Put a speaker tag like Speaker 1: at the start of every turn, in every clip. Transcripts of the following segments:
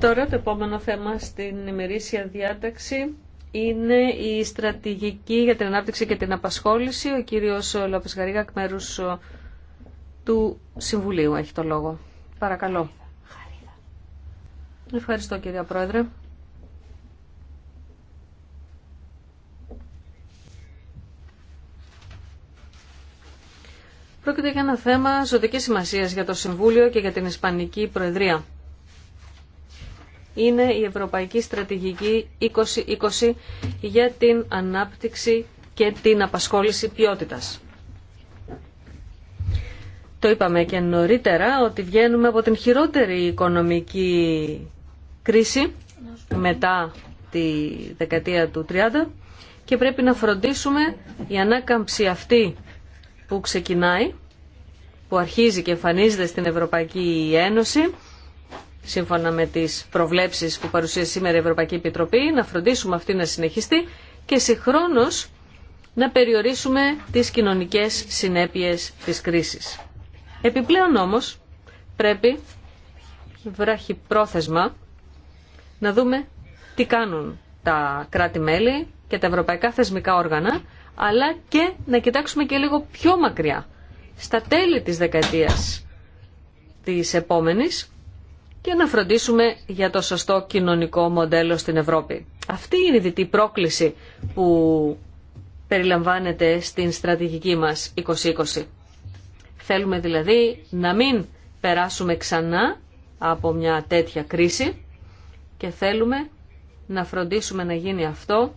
Speaker 1: Τώρα το επόμενο θέμα στην ημερήσια διάταξη είναι η στρατηγική για την ανάπτυξη και την απασχόληση. Ο κύριος Λόπες Γαρίγα, του Συμβουλίου, έχει το λόγο. Παρακαλώ. Ευχαριστώ κύριε Πρόεδρε. πρόκειται για ένα θέμα ζωτική σημασία για το Συμβούλιο και για την Ισπανική Προεδρία. Είναι η Ευρωπαϊκή Στρατηγική 2020 για την ανάπτυξη και την απασχόληση ποιότητας. Το είπαμε και νωρίτερα ότι βγαίνουμε από την χειρότερη οικονομική κρίση μετά τη δεκαετία του 30 και πρέπει να φροντίσουμε η ανάκαμψη αυτή που ξεκινάει που αρχίζει και εμφανίζεται στην Ευρωπαϊκή Ένωση σύμφωνα με τις προβλέψεις που παρουσίασε σήμερα η Ευρωπαϊκή Επιτροπή, να φροντίσουμε αυτή να συνεχιστεί και συγχρόνως να περιορίσουμε τις κοινωνικές συνέπειες της κρίσης. Επιπλέον όμως πρέπει πρόθεσμα... να δούμε τι κάνουν τα κράτη-μέλη και τα ευρωπαϊκά θεσμικά όργανα, αλλά και να κοιτάξουμε και λίγο πιο μακριά στα τέλη της δεκαετίας της επόμενης και να φροντίσουμε για το σωστό κοινωνικό μοντέλο στην Ευρώπη. Αυτή είναι η δυτή πρόκληση που περιλαμβάνεται στην στρατηγική μας 2020. Θέλουμε δηλαδή να μην περάσουμε ξανά από μια τέτοια κρίση και θέλουμε να φροντίσουμε να γίνει αυτό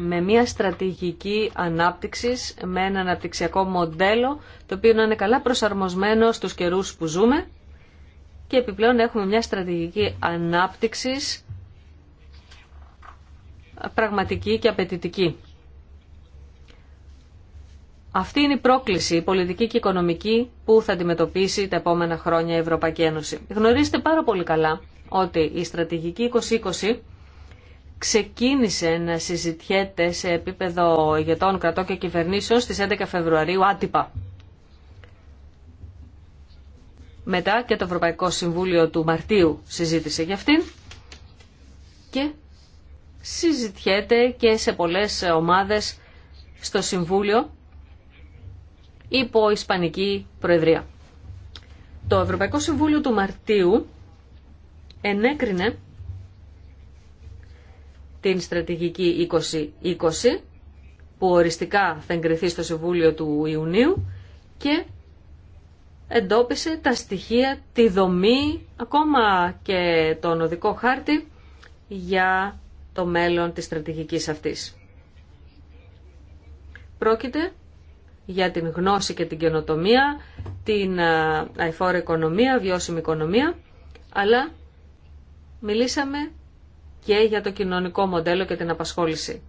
Speaker 1: με μια στρατηγική ανάπτυξης, με ένα αναπτυξιακό μοντέλο, το οποίο να είναι καλά προσαρμοσμένο στους καιρούς που ζούμε και επιπλέον έχουμε μια στρατηγική ανάπτυξης πραγματική και απαιτητική. Αυτή είναι η πρόκληση, πολιτική και οικονομική, που θα αντιμετωπίσει τα επόμενα χρόνια η Ευρωπαϊκή Ένωση. Γνωρίζετε πάρα πολύ καλά ότι η στρατηγική 2020 ξεκίνησε να συζητιέται σε επίπεδο ηγετών κρατών και κυβερνήσεων στις 11 Φεβρουαρίου άτυπα. Μετά και το Ευρωπαϊκό Συμβούλιο του Μαρτίου συζήτησε για αυτήν και συζητιέται και σε πολλές ομάδες στο Συμβούλιο υπό Ισπανική Προεδρία. Το Ευρωπαϊκό Συμβούλιο του Μαρτίου ενέκρινε την στρατηγική 2020 που οριστικά θα εγκριθεί στο Συμβούλιο του Ιουνίου και εντόπισε τα στοιχεία, τη δομή, ακόμα και τον οδικό χάρτη για το μέλλον της στρατηγικής αυτής. Πρόκειται για την γνώση και την καινοτομία, την αηφόρα οικονομία, βιώσιμη οικονομία, αλλά μιλήσαμε και για το κοινωνικό μοντέλο και την απασχόληση.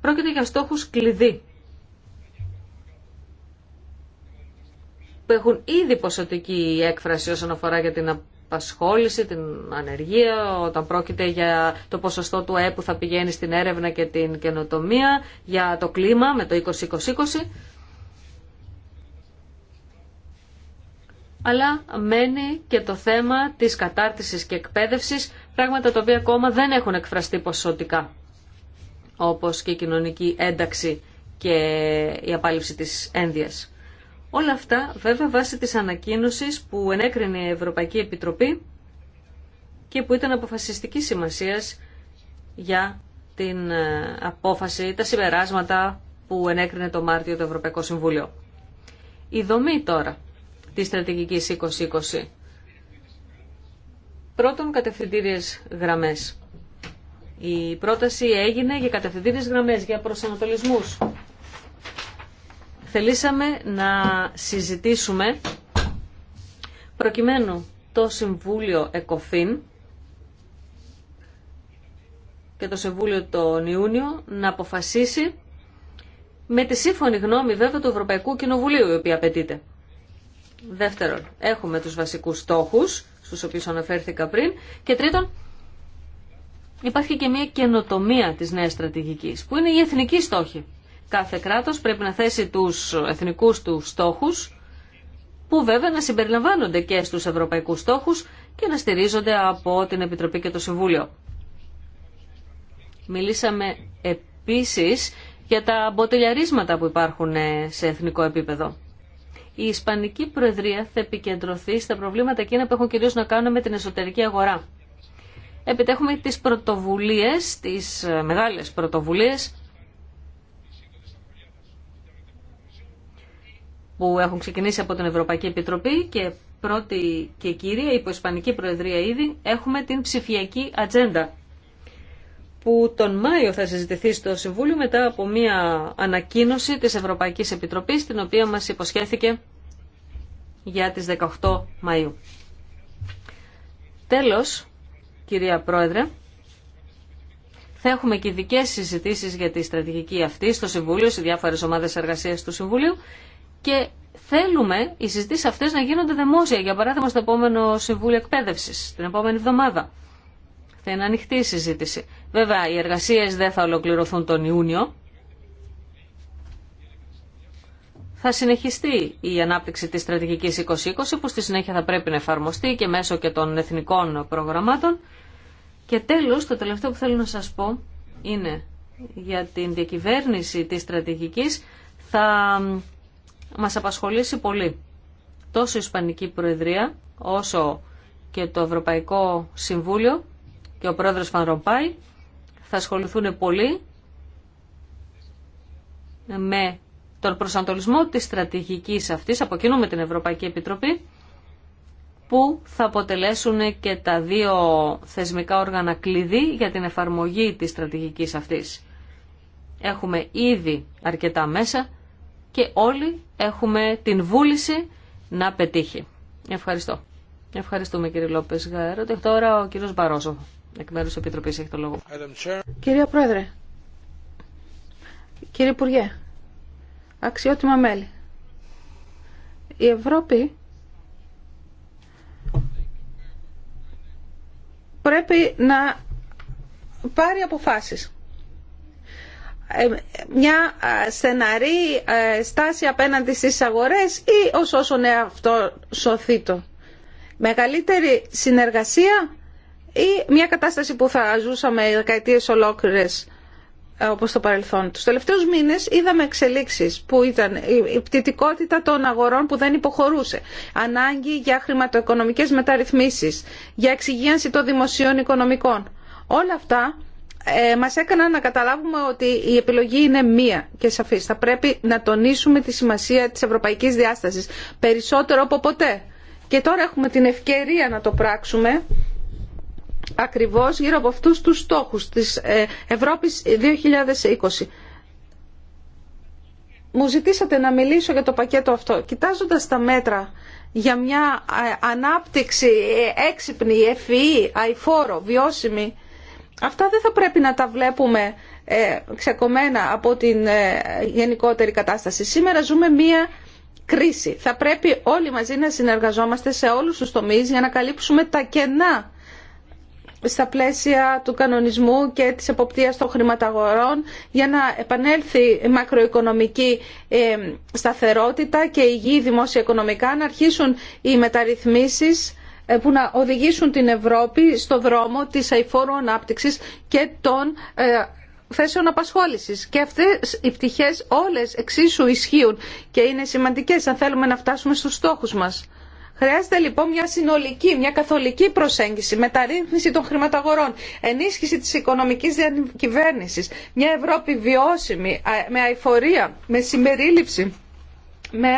Speaker 1: Πρόκειται για στόχους κλειδί που έχουν ήδη ποσοτική έκφραση όσον αφορά για την απασχόληση, την ανεργία, όταν πρόκειται για το ποσοστό του ΑΕΠ που θα πηγαίνει στην έρευνα και την καινοτομία, για το κλίμα με το 2020. αλλά μένει και το θέμα της κατάρτισης και εκπαίδευσης, πράγματα τα οποία ακόμα δεν έχουν εκφραστεί ποσοτικά, όπως και η κοινωνική ένταξη και η απάλληψη της ένδυας. Όλα αυτά βέβαια βάσει της ανακοίνωσης που ενέκρινε η Ευρωπαϊκή Επιτροπή και που ήταν αποφασιστική σημασίας για την ε, απόφαση, τα συμπεράσματα που ενέκρινε το Μάρτιο το Ευρωπαϊκό Συμβούλιο. Η δομή τώρα της στρατηγικής 2020. Πρώτον, κατευθυντήριες γραμμές. Η πρόταση έγινε για κατευθυντήριες γραμμές, για προσανατολισμούς. Θελήσαμε να συζητήσουμε προκειμένου το Συμβούλιο ΕΚΟΦΗΝ και το Συμβούλιο τον Ιούνιο να αποφασίσει με τη σύμφωνη γνώμη βέβαια του Ευρωπαϊκού Κοινοβουλίου η οποία απαιτείται. Δεύτερον, έχουμε τους βασικούς στόχους, στους οποίους αναφέρθηκα πριν. Και τρίτον, υπάρχει και μια καινοτομία της νέας στρατηγικής, που είναι η εθνική στόχη. Κάθε κράτος πρέπει να θέσει τους εθνικούς του στόχους, που βέβαια να συμπεριλαμβάνονται και στους ευρωπαϊκούς στόχους και να στηρίζονται από την Επιτροπή και το Συμβούλιο. Μιλήσαμε επίσης για τα μποτελιαρίσματα που υπάρχουν σε εθνικό επίπεδο η Ισπανική Προεδρία θα επικεντρωθεί στα προβλήματα εκείνα που έχουν κυρίως να κάνουν με την εσωτερική αγορά. Επιτέχουμε τις πρωτοβουλίες, τις ε, μεγάλες πρωτοβουλίες που έχουν ξεκινήσει από την Ευρωπαϊκή Επιτροπή και πρώτη και κύρια υπό Ισπανική Προεδρία ήδη έχουμε την ψηφιακή ατζέντα που τον Μάιο θα συζητηθεί στο Συμβούλιο μετά από μια ανακοίνωση της Ευρωπαϊκής Επιτροπής την οποία μας υποσχέθηκε για τις 18 Μαΐου. Τέλος, κυρία Πρόεδρε, θα έχουμε και ειδικέ συζητήσεις για τη στρατηγική αυτή στο Συμβούλιο, σε διάφορες ομάδες εργασίας του Συμβουλίου και θέλουμε οι συζητήσεις αυτές να γίνονται δημόσια, για παράδειγμα στο επόμενο Συμβούλιο Εκπαίδευσης, την επόμενη εβδομάδα. Θα είναι ανοιχτή η συζήτηση. Βέβαια, οι εργασίες δεν θα ολοκληρωθούν τον Ιούνιο. Θα συνεχιστεί η ανάπτυξη της στρατηγικής 2020 που στη συνέχεια θα πρέπει να εφαρμοστεί και μέσω και των εθνικών προγραμμάτων. Και τέλος, το τελευταίο που θέλω να σας πω είναι για την διακυβέρνηση της στρατηγικής θα μας απασχολήσει πολύ. Τόσο η Ισπανική Προεδρία όσο και το Ευρωπαϊκό Συμβούλιο και ο πρόεδρος Φανρομπάη θα ασχοληθούν πολύ με τον προσανατολισμό της στρατηγικής αυτής, από κοινού με την Ευρωπαϊκή Επιτροπή, που θα αποτελέσουν και τα δύο θεσμικά όργανα κλειδί για την εφαρμογή της στρατηγικής αυτής. Έχουμε ήδη αρκετά μέσα και όλοι έχουμε την βούληση να πετύχει. Ευχαριστώ. Ευχαριστούμε κύριε Λόπες Γαέρο. Τώρα ο κύριος Μπαρόζο. Εκ το λόγο.
Speaker 2: Κυρία Πρόεδρε, κύριε Υπουργέ, αξιότιμα μέλη, η Ευρώπη πρέπει να πάρει αποφάσεις. Ε, μια ε, στεναρή ε, στάση απέναντι στις αγορές ή ως όσον ναι αυτό σωθεί το. Μεγαλύτερη συνεργασία ή μια κατάσταση που θα ζούσαμε δεκαετίε ολόκληρε, ε, όπως το παρελθόν. Τους τελευταίους μήνες είδαμε εξελίξεις που ήταν η πτυτικότητα των αγορών που δεν υποχωρούσε, ανάγκη για χρηματοοικονομικές μεταρρυθμίσεις, για εξυγίανση των δημοσίων οικονομικών. Όλα αυτά ε, μας έκαναν να καταλάβουμε ότι η επιλογή είναι μία και σαφής. Θα πρέπει να τονίσουμε τη σημασία της ευρωπαϊκής διάστασης περισσότερο από ποτέ. Και τώρα έχουμε την ευκαιρία να το πράξουμε ακριβώς γύρω από αυτούς τους στόχους της ε, Ευρώπης 2020. Μου ζητήσατε να μιλήσω για το πακέτο αυτό. Κοιτάζοντας τα μέτρα για μια ε, ανάπτυξη ε, έξυπνη, ευφυή, αηφόρο, βιώσιμη, αυτά δεν θα πρέπει να τα βλέπουμε ξεκομμένα από την γενικότερη κατάσταση. Σήμερα ζούμε μια κρίση. Θα πρέπει όλοι μαζί να συνεργαζόμαστε σε όλους τους τομείς για να καλύψουμε τα κενά στα πλαίσια του κανονισμού και της εποπτείας των χρηματαγορών για να επανέλθει η μακροοικονομική ε, σταθερότητα και η υγιή οικονομικά να αρχίσουν οι μεταρρυθμίσεις ε, που να οδηγήσουν την Ευρώπη στο δρόμο της αηφόρου ανάπτυξης και των ε, θέσεων απασχόλησης. Και αυτές οι πτυχές όλες εξίσου ισχύουν και είναι σημαντικές αν θέλουμε να φτάσουμε στους στόχους μας. Χρειάζεται λοιπόν μια συνολική, μια καθολική προσέγγιση, μεταρρύθμιση των χρηματαγορών, ενίσχυση της οικονομικής διακυβέρνησης, μια Ευρώπη βιώσιμη, με αηφορία, με συμπερίληψη, με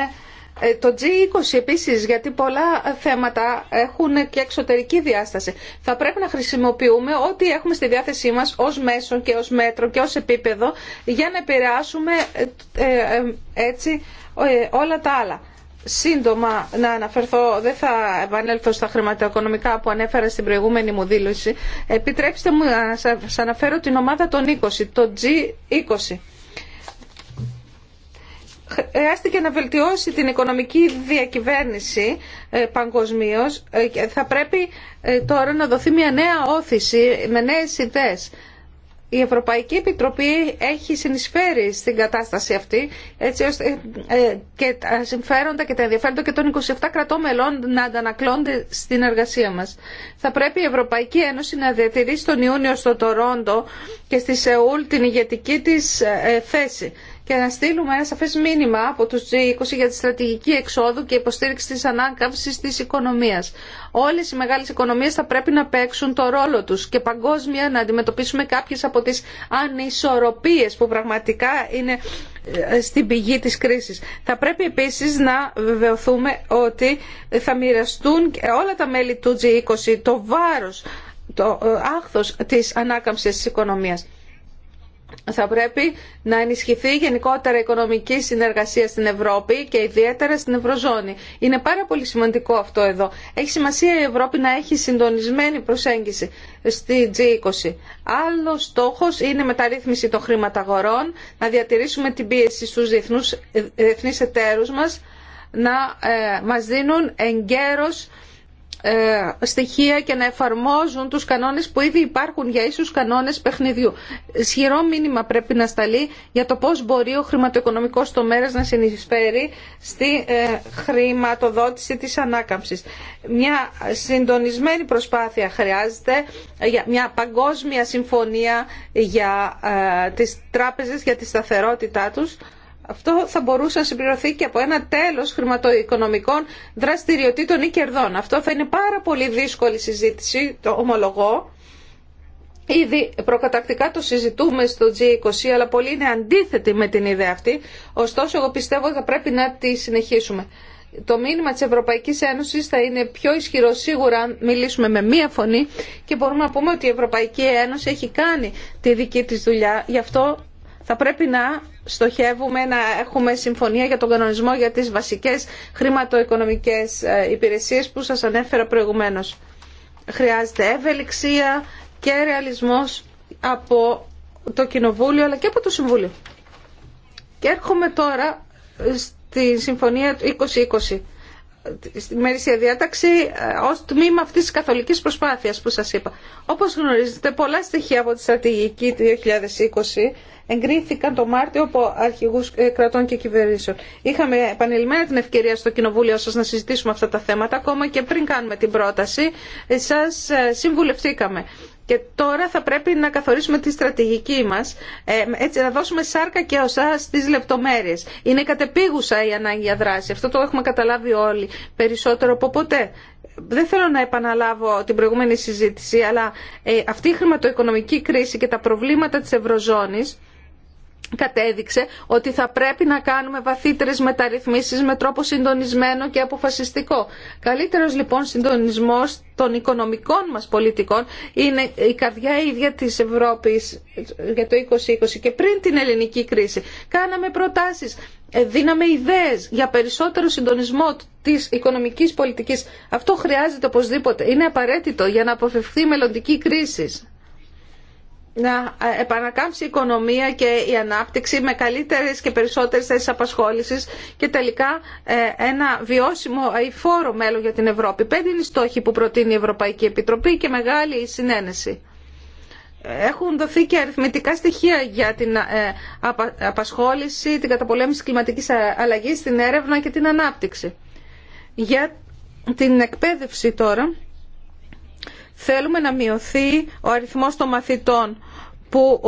Speaker 2: ε, το G20 επίσης, γιατί πολλά θέματα έχουν και εξωτερική διάσταση. Θα πρέπει να χρησιμοποιούμε ό,τι έχουμε στη διάθεσή μας ως μέσο και ως μέτρο και ως επίπεδο για να επηρεάσουμε ε, ε, όλα τα άλλα σύντομα να αναφερθώ, δεν θα επανέλθω στα χρηματοοικονομικά που ανέφερα στην προηγούμενη μου δήλωση. Επιτρέψτε μου να σας αναφέρω την ομάδα των 20, το G20. Χρειάστηκε να βελτιώσει την οικονομική διακυβέρνηση ε, παγκοσμίω. Ε, θα πρέπει ε, τώρα να δοθεί μια νέα όθηση με νέες ιδέες η Ευρωπαϊκή Επιτροπή έχει συνεισφέρει στην κατάσταση αυτή έτσι ώστε ε, και τα συμφέροντα και τα ενδιαφέροντα και των 27 κρατών μελών να αντανακλώνται στην εργασία μας. Θα πρέπει η Ευρωπαϊκή Ένωση να διατηρήσει τον Ιούνιο στο Τορόντο και στη Σεούλ την ηγετική της ε, θέση και να στείλουμε ένα σαφέ μήνυμα από του G20 για τη στρατηγική εξόδου και υποστήριξη τη ανάκαμψη της οικονομίας. Όλες οι μεγάλες οικονομίες θα πρέπει να παίξουν το ρόλο τους και παγκόσμια να αντιμετωπίσουμε κάποιες από τις ανισορροπίες που πραγματικά είναι ε, στην πηγή της κρίσης. Θα πρέπει επίσης να βεβαιωθούμε ότι θα μοιραστούν όλα τα μέλη του G20 το βάρος, το ε, άχθος της ανάκαμψης της οικονομίας θα πρέπει να ενισχυθεί γενικότερα η οικονομική συνεργασία στην Ευρώπη και ιδιαίτερα στην Ευρωζώνη. Είναι πάρα πολύ σημαντικό αυτό εδώ. Έχει σημασία η Ευρώπη να έχει συντονισμένη προσέγγιση στη G20. Άλλος στόχο είναι η μεταρρύθμιση των χρηματαγορών, να διατηρήσουμε την πίεση στους ε, διεθνεί εταίρου μα να ε, μας δίνουν εγκαίρως ε, στοιχεία και να εφαρμόζουν τους κανόνες που ήδη υπάρχουν για ίσους κανόνες παιχνιδιού. Σχηρό μήνυμα πρέπει να σταλεί για το πώς μπορεί ο χρηματοοικονομικός τομέα να συνεισφέρει στη ε, χρηματοδότηση της ανάκαμψης. Μια συντονισμένη προσπάθεια χρειάζεται, μια παγκόσμια συμφωνία για ε, τις τράπεζες, για τη σταθερότητά τους αυτό θα μπορούσε να συμπληρωθεί και από ένα τέλος χρηματοοικονομικών δραστηριοτήτων ή κερδών. Αυτό θα είναι πάρα πολύ δύσκολη συζήτηση, το ομολογώ. Ήδη προκατακτικά το συζητούμε στο G20, αλλά πολύ είναι αντίθετη με την ιδέα αυτή. Ωστόσο, εγώ πιστεύω ότι θα πρέπει να τη συνεχίσουμε. Το μήνυμα της Ευρωπαϊκής Ένωσης θα είναι πιο ισχυρό σίγουρα αν μιλήσουμε με μία φωνή και μπορούμε να πούμε ότι η Ευρωπαϊκή Ένωση έχει κάνει τη δική της δουλειά. Γι' αυτό θα πρέπει να στοχεύουμε να έχουμε συμφωνία για τον κανονισμό για τις βασικές χρηματοοικονομικές ε, υπηρεσίες που σας ανέφερα προηγουμένως. Χρειάζεται ευελιξία και ρεαλισμός από το Κοινοβούλιο αλλά και από το Συμβούλιο. Και έρχομαι τώρα στη Συμφωνία του 2020 στη μερίσια διάταξη ε, ως τμήμα αυτής της καθολικής προσπάθειας που σας είπα. Όπως γνωρίζετε, πολλά στοιχεία από τη στρατηγική του 2020 εγκρίθηκαν το Μάρτιο από αρχηγούς ε, κρατών και κυβερνήσεων. Είχαμε επανειλημμένα την ευκαιρία στο Κοινοβούλιο σας να συζητήσουμε αυτά τα θέματα, ακόμα και πριν κάνουμε την πρόταση, ε, σας συμβουλευτήκαμε. Και τώρα θα πρέπει να καθορίσουμε τη στρατηγική μας, ε, έτσι να δώσουμε σάρκα και οσά στις λεπτομέρειες. Είναι κατεπίγουσα η ανάγκη για δράση. Αυτό το έχουμε καταλάβει όλοι περισσότερο από ποτέ. Δεν θέλω να επαναλάβω την προηγούμενη συζήτηση, αλλά ε, αυτή η χρηματοοικονομική κρίση και τα προβλήματα της Ευρωζώνης κατέδειξε ότι θα πρέπει να κάνουμε βαθύτερες μεταρρυθμίσεις με τρόπο συντονισμένο και αποφασιστικό. Καλύτερος λοιπόν συντονισμός των οικονομικών μας πολιτικών είναι η καρδιά ίδια της Ευρώπης για το 2020 και πριν την ελληνική κρίση. Κάναμε προτάσεις, ε, δίναμε ιδέες για περισσότερο συντονισμό της οικονομικής πολιτικής. Αυτό χρειάζεται οπωσδήποτε, είναι απαραίτητο για να αποφευθεί μελλοντική κρίση να ε, επανακάμψει η οικονομία και η ανάπτυξη με καλύτερες και περισσότερες θέσεις απασχόλησης και τελικά ε, ένα βιώσιμο αηφόρο ε, μέλλον για την Ευρώπη. Πέντε είναι οι στόχοι που προτείνει η Ευρωπαϊκή Επιτροπή και μεγάλη η συνένεση. Έχουν δοθεί και αριθμητικά στοιχεία για την απασχόληση, την καταπολέμηση της κλιματικής αλλαγής, την έρευνα και την ανάπτυξη. Για την εκπαίδευση τώρα Θέλουμε να μειωθεί ο αριθμός των μαθητών που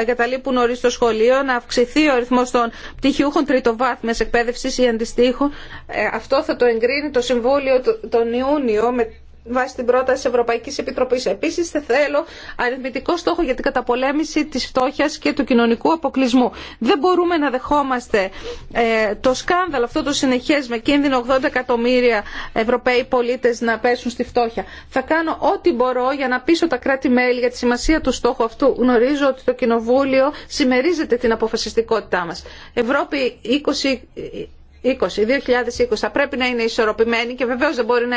Speaker 2: εγκαταλείπουν νωρί το σχολείο, να αυξηθεί ο αριθμό των πτυχιούχων τριτοβάθμια εκπαίδευση ή αντιστοίχων. Ε, αυτό θα το εγκρίνει το Συμβούλιο τον Ιούνιο με βάσει την πρόταση Ευρωπαϊκή Επιτροπή. Επίση, θέλω αριθμητικό στόχο για την καταπολέμηση τη φτώχεια και του κοινωνικού αποκλεισμού. Δεν μπορούμε να δεχόμαστε ε, το σκάνδαλο αυτό το συνεχέ με κίνδυνο 80 εκατομμύρια Ευρωπαίοι πολίτε να πέσουν στη φτώχεια. Θα κάνω ό,τι μπορώ για να πείσω τα κράτη-μέλη για τη σημασία του στόχου αυτού. Γνωρίζω ότι το Κοινοβούλιο συμμερίζεται την αποφασιστικότητά μα. Ευρώπη 20 2020 θα πρέπει να είναι ισορροπημένη και βεβαίω δεν μπορεί να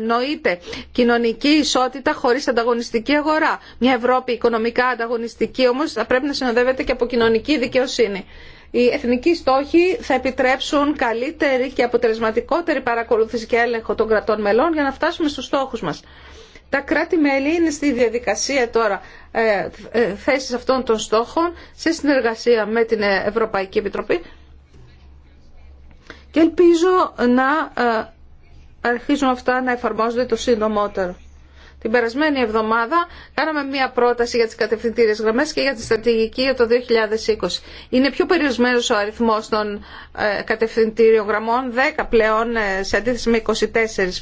Speaker 2: νοείται κοινωνική ισότητα χωρί ανταγωνιστική αγορά. Μια Ευρώπη οικονομικά ανταγωνιστική όμω θα πρέπει να συνοδεύεται και από κοινωνική δικαιοσύνη. Οι εθνικοί στόχοι θα επιτρέψουν καλύτερη και αποτελεσματικότερη παρακολούθηση και έλεγχο των κρατών μελών για να φτάσουμε στου στόχου μα. Τα κράτη-μέλη είναι στη διαδικασία τώρα ε, ε, θέσης αυτών των στόχων σε συνεργασία με την Ευρωπαϊκή Επιτροπή και ελπίζω να ε, αρχίζουν αυτά να εφαρμόζονται το σύντομότερο. Την περασμένη εβδομάδα κάναμε μία πρόταση για τις κατευθυντήριες γραμμές και για τη στρατηγική για το 2020. Είναι πιο περιορισμένος ο αριθμός των ε, κατευθυντήριων γραμμών, 10 πλέον ε, σε αντίθεση με 24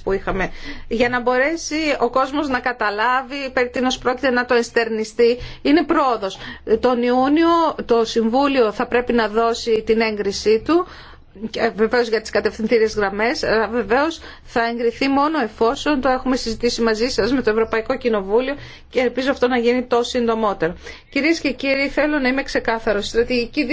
Speaker 2: που είχαμε, για να μπορέσει ο κόσμος να καταλάβει περί τίνος πρόκειται να το εστερνιστεί. Είναι πρόοδος. Τον Ιούνιο το Συμβούλιο θα πρέπει να δώσει την έγκρισή του ε, βεβαίως για τις κατευθυντήριες γραμμές, αλλά βεβαίως θα εγκριθεί μόνο εφόσον το έχουμε συζητήσει μαζί σας με το Ευρωπαϊκό Κοινοβούλιο και ελπίζω αυτό να γίνει το συντομότερο. Κυρίες και κύριοι, θέλω να είμαι ξεκάθαρος. Η στρατηγική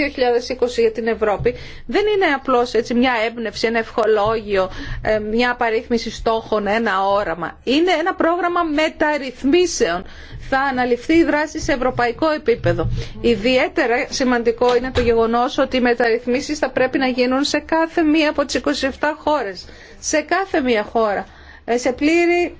Speaker 2: 2020 για την Ευρώπη δεν είναι απλώς μια έμπνευση, ένα ευχολόγιο, ε, μια απαρίθμηση στόχων, ένα όραμα. Είναι ένα πρόγραμμα μεταρρυθμίσεων θα αναλυφθεί η δράση σε ευρωπαϊκό επίπεδο. Ιδιαίτερα σημαντικό είναι το γεγονός ότι οι μεταρρυθμίσεις θα πρέπει να γίνουν σε κάθε μία από τις 27 χώρες. Σε κάθε μία χώρα. Ε, σε πλήρη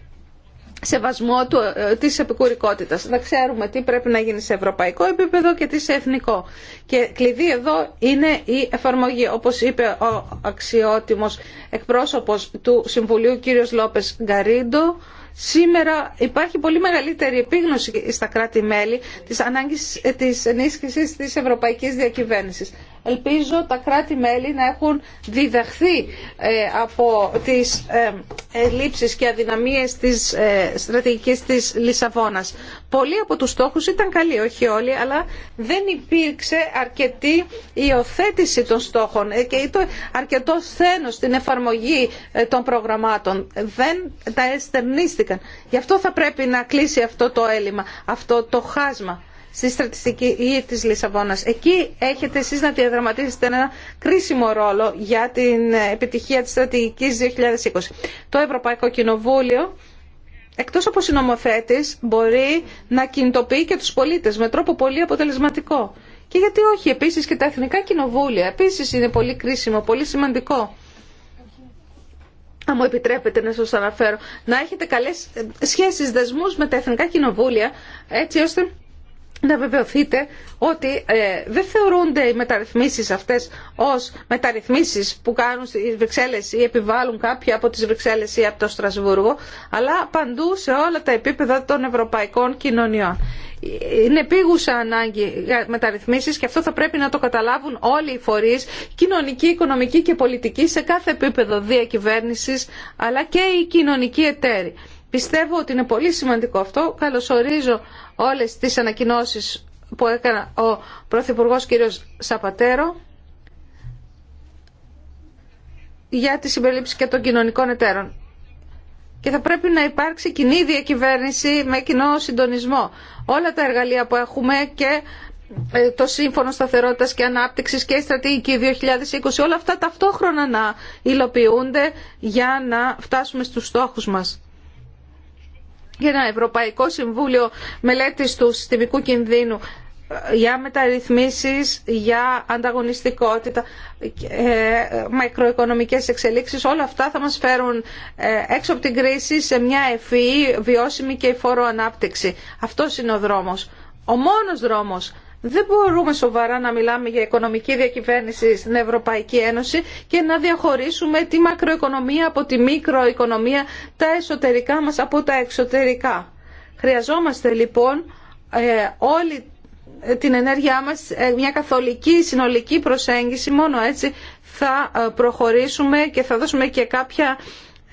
Speaker 2: σεβασμό του, ε, της επικουρικότητας. Να ξέρουμε τι πρέπει να γίνει σε ευρωπαϊκό επίπεδο και τι σε εθνικό. Και κλειδί εδώ είναι η εφαρμογή. Όπως είπε ο αξιότιμος εκπρόσωπος του Συμβουλίου κύριος Λόπες Γκαρίντο, Σήμερα υπάρχει πολύ μεγαλύτερη επίγνωση στα κράτη-μέλη της ανάγκης ε, της ενίσχυσης της ευρωπαϊκής διακυβέρνησης. Ελπίζω τα κράτη-μέλη να έχουν διδαχθεί ε, από τις ε, ελλείψεις και αδυναμίες της ε, στρατηγικής της Λισαβόνας. Πολλοί από τους στόχους ήταν καλοί, όχι όλοι, αλλά δεν υπήρξε αρκετή υιοθέτηση των στόχων και αρκετό σθένος στην εφαρμογή των προγραμμάτων. Δεν τα εστερνίστηκαν. Γι' αυτό θα πρέπει να κλείσει αυτό το έλλειμμα, αυτό το χάσμα στη στρατιστική της Λισαβόνας. Εκεί έχετε εσείς να διαδραματίσετε ένα κρίσιμο ρόλο για την επιτυχία της στρατηγικής 2020. Το Ευρωπαϊκό Κοινοβούλιο εκτός από συνομοθέτης μπορεί να κινητοποιεί και τους πολίτες με τρόπο πολύ αποτελεσματικό. Και γιατί όχι, επίσης και τα εθνικά κοινοβούλια, επίσης είναι πολύ κρίσιμο, πολύ σημαντικό. Αν μου επιτρέπετε να σας αναφέρω, να έχετε καλές σχέσεις, δεσμούς με τα εθνικά κοινοβούλια, έτσι ώστε να βεβαιωθείτε ότι ε, δεν θεωρούνται οι μεταρρυθμίσεις αυτές ως μεταρρυθμίσεις που κάνουν οι Βρυξέλλες ή επιβάλλουν κάποιοι από τις Βρυξέλλες ή από το Στρασβούργο, αλλά παντού σε όλα τα επίπεδα των ευρωπαϊκών κοινωνιών. Είναι επίγουσα ανάγκη για μεταρρυθμίσεις και αυτό θα πρέπει να το καταλάβουν όλοι οι φορείς, κοινωνική, οικονομική και πολιτική, σε κάθε επίπεδο διακυβέρνησης, αλλά και οι κοινωνικοί εταίροι. Πιστεύω ότι είναι πολύ σημαντικό αυτό. Καλωσορίζω όλες τις ανακοινώσεις που έκανε ο Πρωθυπουργό κ. Σαπατέρο για τη συμπερίληψη και των κοινωνικών εταίρων. Και θα πρέπει να υπάρξει κοινή διακυβέρνηση με κοινό συντονισμό. Όλα τα εργαλεία που έχουμε και ε, το Σύμφωνο Σταθερότητας και Ανάπτυξης και η Στρατηγική 2020, όλα αυτά ταυτόχρονα να υλοποιούνται για να φτάσουμε στους στόχους μας. Για ένα Ευρωπαϊκό Συμβούλιο Μελέτης του Συστημικού Κινδύνου για μεταρρυθμίσεις, για ανταγωνιστικότητα, ε, μακροοικονομικές εξελίξεις. Όλα αυτά θα μας φέρουν ε, έξω από την κρίση σε μια ευφυή, βιώσιμη και φόρο ανάπτυξη. Αυτός είναι ο δρόμος. Ο μόνος δρόμος δεν μπορούμε σοβαρά να μιλάμε για οικονομική διακυβέρνηση στην Ευρωπαϊκή Ένωση και να διαχωρίσουμε τη μακροοικονομία από τη μικροοικονομία, τα εσωτερικά μας από τα εξωτερικά. Χρειαζόμαστε λοιπόν ε, όλη την ενέργειά μας ε, μια καθολική συνολική προσέγγιση, μόνο έτσι θα ε, προχωρήσουμε και θα δώσουμε και κάποια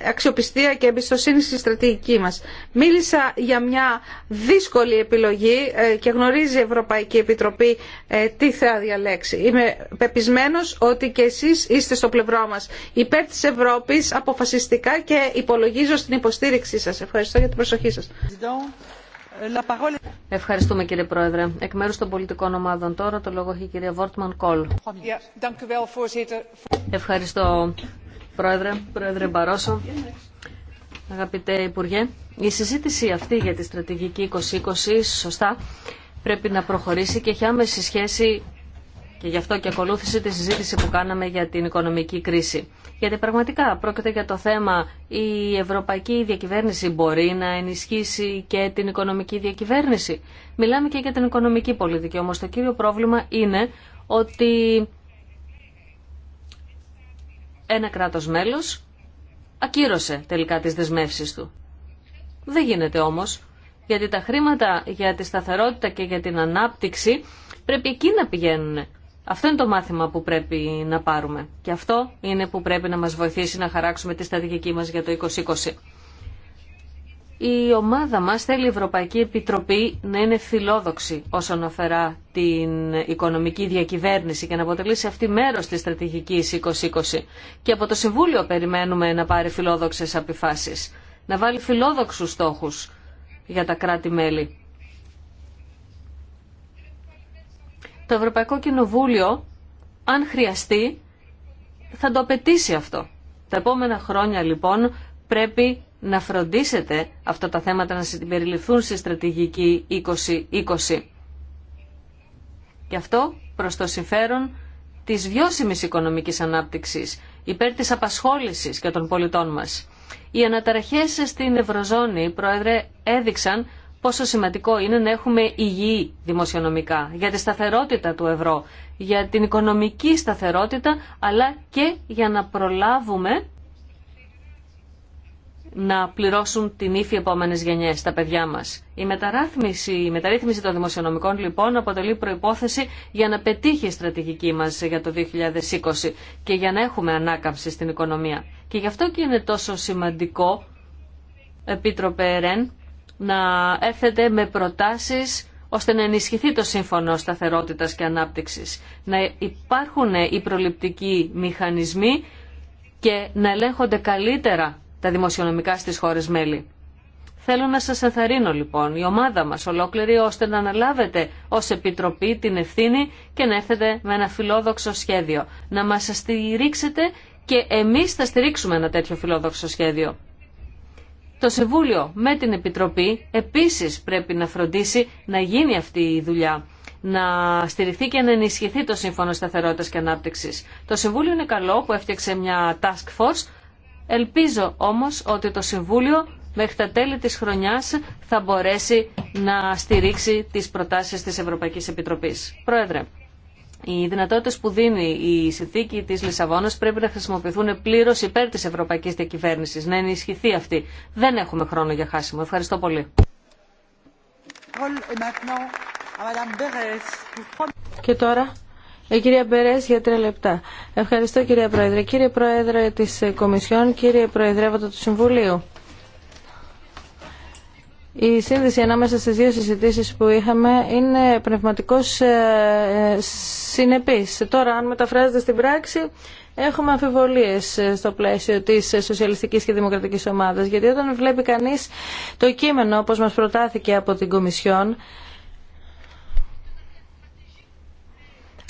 Speaker 2: αξιοπιστία και εμπιστοσύνη στη στρατηγική μας. Μίλησα για μια δύσκολη επιλογή ε, και γνωρίζει η Ευρωπαϊκή Επιτροπή ε, τι θα διαλέξει. Είμαι πεπισμένος ότι και εσείς είστε στο πλευρό μας υπέρ της Ευρώπης αποφασιστικά και υπολογίζω στην υποστήριξή σας. Ευχαριστώ για την προσοχή σας.
Speaker 1: Ευχαριστούμε κύριε Πρόεδρε. Εκ μέρους των πολιτικών ομάδων τώρα το λόγο έχει η κυρία Βόρτμαν Κόλ. Ευχαριστώ Πρόεδρε, Πρόεδρε Μπαρόσο, αγαπητέ Υπουργέ, η συζήτηση αυτή για τη στρατηγική 2020, σωστά, πρέπει να προχωρήσει και έχει άμεση σχέση και γι' αυτό και ακολούθησε τη συζήτηση που κάναμε για την οικονομική κρίση. Γιατί πραγματικά πρόκειται για το θέμα η ευρωπαϊκή διακυβέρνηση μπορεί να ενισχύσει και την οικονομική διακυβέρνηση. Μιλάμε και για την οικονομική πολιτική, όμως το κύριο πρόβλημα είναι ότι ένα κράτος μέλος ακύρωσε τελικά τις δεσμεύσεις του. Δεν γίνεται όμως, γιατί τα χρήματα για τη σταθερότητα και για την ανάπτυξη πρέπει εκεί να πηγαίνουν. Αυτό είναι το μάθημα που πρέπει να πάρουμε. Και αυτό είναι που πρέπει να μας βοηθήσει να χαράξουμε τη στρατηγική μας για το 2020. Η ομάδα μας θέλει η Ευρωπαϊκή Επιτροπή να είναι φιλόδοξη όσον αφορά την οικονομική διακυβέρνηση και να αποτελεί σε αυτή μέρος της στρατηγικής 2020. Και από το Συμβούλιο περιμένουμε να πάρει φιλόδοξες αποφάσεις, να βάλει φιλόδοξους στόχους για τα κράτη-μέλη. Το Ευρωπαϊκό Κοινοβούλιο, αν χρειαστεί, θα το απαιτήσει αυτό. Τα επόμενα χρόνια λοιπόν πρέπει να φροντίσετε αυτά τα θέματα να συμπεριληφθούν στη στρατηγική 2020. Και αυτό προς το συμφέρον της βιώσιμης οικονομικής ανάπτυξης, υπέρ της απασχόλησης και των πολιτών μας. Οι αναταραχές στην Ευρωζώνη, Πρόεδρε, έδειξαν πόσο σημαντικό είναι να έχουμε υγιή δημοσιονομικά, για τη σταθερότητα του ευρώ, για την οικονομική σταθερότητα, αλλά και για να προλάβουμε να πληρώσουν την ύφη επόμενε γενιές, τα παιδιά μας. Η μεταρρύθμιση, η μεταρρύθμιση των δημοσιονομικών λοιπόν αποτελεί προϋπόθεση για να πετύχει η στρατηγική μας για το 2020 και για να έχουμε ανάκαμψη στην οικονομία. Και γι' αυτό και είναι τόσο σημαντικό, Επίτροπε Ρεν, να έρθετε με προτάσεις ώστε να ενισχυθεί το Σύμφωνο Σταθερότητας και Ανάπτυξης. Να υπάρχουν οι προληπτικοί μηχανισμοί και να ελέγχονται καλύτερα τα δημοσιονομικά στις χώρες μέλη. Θέλω να σας ενθαρρύνω λοιπόν, η ομάδα μας ολόκληρη, ώστε να αναλάβετε ως Επιτροπή την ευθύνη και να έρθετε με ένα φιλόδοξο σχέδιο. Να μας στηρίξετε και εμείς θα στηρίξουμε ένα τέτοιο φιλόδοξο σχέδιο. Το Συμβούλιο με την Επιτροπή επίσης πρέπει να φροντίσει να γίνει αυτή η δουλειά να στηριχθεί και να ενισχυθεί το Σύμφωνο Σταθερότητας και Ανάπτυξη Το Συμβούλιο είναι καλό που έφτιαξε μια task force Ελπίζω όμως ότι το Συμβούλιο μέχρι τα τέλη της χρονιάς θα μπορέσει να στηρίξει τις προτάσεις της Ευρωπαϊκής Επιτροπής. Πρόεδρε, οι δυνατότητε που δίνει η συνθήκη τη Λισαβόνα πρέπει να χρησιμοποιηθούν πλήρω υπέρ τη ευρωπαϊκή διακυβέρνηση, να ενισχυθεί αυτή. Δεν έχουμε χρόνο για χάσιμο. Ευχαριστώ πολύ.
Speaker 3: Και τώρα η ε, κυρία Μπερέ για τρία λεπτά. Ευχαριστώ κυρία Πρόεδρε. Κύριε Πρόεδρε της ε, Κομισιόν, κύριε Προεδρεύοντα του Συμβουλίου. Η σύνδεση ανάμεσα στις δύο συζητήσεις που είχαμε είναι πνευματικός ε, συνεπής. Τώρα αν μεταφράζεται στην πράξη έχουμε αμφιβολίες στο πλαίσιο της Σοσιαλιστικής και Δημοκρατικής Ομάδας γιατί όταν βλέπει κανείς το κείμενο όπως μας προτάθηκε από την Κομισιόν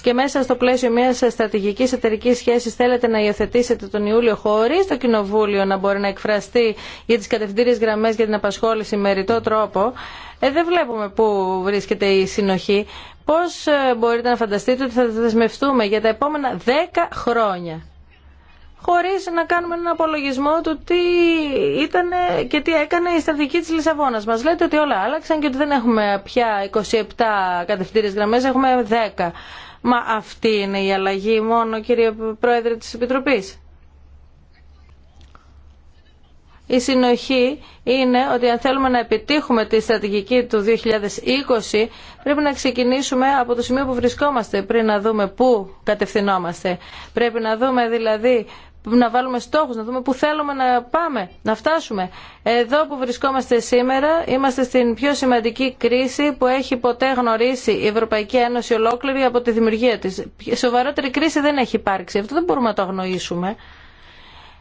Speaker 3: και μέσα στο πλαίσιο μια στρατηγική εταιρική σχέση θέλετε να υιοθετήσετε τον Ιούλιο χωρί το Κοινοβούλιο να μπορεί να εκφραστεί για τι κατευθυντήριε γραμμέ για την απασχόληση με ρητό τρόπο, ε, δεν βλέπουμε πού βρίσκεται η συνοχή. Πώ ε, μπορείτε να φανταστείτε ότι θα δεσμευτούμε για τα επόμενα 10 χρόνια χωρίς να κάνουμε έναν απολογισμό του τι ήταν και τι έκανε η στρατηγική της Λισαβόνας. Μας λέτε ότι όλα άλλαξαν και ότι δεν έχουμε πια 27 κατευθύνες γραμμές, έχουμε 10. Μα αυτή είναι η αλλαγή μόνο, κύριε Πρόεδρε της Επιτροπής. Η συνοχή είναι ότι αν θέλουμε να επιτύχουμε τη στρατηγική του 2020 πρέπει να ξεκινήσουμε από το σημείο που βρισκόμαστε πριν να δούμε πού κατευθυνόμαστε. Πρέπει να δούμε δηλαδή να βάλουμε στόχους, να δούμε πού θέλουμε να πάμε, να φτάσουμε. Εδώ που βρισκόμαστε σήμερα είμαστε στην πιο σημαντική κρίση που έχει ποτέ γνωρίσει η Ευρωπαϊκή Ένωση ολόκληρη από τη δημιουργία της. Σοβαρότερη κρίση δεν έχει υπάρξει. Αυτό δεν μπορούμε να το αγνοήσουμε.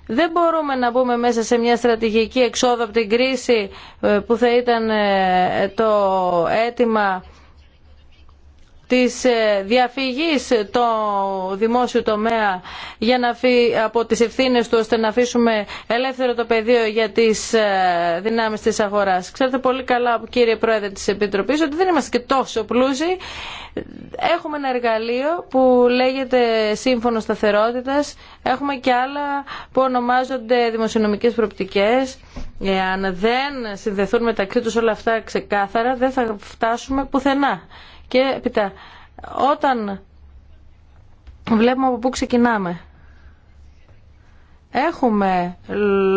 Speaker 3: Δεν μπορούμε να μπούμε μέσα σε μια στρατηγική εξόδου από την κρίση ε, που θα ήταν ε, το αίτημα της ε, διαφυγής το δημόσιο τομέα για να φύ, από τις ευθύνες του ώστε να αφήσουμε ελεύθερο το πεδίο για τις ε, δυνάμεις της αγοράς. Ξέρετε πολύ καλά κύριε Πρόεδρε της Επιτροπής ότι δεν είμαστε και τόσο πλούσιοι. Έχουμε ένα εργαλείο που λέγεται Σύμφωνο Σταθερότητας. Έχουμε και άλλα που ονομάζονται δημοσιονομικές προπτικές. Αν δεν συνδεθούν μεταξύ τους όλα αυτά ξεκάθαρα δεν θα φτάσουμε πουθενά. Και επιτά, όταν βλέπουμε από πού ξεκινάμε Έχουμε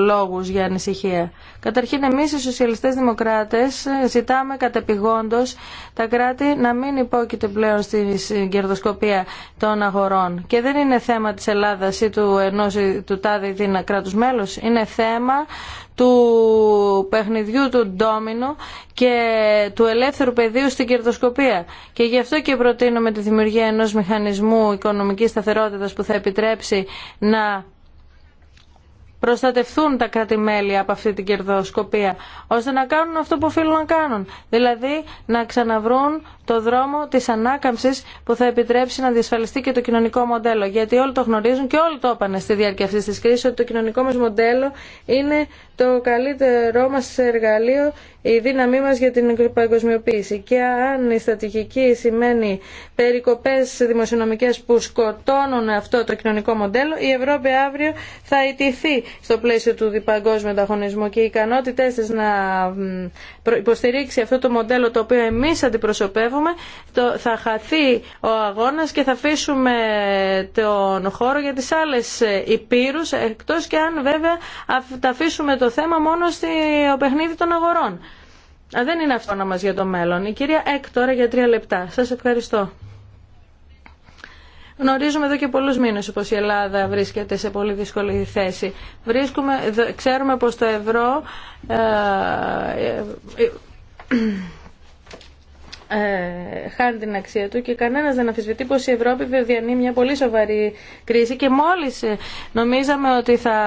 Speaker 3: λόγους για ανησυχία. Καταρχήν εμείς οι σοσιαλιστές δημοκράτες ζητάμε κατεπηγόντως τα κράτη να μην υπόκειται πλέον στην κερδοσκοπία των αγορών. Και δεν είναι θέμα της Ελλάδας ή του ενός ή του τάδε ή κράτους μέλου. Είναι θέμα του παιχνιδιού του ντόμινου και του ελεύθερου πεδίου στην κερδοσκοπία. Και γι' αυτό και προτείνουμε τη δημιουργία ενός μηχανισμού οικονομικής σταθερότητας που θα επιτρέψει να προστατευτούν τα κράτη-μέλη από αυτή την κερδοσκοπία, ώστε να κάνουν αυτό που οφείλουν να κάνουν. Δηλαδή να ξαναβρούν το δρόμο της ανάκαμψης που θα επιτρέψει να διασφαλιστεί και το κοινωνικό μοντέλο. Γιατί όλοι το γνωρίζουν και όλοι το έπανε στη διάρκεια αυτή της κρίσης ότι το κοινωνικό μας μοντέλο είναι το καλύτερό μας εργαλείο, η δύναμή μας για την παγκοσμιοποίηση. Και αν η στατικική σημαίνει περικοπές δημοσιονομικές που σκοτώνουν αυτό το κοινωνικό μοντέλο, η Ευρώπη αύριο θα ιτηθεί στο πλαίσιο του παγκόσμιου ανταγωνισμού και οι ικανότητέ τη να υποστηρίξει αυτό το μοντέλο το οποίο εμεί αντιπροσωπεύουμε, το, θα χαθεί ο αγώνα και θα αφήσουμε τον χώρο για τι άλλε υπήρου, εκτό και αν βέβαια θα αφήσουμε το θέμα μόνο στο παιχνίδι των αγορών. δεν είναι αυτό να μας για το μέλλον. Η κυρία Εκ τώρα για τρία λεπτά. Σας ευχαριστώ. Γνωρίζουμε εδώ και πολλού μήνε πω η Ελλάδα βρίσκεται σε πολύ δύσκολη θέση. ξέρουμε πω το ευρώ. Ε, ε, ε, χάνει την αξία του και κανένας δεν αφισβητεί πως η Ευρώπη διανύει μια πολύ σοβαρή κρίση και μόλις ε, νομίζαμε ότι θα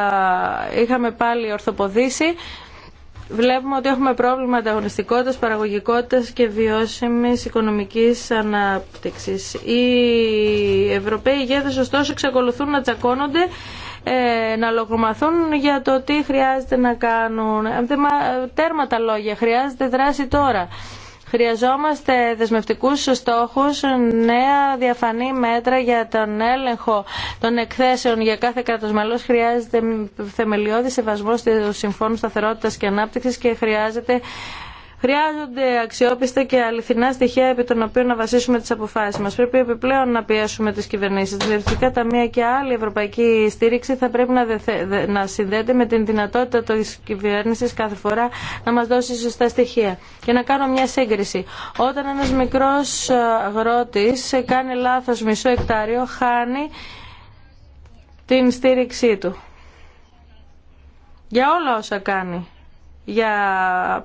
Speaker 3: είχαμε πάλι ορθοποδήσει βλέπουμε ότι έχουμε πρόβλημα ανταγωνιστικότητας, παραγωγικότητας και βιώσιμης οικονομικής ανάπτυξης. Οι Ευρωπαίοι ηγέτες ωστόσο εξακολουθούν να τσακώνονται ε, να λογομαθούν για το τι χρειάζεται να κάνουν. Ε, τέρμα τα λόγια, χρειάζεται δράση τώρα. Χρειαζόμαστε δεσμευτικούς στόχους, νέα διαφανή μέτρα για τον έλεγχο των εκθέσεων για κάθε κράτος μέλος. Χρειάζεται θεμελιώδη σεβασμό στους συμφώνου σταθερότητας και ανάπτυξης και χρειάζεται Χρειάζονται αξιόπιστα και αληθινά στοιχεία επί των οποίων να βασίσουμε τι αποφάσει μα. Πρέπει επιπλέον να πιέσουμε τι κυβερνήσει. Τα διευθυντικά ταμεία και άλλη ευρωπαϊκή στήριξη θα πρέπει να, να συνδέεται με την δυνατότητα τη κυβέρνηση κάθε φορά να μα δώσει σωστά στοιχεία. Και να κάνω μια σύγκριση. Όταν ένα μικρό ε, αγρότη κάνει λάθο μισό εκτάριο, χάνει την στήριξή του. Για όλα όσα κάνει για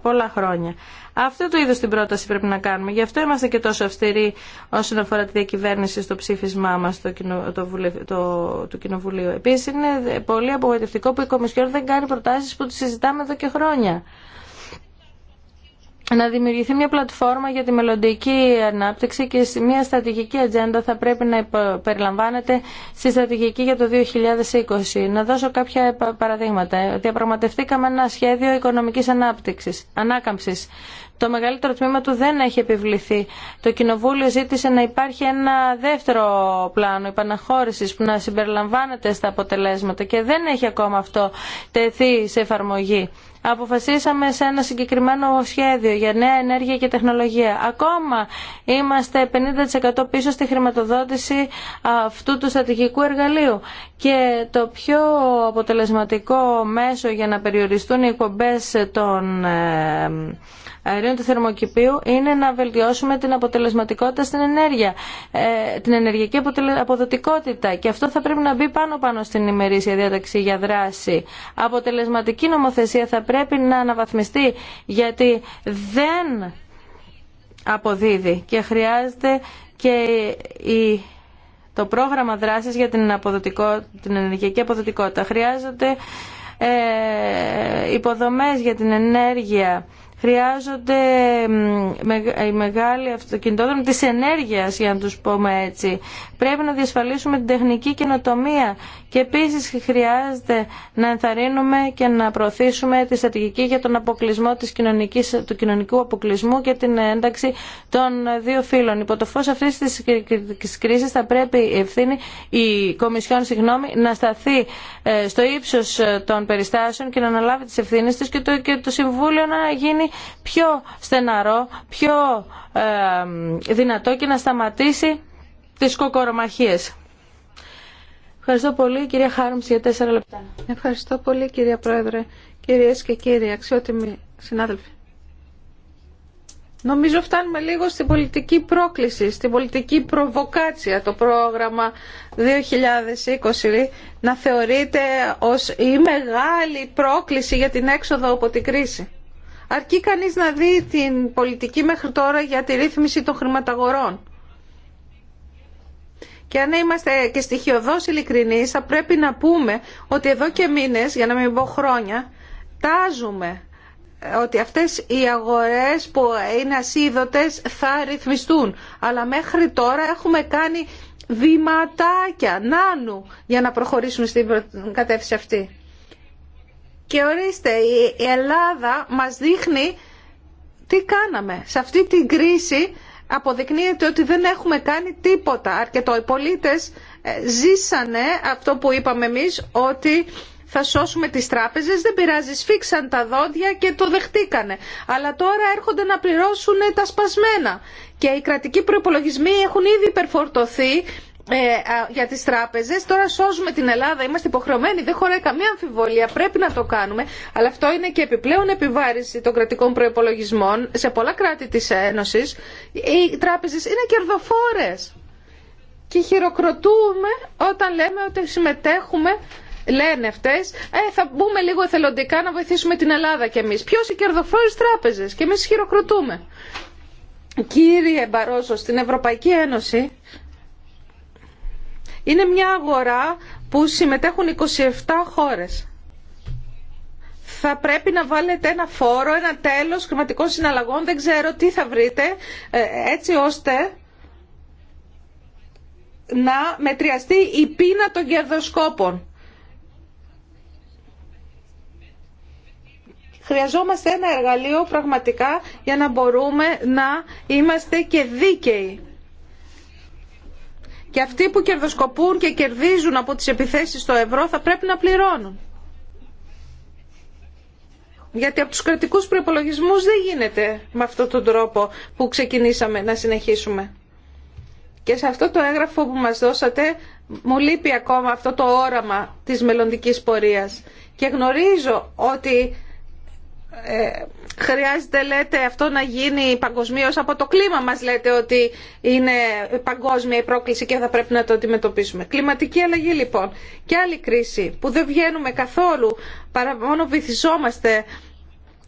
Speaker 3: πολλά χρόνια. Αυτό το είδος την πρόταση πρέπει να κάνουμε. Γι' αυτό είμαστε και τόσο αυστηροί όσον αφορά τη διακυβέρνηση στο ψήφισμά μας το κοινο, το βουλε, το, του Κοινοβουλίου. Επίσης είναι πολύ απογοητευτικό που η Κομισιόν δεν κάνει προτάσεις που τις συζητάμε εδώ και χρόνια να δημιουργηθεί μια πλατφόρμα για τη μελλοντική ανάπτυξη και μια στρατηγική ατζέντα θα πρέπει να περιλαμβάνεται στη στρατηγική για το 2020. Να δώσω κάποια παραδείγματα. Διαπραγματευτήκαμε ένα σχέδιο οικονομικής ανάπτυξης, ανάκαμψης. Το μεγαλύτερο τμήμα του δεν έχει επιβληθεί. Το Κοινοβούλιο ζήτησε να υπάρχει ένα δεύτερο πλάνο υπαναχώρησης που να συμπεριλαμβάνεται στα αποτελέσματα και δεν έχει ακόμα αυτό τεθεί σε εφαρμογή αποφασίσαμε σε ένα συγκεκριμένο σχέδιο για νέα ενέργεια και τεχνολογία. Ακόμα είμαστε 50% πίσω στη χρηματοδότηση αυτού του στρατηγικού εργαλείου και το πιο αποτελεσματικό μέσο για να περιοριστούν οι εκπομπές των ε, αερίων του θερμοκηπίου είναι να βελτιώσουμε την αποτελεσματικότητα στην ενέργεια, ε, την ενεργειακή αποδοτικότητα και αυτό θα πρέπει να μπει πάνω πάνω στην ημερήσια διάταξη για δράση. Αποτελεσματική νομοθεσία θα πρέπει πρέπει να αναβαθμιστεί γιατί δεν αποδίδει και χρειάζεται και το πρόγραμμα δράσης για την, αποδοτικό, την ενεργειακή αποδοτικότητα. Χρειάζονται ε, υποδομές για την ενέργεια χρειάζονται οι μεγάλοι αυτοκινητόδρομοι της ενέργειας για να τους πούμε έτσι. Πρέπει να διασφαλίσουμε την τεχνική καινοτομία και επίσης χρειάζεται να ενθαρρύνουμε και να προωθήσουμε τη στρατηγική για τον αποκλεισμό της κοινωνικής, του κοινωνικού αποκλεισμού και την ένταξη των δύο φύλων. Υπό το φως αυτής της κρίσης θα πρέπει η ευθύνη, η Κομισιόν συγγνώμη, να σταθεί ε, στο ύψος ε, των περιστάσεων και να αναλάβει τις ευθύνες της και το, και το Συμβούλιο να γίνει πιο στεναρό, πιο δυνατό και να σταματήσει τις κοκορομαχίες. Ευχαριστώ πολύ κυρία Χάρμς για τέσσερα λεπτά. Ευχαριστώ πολύ κυρία Πρόεδρε,
Speaker 2: κυρίες και κύριοι, αξιότιμοι συνάδελφοι. Νομίζω φτάνουμε λίγο στην πολιτική πρόκληση, στην πολιτική προβοκάτσια το πρόγραμμα 2020 να θεωρείται ως η μεγάλη πρόκληση για την έξοδο από την κρίση. Αρκεί κανείς να δει την πολιτική μέχρι τώρα για τη ρύθμιση των χρηματαγορών. Και αν είμαστε και στοιχειοδός ειλικρινείς, θα πρέπει να πούμε ότι εδώ και μήνες, για να μην πω χρόνια, τάζουμε ε, ότι αυτές οι αγορές που είναι ασίδωτες θα ρυθμιστούν. Αλλά μέχρι τώρα έχουμε κάνει βηματάκια, νάνου, για να προχωρήσουμε στην κατεύθυνση αυτή. Και ορίστε, η Ελλάδα μας δείχνει τι κάναμε. Σε αυτή την κρίση αποδεικνύεται ότι δεν έχουμε κάνει τίποτα αρκετό. Οι πολίτες ε, ζήσανε αυτό που είπαμε εμείς ότι θα σώσουμε τις τράπεζες, δεν πειράζει, σφίξαν τα δόντια και το δεχτήκανε. Αλλά τώρα έρχονται να πληρώσουν τα σπασμένα. Και οι κρατικοί προπολογισμοί έχουν ήδη υπερφορτωθεί ε, για τις τράπεζες. Τώρα σώζουμε την Ελλάδα, είμαστε υποχρεωμένοι, δεν χωράει καμία αμφιβολία, πρέπει να το κάνουμε. Αλλά αυτό είναι και επιπλέον επιβάρηση των κρατικών προϋπολογισμών σε πολλά κράτη της Ένωσης. Οι τράπεζες είναι κερδοφόρες και χειροκροτούμε όταν λέμε ότι συμμετέχουμε Λένε αυτέ, ε, θα μπούμε λίγο εθελοντικά να βοηθήσουμε την Ελλάδα κι εμεί. Ποιο οι κερδοφόρε τράπεζε και εμεί χειροκροτούμε. Κύριε Μπαρόζο, στην Ευρωπαϊκή Ένωση είναι μια αγορά που συμμετέχουν 27 χώρες. Θα πρέπει να βάλετε ένα φόρο, ένα τέλος χρηματικών συναλλαγών, δεν ξέρω τι θα βρείτε, ε, έτσι ώστε να μετριαστεί η πείνα των κερδοσκόπων. Χρειαζόμαστε ένα εργαλείο πραγματικά για να μπορούμε να είμαστε και δίκαιοι και αυτοί που κερδοσκοπούν και κερδίζουν από τις επιθέσεις στο ευρώ θα πρέπει να πληρώνουν. Γιατί από τους κρατικούς προϋπολογισμούς δεν γίνεται με αυτόν τον τρόπο που ξεκινήσαμε να συνεχίσουμε. Και σε αυτό το έγγραφο που μας δώσατε μου λείπει ακόμα αυτό το όραμα της μελλοντική πορείας. Και γνωρίζω ότι ε, χρειάζεται λέτε αυτό να γίνει παγκοσμίω από το κλίμα μας λέτε ότι είναι παγκόσμια η πρόκληση και θα πρέπει να το αντιμετωπίσουμε. Κλιματική αλλαγή λοιπόν και άλλη κρίση που δεν βγαίνουμε καθόλου παρά μόνο βυθιζόμαστε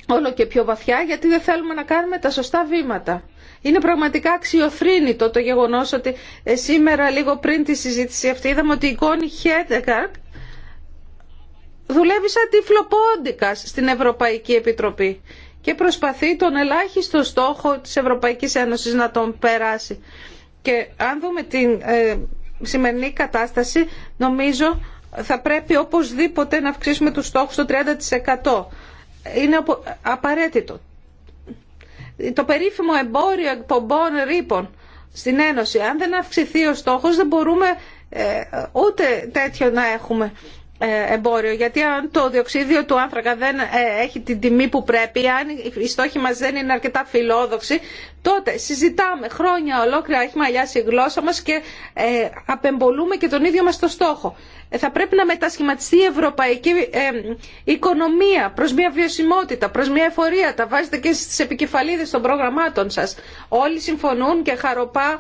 Speaker 2: όλο και πιο βαθιά γιατί δεν θέλουμε να κάνουμε τα σωστά βήματα. Είναι πραγματικά αξιοθρύνητο το γεγονός ότι ε, σήμερα λίγο πριν τη συζήτηση αυτή είδαμε ότι η Κόνη Χέντεγκαρτ δουλεύει σαν τυφλοπόντικας στην Ευρωπαϊκή Επιτροπή και προσπαθεί τον ελάχιστο στόχο της Ευρωπαϊκής Ένωσης να τον περάσει. Και αν δούμε την ε, σημερινή κατάσταση, νομίζω θα πρέπει οπωσδήποτε να αυξήσουμε τους στόχους στο 30%. Είναι απαραίτητο. Το περίφημο εμπόριο εκπομπών ρήπων στην Ένωση, αν δεν αυξηθεί ο στόχος δεν μπορούμε ε, ούτε τέτοιο να έχουμε. Ε, εμπόριο. Γιατί αν το διοξίδιο του άνθρακα δεν ε, έχει την τιμή που πρέπει, αν οι στόχοι μας δεν είναι αρκετά φιλόδοξοι, τότε συζητάμε χρόνια ολόκληρα, έχει μαλλιάσει η γλώσσα μας και ε, απεμπολούμε και τον ίδιο μας το στόχο. θα πρέπει να μετασχηματιστεί η ευρωπαϊκή ε, οικονομία προς μια βιωσιμότητα, προς μια εφορία. Τα βάζετε και στις επικεφαλίδες των προγραμμάτων σας. Όλοι συμφωνούν και χαροπά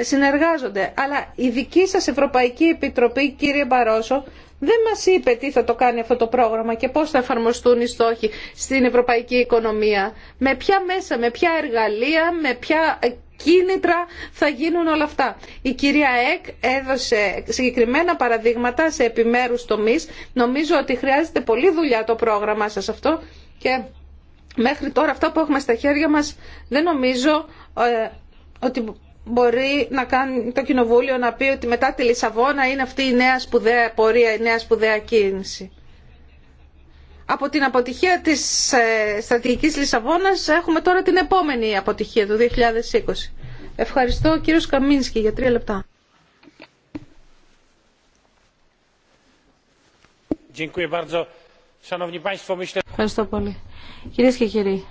Speaker 2: συνεργάζονται. Αλλά η δική σας Ευρωπαϊκή Επιτροπή, κύριε Μπαρόσο, δεν μας είπε τι θα το κάνει αυτό το πρόγραμμα και πώς θα εφαρμοστούν οι στόχοι στην ευρωπαϊκή οικονομία. Με ποια μέσα, με ποια εργαλεία, με ποια κίνητρα θα γίνουν όλα αυτά. Η κυρία Εκ έδωσε συγκεκριμένα παραδείγματα σε επιμέρους τομείς. Νομίζω ότι χρειάζεται πολλή δουλειά το πρόγραμμά σας αυτό και μέχρι τώρα αυτά που έχουμε στα χέρια μας δεν νομίζω ε, ότι μπορεί να κάνει το κοινοβούλιο να πει ότι μετά τη Λισαβόνα είναι αυτή η νέα σπουδαία πορεία, η νέα σπουδαία κίνηση. Από την αποτυχία της ε, στρατηγικής Λισαβόνας έχουμε τώρα την επόμενη αποτυχία του 2020. Ευχαριστώ κύριο Καμίνσκι για τρία λεπτά.
Speaker 3: Ευχαριστώ πολύ. Κυρίες και κύριοι,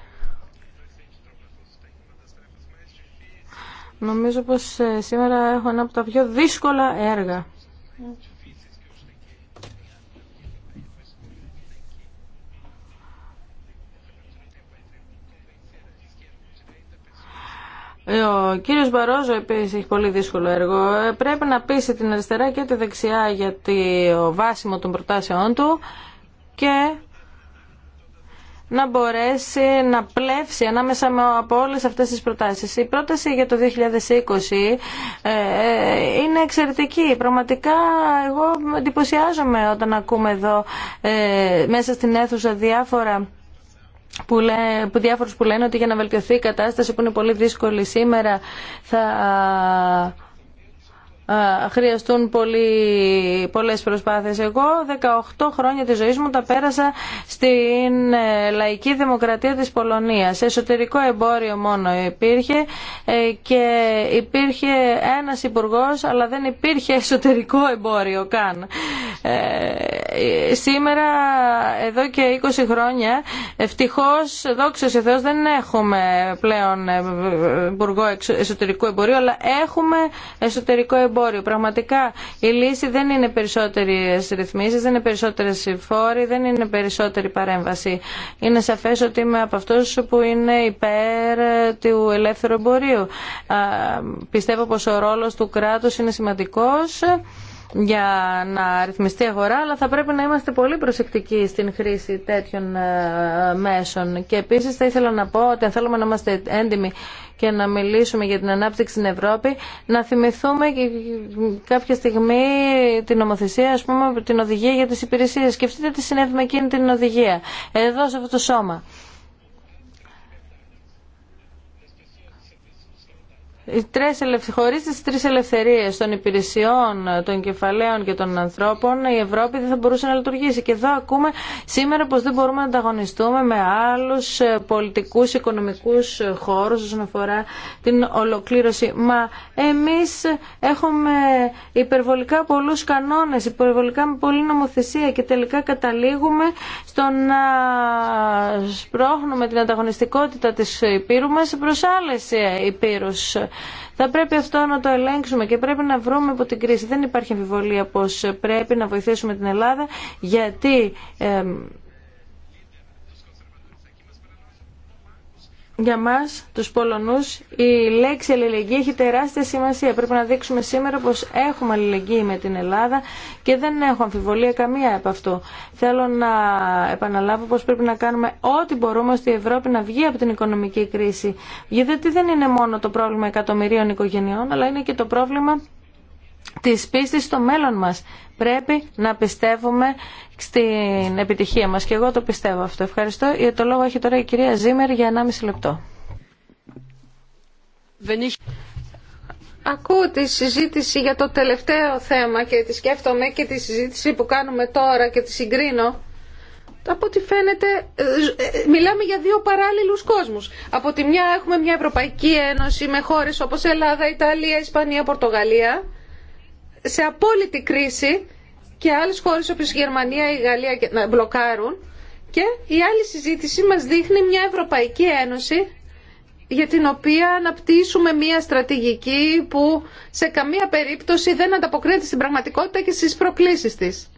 Speaker 3: Νομίζω πως ε, σήμερα έχω ένα από τα πιο δύσκολα έργα. Ε, ο κύριος Μπαρόζο επίσης έχει πολύ δύσκολο έργο. Ε, πρέπει να πείσει την αριστερά και τη δεξιά για το βάσιμο των προτάσεών του και να μπορέσει να πλεύσει ανάμεσα από όλες αυτές τις προτάσεις. Η πρόταση για το 2020 ε, ε, είναι εξαιρετική. Πραγματικά εγώ εντυπωσιάζομαι όταν ακούμε εδώ ε, μέσα στην αίθουσα διάφορα που, που διάφορους που λένε ότι για να βελτιωθεί η κατάσταση που είναι πολύ δύσκολη σήμερα θα χρειαστούν πολύ, πολλές προσπάθειες. Εγώ 18 χρόνια της ζωής μου τα πέρασα στην ε, λαϊκή δημοκρατία της Πολωνίας. Εσωτερικό εμπόριο μόνο υπήρχε ε, και υπήρχε ένας υπουργός αλλά δεν υπήρχε εσωτερικό εμπόριο καν. Ε, σήμερα εδώ και 20 χρόνια ευτυχώς δόξα σε Θεός δεν έχουμε πλέον υπουργό εσωτερικού εμπορίου αλλά έχουμε εσωτερικό εμπόριο Πραγματικά η λύση δεν είναι περισσότερε ρυθμίσει, δεν είναι περισσότερε φόροι, δεν είναι περισσότερη παρέμβαση. Είναι σαφέ ότι είμαι από αυτού που είναι υπέρ του ελεύθερου εμπορίου. Πιστεύω πω ο ρόλο του κράτου είναι σημαντικό για να ρυθμιστεί η αγορά, αλλά θα πρέπει να είμαστε πολύ προσεκτικοί στην χρήση τέτοιων ε, μέσων. Και επίσης θα ήθελα να πω ότι αν θέλουμε να είμαστε έντιμοι και να μιλήσουμε για την ανάπτυξη στην Ευρώπη, να θυμηθούμε κάποια στιγμή την νομοθεσία, α πούμε, την οδηγία για τις υπηρεσίες. Σκεφτείτε τι συνέβη με εκείνη την οδηγία, εδώ σε αυτό το σώμα. οι τρεις χωρίς τις τρεις ελευθερίες των υπηρεσιών, των κεφαλαίων και των ανθρώπων η Ευρώπη δεν θα μπορούσε να λειτουργήσει. Και εδώ ακούμε σήμερα πως δεν μπορούμε να ανταγωνιστούμε με άλλους πολιτικούς, οικονομικούς χώρους όσον αφορά την ολοκλήρωση. Μα εμείς έχουμε υπερβολικά πολλούς κανόνες, υπερβολικά με πολλή νομοθεσία και τελικά καταλήγουμε στο να σπρώχνουμε την ανταγωνιστικότητα της υπήρου μας προς άλλες υπήρους θα πρέπει αυτό να το ελέγξουμε και πρέπει να βρούμε από την κρίση. Δεν υπάρχει αμφιβολία πως πρέπει να βοηθήσουμε την Ελλάδα γιατί για μας, τους Πολωνούς, η λέξη αλληλεγγύη έχει τεράστια σημασία. Πρέπει να δείξουμε σήμερα πως έχουμε αλληλεγγύη με την Ελλάδα και δεν έχω αμφιβολία καμία από αυτό. Θέλω να επαναλάβω πως πρέπει να κάνουμε ό,τι μπορούμε ώστε η Ευρώπη να βγει από την οικονομική κρίση. Γιατί δεν είναι μόνο το πρόβλημα εκατομμυρίων οικογενειών, αλλά είναι και το πρόβλημα της πίστης στο μέλλον μας. Πρέπει να πιστεύουμε στην επιτυχία μας και εγώ το πιστεύω αυτό. Ευχαριστώ. Ε, το λόγο έχει τώρα η κυρία Ζήμερ για 1,5 λεπτό.
Speaker 2: Ακούω τη συζήτηση για το τελευταίο θέμα και τη σκέφτομαι και τη συζήτηση που κάνουμε τώρα και τη συγκρίνω. Από ό,τι φαίνεται ε, ε, μιλάμε για δύο παράλληλους κόσμους. Από τη μια έχουμε μια Ευρωπαϊκή Ένωση με χώρες όπως Ελλάδα, Ιταλία, Ισπανία, Πορτογαλία σε απόλυτη κρίση και άλλες χώρες όπως η Γερμανία ή η Γαλλία να μπλοκάρουν και η άλλη συζήτηση μας δείχνει μια Ευρωπαϊκή Ένωση για την οποία αναπτύσσουμε μια στρατηγική που σε καμία περίπτωση δεν ανταποκρίνεται στην πραγματικότητα και στις προκλήσεις της.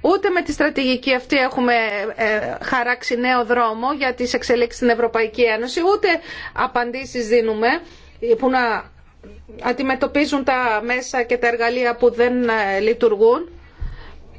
Speaker 2: Ούτε με τη στρατηγική αυτή έχουμε ε, χαράξει νέο δρόμο για τις εξελίξεις στην Ευρωπαϊκή Ένωση, ούτε απαντήσεις δίνουμε που να αντιμετωπίζουν τα μέσα και τα εργαλεία που δεν ε, λειτουργούν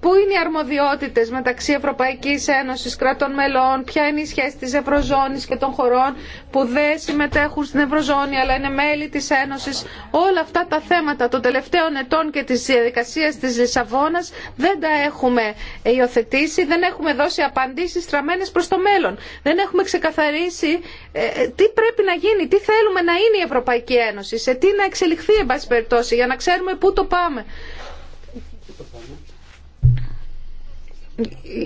Speaker 2: Πού είναι οι αρμοδιότητες μεταξύ Ευρωπαϊκής Ένωσης, κρατών μελών, ποια είναι η σχέση της Ευρωζώνης και των χωρών που δεν συμμετέχουν στην Ευρωζώνη αλλά είναι μέλη της Ένωσης. Όλα αυτά τα θέματα των τελευταίων ετών και της διαδικασίας της Λισαβόνας δεν τα έχουμε υιοθετήσει, δεν έχουμε δώσει απαντήσεις στραμμένες προς το μέλλον. Δεν έχουμε ξεκαθαρίσει ε, τι πρέπει να γίνει, τι θέλουμε να είναι η Ευρωπαϊκή Ένωση, σε τι να εξελιχθεί εν πάση περιπτώσει για να ξέρουμε πού το πάμε.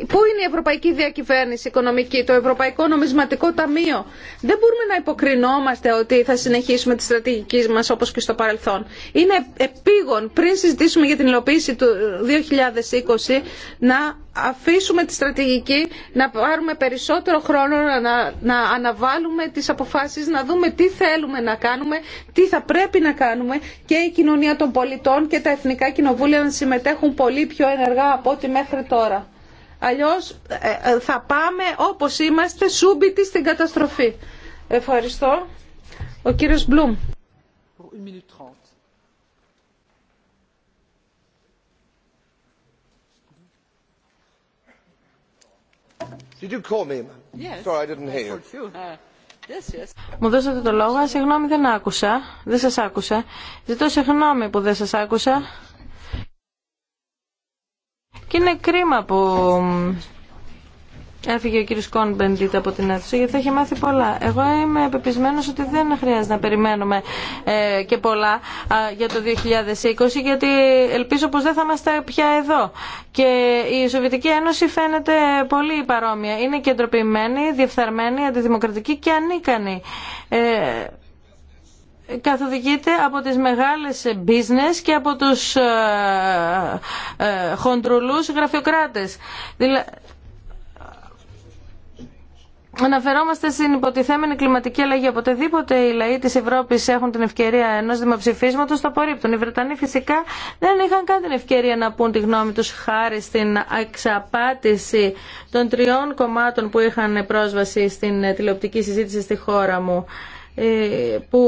Speaker 2: Πού είναι η Ευρωπαϊκή Διακυβέρνηση Οικονομική, το Ευρωπαϊκό Νομισματικό Ταμείο. Δεν μπορούμε να υποκρινόμαστε ότι θα συνεχίσουμε τη στρατηγική μα όπω και στο παρελθόν. Είναι επίγον πριν συζητήσουμε για την υλοποίηση του 2020 να αφήσουμε τη στρατηγική, να πάρουμε περισσότερο χρόνο να, να αναβάλουμε τι αποφάσει, να δούμε τι θέλουμε να κάνουμε, τι θα πρέπει να κάνουμε και η κοινωνία των πολιτών και τα εθνικά κοινοβούλια να συμμετέχουν πολύ πιο ενεργά από ό,τι μέχρι τώρα. Αλλιώς ε, ε, θα πάμε όπως είμαστε σούμπιτοι στην καταστροφή. Ευχαριστώ. Ο κύριος Μπλουμ.
Speaker 4: you call me?
Speaker 3: Yes. Sorry, I didn't hear
Speaker 2: you. Uh,
Speaker 3: Μου δώσατε το λόγο. Συγγνώμη, δεν άκουσα. Δεν σας άκουσα. Ζητώ συγγνώμη που δεν σας άκουσα. Και είναι κρίμα που Έφυγε ο κύριο Κόνμπεντιτ από την αίθουσα γιατί θα είχε μάθει πολλά. Εγώ είμαι πεπισμένο ότι δεν χρειάζεται να περιμένουμε ε, και πολλά για το 2020 γιατί ελπίζω πω δεν θα είμαστε πια εδώ. Και η Σοβιετική Ένωση φαίνεται πολύ παρόμοια. Είναι κεντροποιημένη, διεφθαρμένη, αντιδημοκρατική και ανίκανη. Ε, καθοδηγείται από τις μεγάλες business και από τους ε, ε, χοντρουλούς γραφειοκράτες. Δηλα... Αναφερόμαστε στην υποτιθέμενη κλιματική αλλαγή. Οποτεδήποτε οι λαοί τη Ευρώπη έχουν την ευκαιρία ενό δημοψηφίσματο, το απορρίπτουν. Οι Βρετανοί φυσικά δεν είχαν καν την ευκαιρία να πούν τη γνώμη του χάρη στην εξαπάτηση των τριών κομμάτων που είχαν πρόσβαση στην τηλεοπτική συζήτηση στη χώρα μου που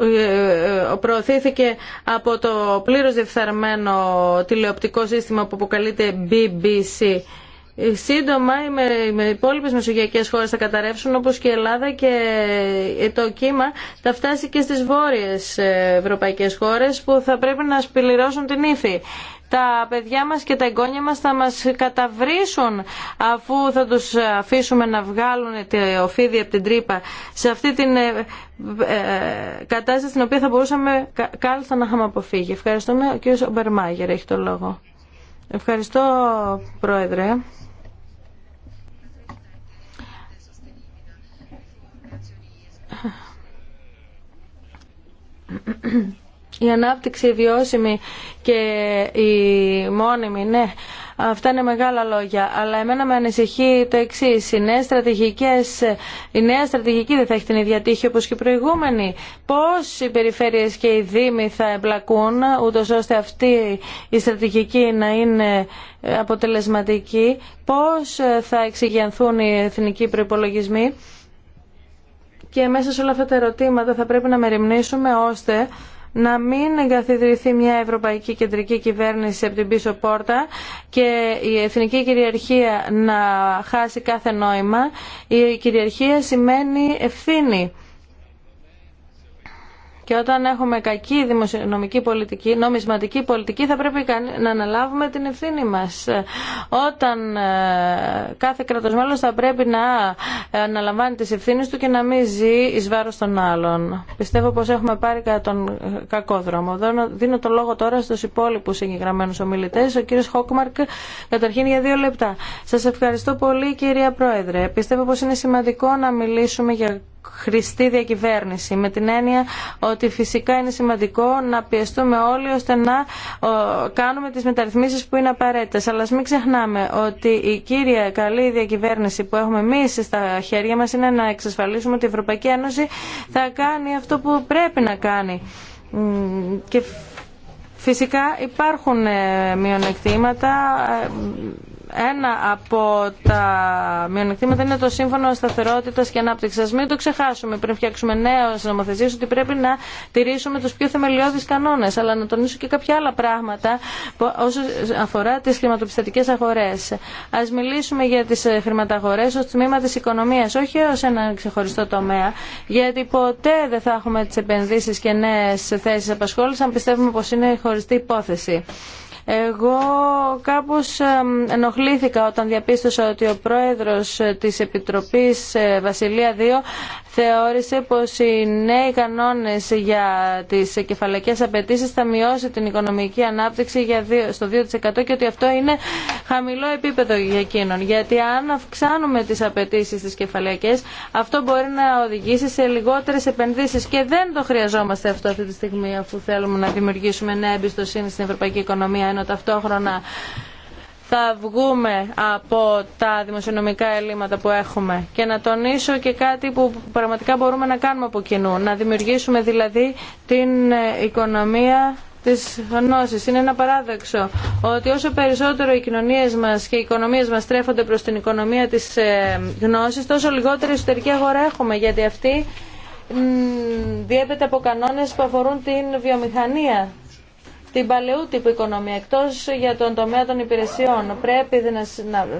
Speaker 3: ε, προωθήθηκε από το πλήρως διεφθαρμένο τηλεοπτικό σύστημα που αποκαλείται BBC. Σύντομα οι υπόλοιπε μεσογειακές χώρες θα καταρρεύσουν όπως και η Ελλάδα και ε, το κύμα θα φτάσει και στις βόρειες ε, ευρωπαϊκές χώρες που θα πρέπει να σπηλυρώσουν την ύφη τα παιδιά μας και τα εγγόνια μας θα μας καταβρίσουν αφού θα τους αφήσουμε να βγάλουν τη οφίδια από την τρύπα σε αυτή την ε, ε, κατάσταση στην οποία θα μπορούσαμε κάλλιστα να είχαμε αποφύγει. Ευχαριστούμε. Ο κ. Ομπερμάγερ έχει το λόγο. Ευχαριστώ Πρόεδρε η ανάπτυξη η βιώσιμη και η μόνιμη, ναι, αυτά είναι μεγάλα λόγια. Αλλά εμένα με ανησυχεί το εξή. Οι νέε στρατηγικέ, η νέα στρατηγική δεν θα έχει την ίδια τύχη όπω και η προηγούμενη. Πώ οι περιφέρειε και οι Δήμοι θα εμπλακούν, ούτω ώστε αυτή η στρατηγική να είναι αποτελεσματική, πώ θα εξηγιανθούν οι εθνικοί προπολογισμοί. Και μέσα σε όλα αυτά τα ερωτήματα θα πρέπει να μεριμνήσουμε ώστε να μην εγκαθιδρυθεί μια ευρωπαϊκή κεντρική κυβέρνηση από την πίσω πόρτα και η εθνική κυριαρχία να χάσει κάθε νόημα. Η κυριαρχία σημαίνει ευθύνη. Και όταν έχουμε κακή δημοσιονομική πολιτική, νομισματική πολιτική, θα πρέπει να αναλάβουμε την ευθύνη μας. Όταν ε, κάθε κράτος μέλος θα πρέπει να ε, αναλαμβάνει τις ευθύνες του και να μην ζει εις βάρος των άλλων. Πιστεύω πως έχουμε πάρει τον ε, κακό δρόμο. Δίνω το λόγο τώρα στους υπόλοιπους εγγεγραμμένους ομιλητές. Ο κύριος Χόκμαρκ καταρχήν για δύο λεπτά. Σας ευχαριστώ πολύ κυρία Πρόεδρε. Πιστεύω πως είναι σημαντικό να μιλήσουμε για χρηστή διακυβέρνηση με την έννοια ότι φυσικά είναι σημαντικό να πιεστούμε όλοι ώστε να κάνουμε τις μεταρρυθμίσεις που είναι απαραίτητες αλλά μην ξεχνάμε ότι η κύρια καλή διακυβέρνηση που έχουμε εμεί στα χέρια μας είναι να εξασφαλίσουμε ότι η Ευρωπαϊκή Ένωση θα κάνει αυτό που πρέπει να κάνει και Φυσικά υπάρχουν ε, μειονεκτήματα ε, ένα από τα μειονεκτήματα είναι το Σύμφωνο Σταθερότητα και Ανάπτυξη. Α μην το ξεχάσουμε πριν φτιάξουμε νέο νομοθεσίε ότι πρέπει να τηρήσουμε του πιο θεμελιώδει κανόνε. Αλλά να τονίσω και κάποια άλλα πράγματα που, αφορά τι χρηματοπιστωτικέ αγορέ. Α μιλήσουμε για τι χρηματαγορέ ω τμήμα τη οικονομία, όχι ω ένα ξεχωριστό τομέα. Γιατί ποτέ δεν θα έχουμε τι επενδύσει και νέε θέσει απασχόληση αν πιστεύουμε πω είναι χωριστή υπόθεση. Εγώ κάπως ενοχλήθηκα όταν διαπίστωσα ότι ο πρόεδρος της Επιτροπής ε, Βασιλεία 2 θεώρησε πως οι νέοι κανόνες για τις κεφαλακές απαιτήσει θα μειώσει την οικονομική ανάπτυξη για 2, στο 2% και ότι αυτό είναι χαμηλό επίπεδο για εκείνον. Γιατί αν αυξάνουμε τις απαιτήσει τις κεφαλακές, αυτό μπορεί να οδηγήσει σε λιγότερες επενδύσεις και δεν το χρειαζόμαστε αυτό αυτή τη στιγμή αφού θέλουμε να δημιουργήσουμε νέα εμπιστοσύνη στην ευρωπαϊκή οικονομία ενώ ταυτόχρονα θα βγούμε από τα δημοσιονομικά ελλείμματα που έχουμε. Και να τονίσω και κάτι που πραγματικά μπορούμε να κάνουμε από κοινού. Να δημιουργήσουμε δηλαδή την οικονομία της γνώσης. Είναι ένα παράδοξο ότι όσο περισσότερο οι κοινωνίες μας και οι οικονομίες μας τρέφονται προς την οικονομία της ε, γνώσης, τόσο λιγότερη εσωτερική αγορά έχουμε, γιατί αυτή διέπεται από κανόνες που αφορούν την βιομηχανία την παλαιού οικονομία, εκτό για τον τομέα των υπηρεσιών. Πρέπει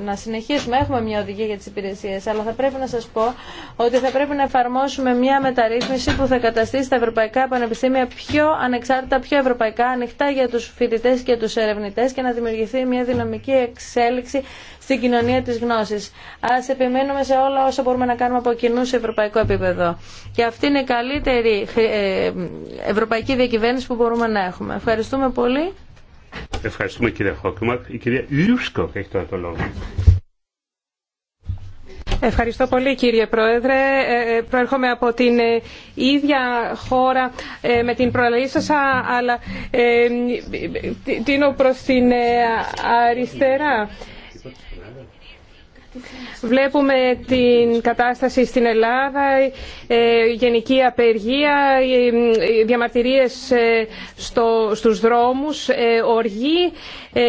Speaker 3: να, συνεχίσουμε, έχουμε μια οδηγία για τις υπηρεσίες, αλλά θα πρέπει να σας πω ότι θα πρέπει να εφαρμόσουμε μια μεταρρύθμιση που θα καταστήσει τα ευρωπαϊκά πανεπιστήμια πιο ανεξάρτητα, πιο ευρωπαϊκά, ανοιχτά για τους φοιτητέ και του ερευνητέ και να δημιουργηθεί μια δυναμική εξέλιξη στην κοινωνία τη γνώση. Α επιμένουμε σε όλα όσα μπορούμε να κάνουμε από κοινού σε ευρωπαϊκό επίπεδο. Και αυτή είναι η καλύτερη ε, ευρωπαϊκή διακυβέρνηση που μπορούμε να έχουμε. Ευχαριστούμε πολύ.
Speaker 5: Ευχαριστούμε κύριε Χόκμαρκ. Η κυρία Λιούσκο έχει τώρα το λόγο.
Speaker 6: Ευχαριστώ πολύ κύριε Πρόεδρε. Ε, ε, προέρχομαι από την ίδια χώρα με την σα, αλλά τίνω προς την αριστερά. Βλέπουμε την κατάσταση στην Ελλάδα, ε, γενική απεργία, ε, ε, διαμαρτυρίες στο, στους δρόμους, οργή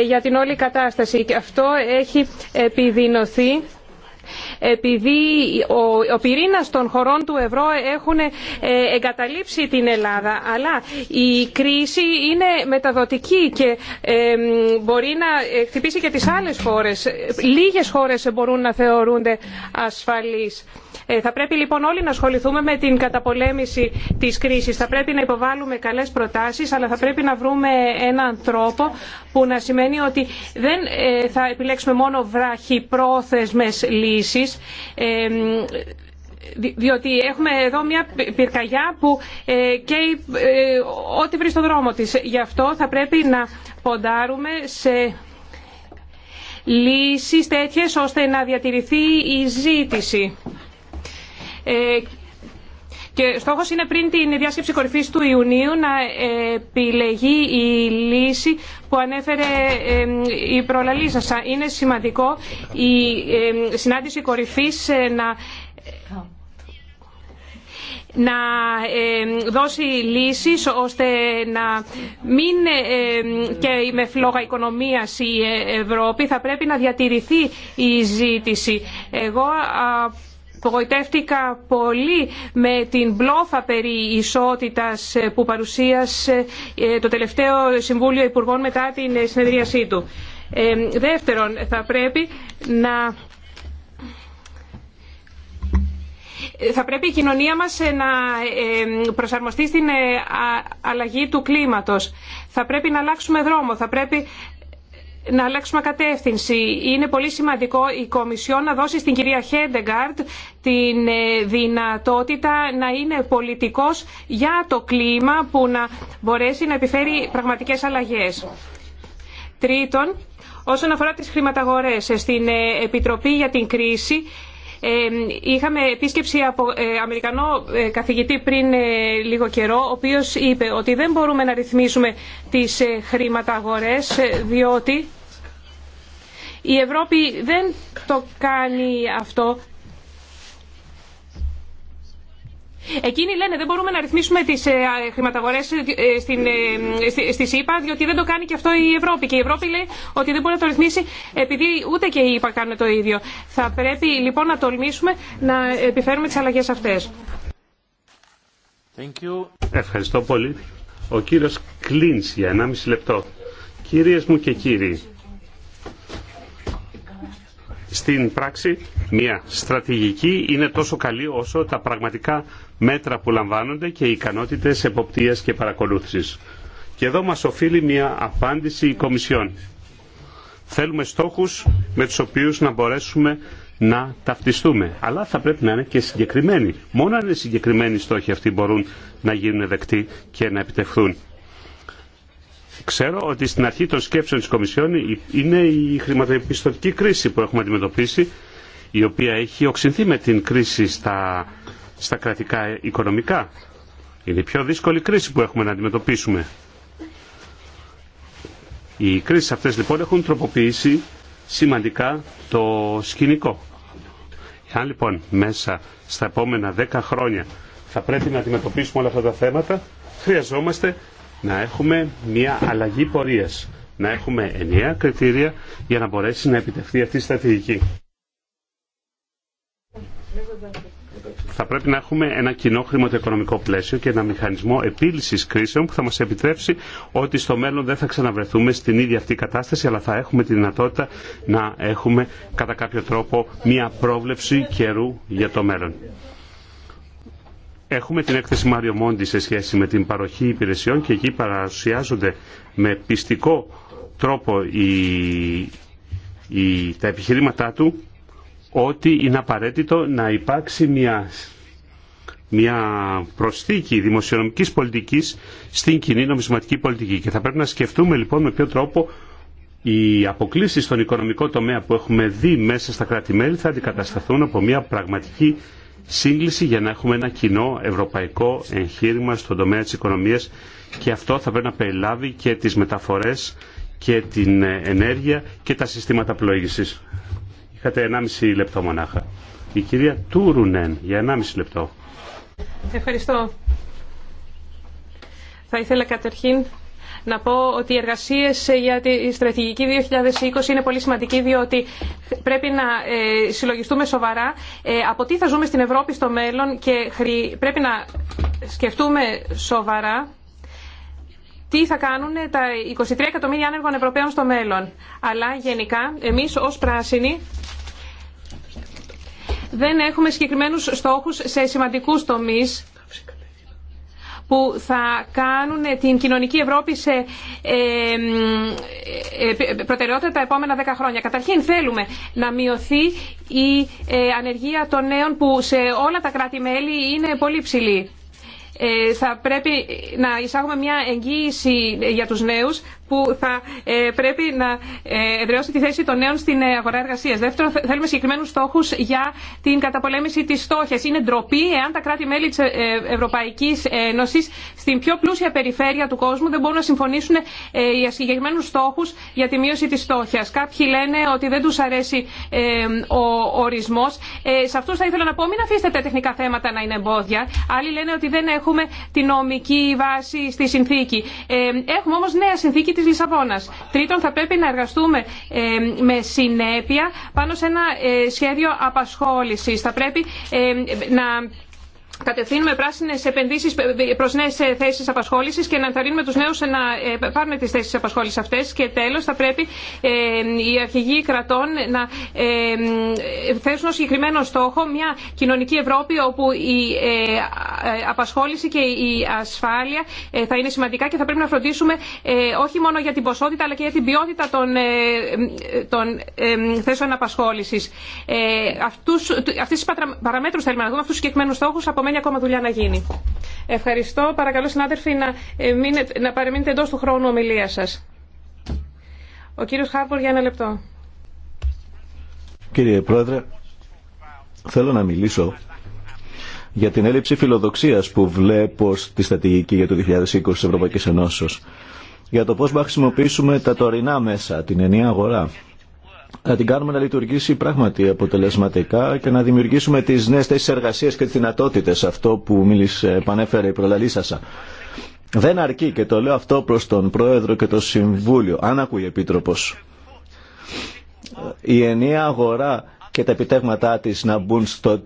Speaker 6: για την όλη κατάσταση. Και αυτό έχει επιδεινωθεί επειδή ο, ο πυρήνα των χωρών του ευρώ έχουν ε, εγκαταλείψει την Ελλάδα. Αλλά η κρίση είναι μεταδοτική και μπορεί να ε, χτυπήσει και τις άλλες χώρες. Λίγες χώρες μπορούν να θεωρούνται ασφαλείς. Ε, θα πρέπει λοιπόν όλοι να ασχοληθούμε με την καταπολέμηση της κρίσης. Θα πρέπει να υποβάλουμε καλές προτάσεις, αλλά θα πρέπει να βρούμε έναν τρόπο που να σημαίνει ότι δεν ε, θα επιλέξουμε μόνο βράχοι πρόθεσμες λύσεις, ε, διότι έχουμε εδώ μια πυρκαγιά που καίει ό,τι βρει στον δρόμο της. Γι' αυτό θα πρέπει να ποντάρουμε σε λύσεις τέτοιες ώστε να διατηρηθεί η ζήτηση. Ε, και στόχο είναι πριν την διάσκεψη κορυφή του Ιουνίου να επιλεγεί η λύση που ανέφερε η προλαλή σα. Είναι σημαντικό η συνάντηση κορυφής ε, να να δώσει λύσεις ώστε να μην και με φλόγα οικονομίας η Ευρώπη θα πρέπει να διατηρηθεί η ζήτηση. Εγώ Απογοητεύτηκα πολύ με την μπλόφα περί ισότητας ε, που παρουσίασε ε, το τελευταίο Συμβούλιο Υπουργών μετά την ε, συνεδρίασή του. Δεύτερον, θα πρέπει να θα πρέπει η κοινωνία μας να προσαρμοστεί στην αλλαγή του κλίματος. Θα πρέπει να αλλάξουμε δρόμο, θα πρέπει να αλλάξουμε κατεύθυνση. Είναι πολύ σημαντικό η Κομισιόν να δώσει στην κυρία Χέντεγκαρντ την ε, δυνατότητα να είναι πολιτικός για το κλίμα που να μπορέσει να επιφέρει πραγματικές αλλαγές. Τρίτον, όσον αφορά τις χρηματαγορές, ε, στην ε, Επιτροπή για την Κρίση είχαμε επίσκεψη από Αμερικανό καθηγητή πριν λίγο καιρό, ο οποίος είπε ότι δεν μπορούμε να ρυθμίσουμε τις χρηματαγορές διότι η Ευρώπη δεν το κάνει αυτό. Εκείνοι λένε δεν μπορούμε να ρυθμίσουμε τις ε, χρηματαγορές ε, ε, στη ΣΥΠΑ διότι δεν το κάνει και αυτό η Ευρώπη. Και η Ευρώπη λέει ότι δεν μπορεί να το ρυθμίσει επειδή ούτε και η ΕΠΑ κάνουν το ίδιο. Θα πρέπει λοιπόν να τολμήσουμε να επιφέρουμε τις αλλαγές αυτές.
Speaker 5: Thank you. Ευχαριστώ πολύ. Ο κύριος Κλίνς για 1,5 λεπτό. Κυρίες μου και κύριοι, στην πράξη μια στρατηγική είναι τόσο καλή όσο τα πραγματικά μέτρα που λαμβάνονται και οι ικανότητες εποπτείας και παρακολούθησης. Και εδώ μας οφείλει μια απάντηση η Κομισιόν. Θέλουμε στόχους με τους οποίους να μπορέσουμε να ταυτιστούμε. Αλλά θα πρέπει να είναι και συγκεκριμένοι. Μόνο αν είναι συγκεκριμένοι οι στόχοι αυτοί μπορούν να γίνουν δεκτοί και να επιτευχθούν. Ξέρω ότι στην αρχή των σκέψεων της Κομισιόν είναι η χρηματοπιστωτική κρίση που έχουμε αντιμετωπίσει, η οποία έχει οξυνθεί με την κρίση στα, στα κρατικά οικονομικά. Είναι η πιο δύσκολη κρίση που έχουμε να αντιμετωπίσουμε. Οι κρίσεις αυτές λοιπόν έχουν τροποποιήσει σημαντικά το σκηνικό. Αν λοιπόν μέσα στα επόμενα 10 χρόνια θα πρέπει να αντιμετωπίσουμε όλα αυτά τα θέματα, χρειαζόμαστε να έχουμε μια αλλαγή πορείας, να έχουμε ενιαία κριτήρια για να μπορέσει να επιτευχθεί αυτή η στρατηγική. Θα πρέπει να έχουμε ένα κοινό χρηματοοικονομικό πλαίσιο και ένα μηχανισμό επίλυση κρίσεων που θα μα επιτρέψει ότι στο μέλλον δεν θα ξαναβρεθούμε στην ίδια αυτή κατάσταση, αλλά θα έχουμε τη δυνατότητα να έχουμε κατά κάποιο τρόπο μία πρόβλεψη καιρού για το μέλλον. Έχουμε την έκθεση Μάριο Μόντι σε σχέση με την παροχή υπηρεσιών και εκεί παρουσιάζονται με πιστικό τρόπο οι, τα επιχειρήματά του ότι είναι απαραίτητο να υπάρξει μια, μια προσθήκη δημοσιονομικής πολιτικής στην κοινή νομισματική πολιτική. Και θα πρέπει να σκεφτούμε λοιπόν με ποιο τρόπο οι αποκλήσεις στον οικονομικό τομέα που έχουμε δει μέσα στα κράτη-μέλη θα αντικατασταθούν από μια πραγματική σύγκληση για να έχουμε ένα κοινό ευρωπαϊκό εγχείρημα στον τομέα της οικονομίας και αυτό θα πρέπει να περιλάβει και τις μεταφορές και την ε, ενέργεια και τα συστήματα πλοήγησης. Είχατε 1,5 λεπτό μονάχα. Η κυρία Τούρουνεν για 1,5 λεπτό.
Speaker 6: Ευχαριστώ. Θα ήθελα καταρχήν να πω ότι οι εργασίε για τη στρατηγική 2020 είναι πολύ σημαντική διότι πρέπει να ε, συλλογιστούμε σοβαρά ε, από τι θα ζούμε στην Ευρώπη στο μέλλον και πρέπει να σκεφτούμε σοβαρά τι θα κάνουν τα 23 εκατομμύρια άνεργων Ευρωπαίων στο μέλλον. Αλλά γενικά εμείς ως πράσινοι δεν έχουμε συγκεκριμένους στόχους σε σημαντικούς τομείς που θα κάνουν την κοινωνική Ευρώπη σε ε, ε, ε, προτεραιότητα τα επόμενα δέκα χρόνια. Καταρχήν θέλουμε να μειωθεί η ανεργία των νέων που σε όλα τα κράτη-μέλη είναι πολύ ψηλή. Θα πρέπει να εισάγουμε μια εγγύηση για τους νέους που θα ε, πρέπει να ε, εδραιώσει τη θέση των νέων στην ε, αγορά εργασία. Δεύτερον, θέλουμε συγκεκριμένου στόχου για την καταπολέμηση τη στόχια. Είναι ντροπή εάν τα κράτη-μέλη τη Ευρωπαϊκή Ένωση στην πιο πλούσια περιφέρεια του κόσμου δεν μπορούν να συμφωνήσουν για συγκεκριμένου στόχου για τη μείωση τη στόχια. Κάποιοι λένε ότι δεν του αρέσει ο ορισμό. Σε αυτού θα ήθελα να πω μην αφήσετε τα τεχνικά θέματα να είναι εμπόδια. Άλλοι λένε ότι δεν έχουμε τη νομική βάση στη συνθήκη. Έχουμε όμω νέα συνθήκη της Λισαβόνας. Τρίτον, θα πρέπει να εργαστούμε ε, με συνέπεια πάνω σε ένα ε, σχέδιο απασχόλησης. Θα πρέπει ε, να κατευθύνουμε πράσινε επενδύσει προ νέε θέσει απασχόληση και να ενθαρρύνουμε του νέου να ε, πάρουν τι θέσει απασχόληση αυτέ. Και τέλο, θα πρέπει ε, οι αρχηγοί κρατών να ε, θέσουν ως συγκεκριμένο στόχο μια κοινωνική Ευρώπη όπου η απασχόληση και η ασφάλεια θα είναι σημαντικά και θα πρέπει να φροντίσουμε όχι μόνο για την ποσότητα αλλά και για την ποιότητα των, των θέσεων απασχόληση. Αυτέ τι παραμέτρου θέλουμε να δούμε, αυτού του συγκεκριμένου στόχου παραμένει ακόμα δουλειά να γίνει. Ευχαριστώ. Παρακαλώ, συνάδελφοι, να, ε, μείνετε, να παραμείνετε εντό του χρόνου ομιλία σα. Ο κύριο Χάρμπορ για ένα λεπτό.
Speaker 7: Κύριε Πρόεδρε, θέλω να μιλήσω για την έλλειψη φιλοδοξίας που βλέπω στη στρατηγική για το 2020 τη Ευρωπαϊκή Ενώση. Για το πώς να χρησιμοποιήσουμε τα τωρινά μέσα, την ενιαία αγορά, να την κάνουμε να λειτουργήσει πράγματι αποτελεσματικά και να δημιουργήσουμε τις νέες θέσεις εργασίας και τις δυνατότητες αυτό που μίλησε, επανέφερε η προλαλήσασα. Δεν αρκεί και το λέω αυτό προς τον Πρόεδρο και το Συμβούλιο, αν ακούει η Επίτροπος. Η ενιαία αγορά και τα επιτέγματά της να μπουν στο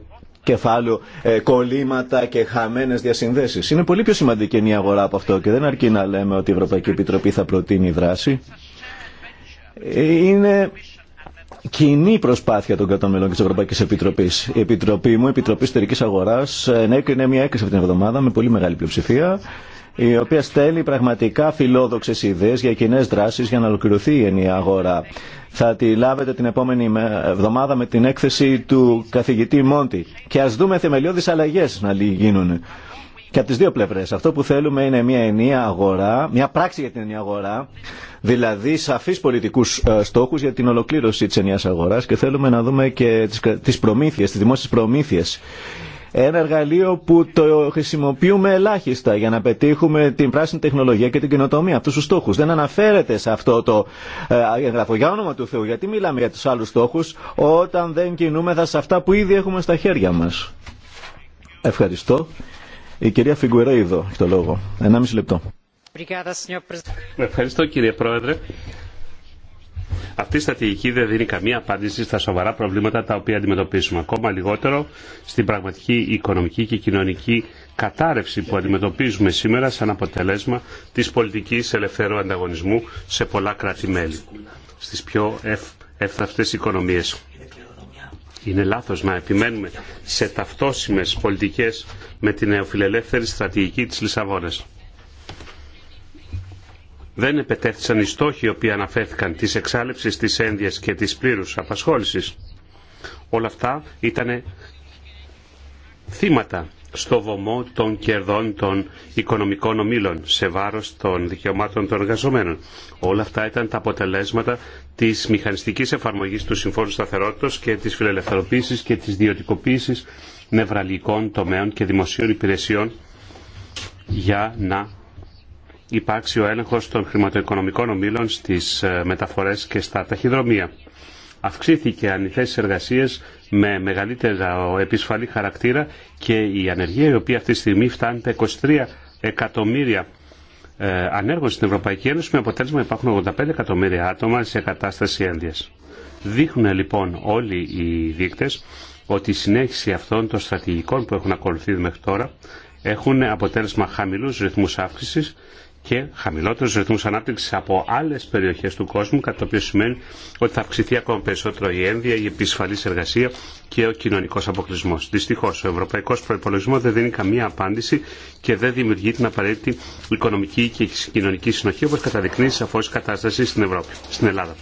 Speaker 7: κεφάλαιο ε, κολλήματα και χαμένες διασυνδέσεις. Είναι πολύ πιο σημαντική η αγορά από αυτό και δεν αρκεί να λέμε ότι η Ευρωπαϊκή Επιτροπή θα προτείνει δράση. Είναι κοινή προσπάθεια των κρατών μελών και τη Ευρωπαϊκή Επιτροπή. Η Επιτροπή μου, η Επιτροπή Εσωτερική Αγορά, ενέκρινε μια έκθεση αυτήν την εβδομάδα με πολύ μεγάλη πλειοψηφία, η οποία στέλνει πραγματικά φιλόδοξε ιδέε για κοινέ δράσει για να ολοκληρωθεί η ενιαία αγορά. Θα τη λάβετε την επόμενη εβδομάδα με την έκθεση του καθηγητή Μόντι. Και α δούμε θεμελιώδει αλλαγέ να γίνουν και από τις δύο πλευρές. Αυτό που θέλουμε είναι μια ενία αγορά, μια πράξη για την ενία αγορά, δηλαδή σαφείς πολιτικούς ε, στόχους για την ολοκλήρωση της ενίας αγοράς και θέλουμε να δούμε και τις προμήθειες, τις δημόσιες προμήθειες. Ένα εργαλείο που το χρησιμοποιούμε ελάχιστα για να πετύχουμε την πράσινη τεχνολογία και την κοινοτομία, αυτού του στόχου. Δεν αναφέρεται σε αυτό το εγγραφό. Για όνομα του Θεού, γιατί μιλάμε για του άλλου στόχου όταν δεν κινούμεθα σε αυτά που ήδη έχουμε στα χέρια μα. Ευχαριστώ. Η κυρία Φιγκουερέιδο έχει το λόγο. Ενάμιση λεπτό.
Speaker 5: Ευχαριστώ κύριε Πρόεδρε. Αυτή η στρατηγική δεν δίνει καμία απάντηση στα σοβαρά προβλήματα τα οποία αντιμετωπίζουμε. Ακόμα λιγότερο στην πραγματική οικονομική και κοινωνική κατάρρευση που αντιμετωπίζουμε σήμερα σαν αποτελέσμα της πολιτικής ελευθερού ανταγωνισμού σε πολλά κράτη-μέλη, στις πιο εύθραυτες οικονομίες. Είναι λάθος να επιμένουμε σε ταυτόσιμες πολιτικές με την νεοφιλελεύθερη στρατηγική της Λισαβόνας. Δεν επετέθησαν οι στόχοι οι οποίοι αναφέρθηκαν της εξάλληψης της ένδυας και της πλήρους απασχόλησης. Όλα αυτά ήταν θύματα στο βωμό των κερδών των οικονομικών ομήλων σε βάρος των δικαιωμάτων των εργαζομένων. Όλα αυτά ήταν τα αποτελέσματα της μηχανιστικής εφαρμογής του Συμφώνου Σταθερότητος και της φιλελευθεροποίησης και της ιδιωτικοποίηση νευραλικών τομέων και δημοσίων υπηρεσιών για να υπάρξει ο έλεγχος των χρηματοοικονομικών ομήλων στις ε, μεταφορές και στα ταχυδρομεία. Αυξήθηκε οι θέσει με μεγαλύτερο επισφαλή χαρακτήρα και η ανεργία η οποία αυτή τη στιγμή φτάνει τα 23 εκατομμύρια ε, ανέργων στην Ευρωπαϊκή Ένωση με αποτέλεσμα υπάρχουν 85 εκατομμύρια άτομα σε κατάσταση ένδυας. Δείχνουν λοιπόν όλοι οι δείκτες ότι η συνέχιση αυτών των στρατηγικών που έχουν ακολουθεί μέχρι τώρα έχουν αποτέλεσμα χαμηλού ρυθμού αύξηση και χαμηλότερου ρυθμού ανάπτυξη από άλλε περιοχές του κόσμου, κατά το οποίο σημαίνει ότι θα αυξηθεί ακόμα περισσότερο η ένδυα, η επισφαλής εργασία και ο κοινωνικός αποκλεισμό. Δυστυχώ, ο ευρωπαϊκός προπολογισμό δεν δίνει καμία απάντηση και δεν δημιουργεί την απαραίτητη οικονομική και κοινωνική συνοχή, όπως καταδεικνύει σαφώς η κατάσταση στην Ευρώπη, στην Ελλάδα.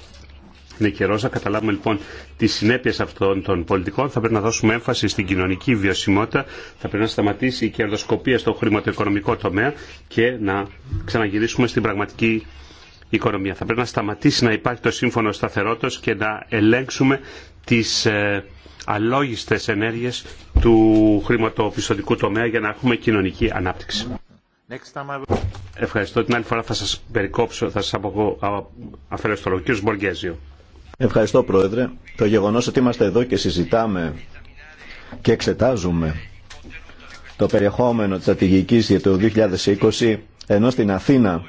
Speaker 5: Είναι καιρό να καταλάβουμε λοιπόν τι συνέπειε αυτών των πολιτικών. Θα πρέπει να δώσουμε έμφαση στην κοινωνική βιωσιμότητα. Θα πρέπει να σταματήσει η κερδοσκοπία στο χρηματοοικονομικό τομέα και να ξαναγυρίσουμε στην πραγματική οικονομία. Θα πρέπει να σταματήσει να υπάρχει το σύμφωνο σταθερότητα και να ελέγξουμε τι ε, αλόγιστες ενέργειες του χρηματοπιστωτικού τομέα για να έχουμε κοινωνική ανάπτυξη. Next time I... Ευχαριστώ. Την άλλη φορά θα σας περικόψω, θα σας απο... αφαιρέσω το λόγο. Κύριος Μποργέζιο.
Speaker 7: Ευχαριστώ Πρόεδρε. Το γεγονός ότι είμαστε εδώ και συζητάμε και εξετάζουμε το περιεχόμενο της στρατηγικής για το 2020 ενώ στην Αθήνα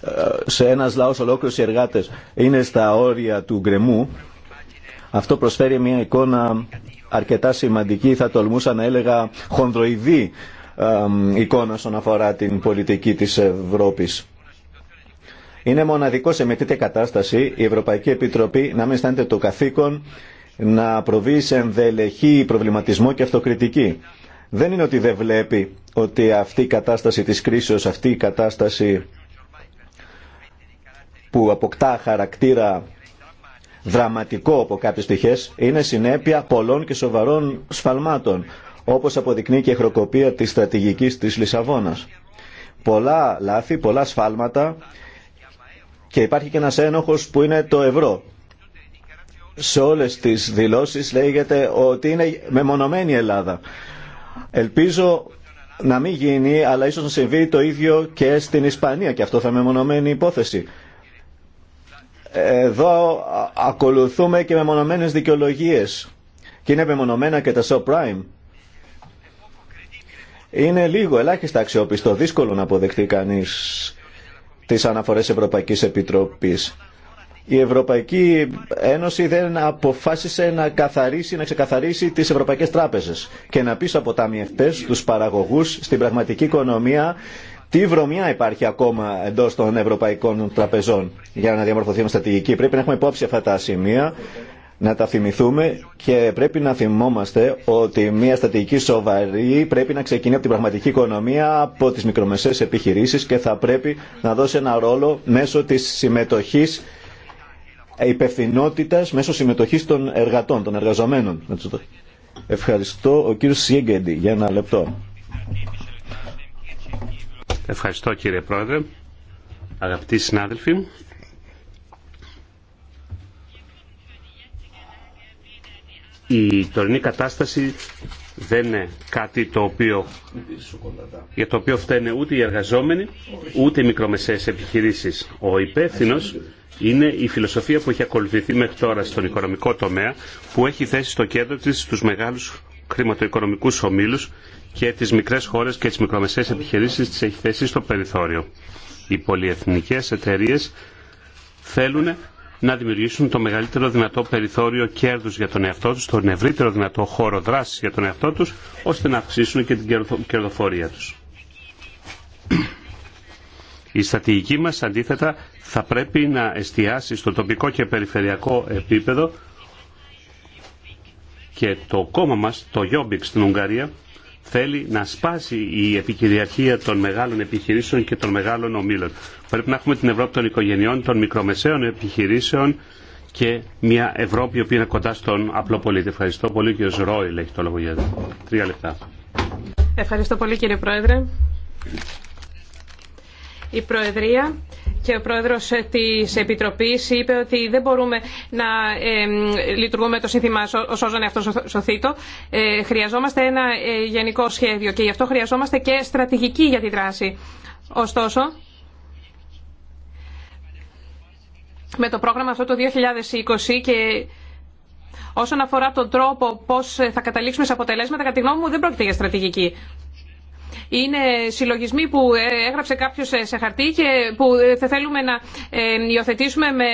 Speaker 7: ε, σε ένας λαός ολόκληρος οι εργάτες είναι στα όρια του γκρεμού αυτό προσφέρει μια εικόνα αρκετά σημαντική θα τολμούσα να έλεγα χονδροειδή ε, εικόνα όσον αφορά την πολιτική της Ευρώπης. Είναι μοναδικό σε μετρήτη κατάσταση η Ευρωπαϊκή Επιτροπή να μην αισθάνεται το καθήκον να προβεί σε ενδελεχή προβληματισμό και αυτοκριτική. Δεν είναι ότι δεν βλέπει ότι αυτή η κατάσταση της κρίσεως, αυτή η κατάσταση που αποκτά χαρακτήρα δραματικό από κάποιες στοιχές, είναι συνέπεια πολλών και σοβαρών σφαλμάτων, όπως αποδεικνύει και η χροκοπία της στρατηγικής της Λισαβόνας. Πολλά λάθη, πολλά σφάλματα και υπάρχει και ένας ένοχος που είναι το ευρώ. Σε όλες τις δηλώσεις λέγεται ότι είναι μεμονωμένη η Ελλάδα. Ελπίζω να μην γίνει, αλλά ίσως να συμβεί το ίδιο και στην Ισπανία και αυτό θα είναι μεμονωμένη υπόθεση. Εδώ ακολουθούμε και μεμονωμένες δικαιολογίες και είναι μεμονωμένα και τα subprime. Είναι λίγο, ελάχιστα αξιόπιστο, δύσκολο να αποδεχτεί κανείς τις αναφορές Ευρωπαϊκής Επιτροπής. Η Ευρωπαϊκή Ένωση δεν αποφάσισε να καθαρίσει, να ξεκαθαρίσει τις ευρωπαϊκές τράπεζες και να πείσω από ταμιευτές, τους παραγωγούς, στην πραγματική οικονομία τι βρωμιά υπάρχει ακόμα εντό των ευρωπαϊκών τραπεζών για να διαμορφωθεί μια στρατηγική. Πρέπει να έχουμε υπόψη αυτά τα σημεία να τα θυμηθούμε και πρέπει να θυμόμαστε ότι μια στατική σοβαρή πρέπει να ξεκινεί από την πραγματική οικονομία, από τις μικρομεσαίες επιχειρήσεις και θα πρέπει να δώσει ένα ρόλο μέσω της συμμετοχής υπευθυνότητα μέσω συμμετοχής των εργατών, των εργαζομένων. Ευχαριστώ ο κύριος Σιέγκεντη για ένα λεπτό.
Speaker 5: Ευχαριστώ κύριε Πρόεδρε. Αγαπητοί συνάδελφοι, η τωρινή κατάσταση δεν είναι κάτι το οποίο, για το οποίο φταίνε ούτε οι εργαζόμενοι ούτε οι μικρομεσαίες επιχειρήσεις. Ο υπεύθυνο είναι η φιλοσοφία που έχει ακολουθηθεί μέχρι τώρα στον οικονομικό τομέα που έχει θέσει στο κέντρο της τους μεγάλους χρηματοοικονομικούς ομίλους και τις μικρές χώρες και τις μικρομεσαίες επιχειρήσεις τις έχει θέσει στο περιθώριο. Οι πολυεθνικές εταιρείε θέλουν να δημιουργήσουν το μεγαλύτερο δυνατό περιθώριο κέρδους για τον εαυτό τους, τον ευρύτερο δυνατό χώρο δράσης για τον εαυτό τους, ώστε να αυξήσουν και την κερδοφορία τους. Η στατηγική μας αντίθετα θα πρέπει να εστιάσει στο τοπικό και περιφερειακό επίπεδο και το κόμμα μας, το Γιόμπιξ στην Ουγγαρία, θέλει να σπάσει η επικυριαρχία των μεγάλων επιχειρήσεων και των μεγάλων ομίλων. Πρέπει να έχουμε την Ευρώπη των οικογενειών, των μικρομεσαίων επιχειρήσεων και μια Ευρώπη η οποία είναι κοντά στον απλό πολίτη. Ευχαριστώ πολύ και ο Ρόιλ έχει το λόγο για τρία λεπτά.
Speaker 6: Ευχαριστώ πολύ κύριε Πρόεδρε. Η Προεδρία και ο Πρόεδρος της Επιτροπής είπε ότι δεν μπορούμε να λειτουργούμε το σύνθημα σώζον αυτό σωθήτο». Ε, χρειαζόμαστε ένα ε, γενικό σχέδιο και γι' αυτό χρειαζόμαστε και στρατηγική για τη δράση. Ωστόσο, με το πρόγραμμα αυτό το 2020 και όσον αφορά τον τρόπο πώς θα καταλήξουμε σε αποτελέσματα, κατά τη γνώμη μου δεν πρόκειται για στρατηγική. Είναι συλλογισμοί που έγραψε κάποιο σε χαρτί και που θα θέλουμε να υιοθετήσουμε με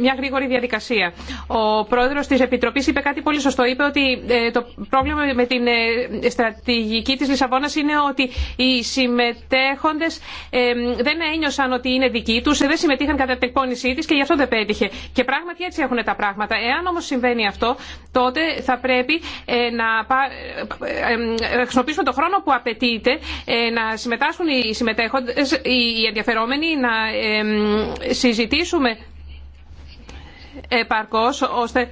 Speaker 6: μια γρήγορη διαδικασία. Ο πρόεδρο τη Επιτροπή είπε κάτι πολύ σωστό. Είπε ότι το πρόβλημα με την στρατηγική τη Λισαβόνα είναι ότι οι συμμετέχοντε δεν ένιωσαν ότι είναι δικοί του, δεν συμμετείχαν κατά την εκπόνησή τη και γι' αυτό δεν πέτυχε. Και πράγματι έτσι έχουν τα πράγματα. Εάν όμω συμβαίνει αυτό, τότε θα πρέπει να χρησιμοποιήσουμε το χρόνο που απαιτεί ε, να συμμετάσχουν οι συμμετέχοντες, οι ενδιαφερόμενοι, να συζητήσουμε επαρκώς ώστε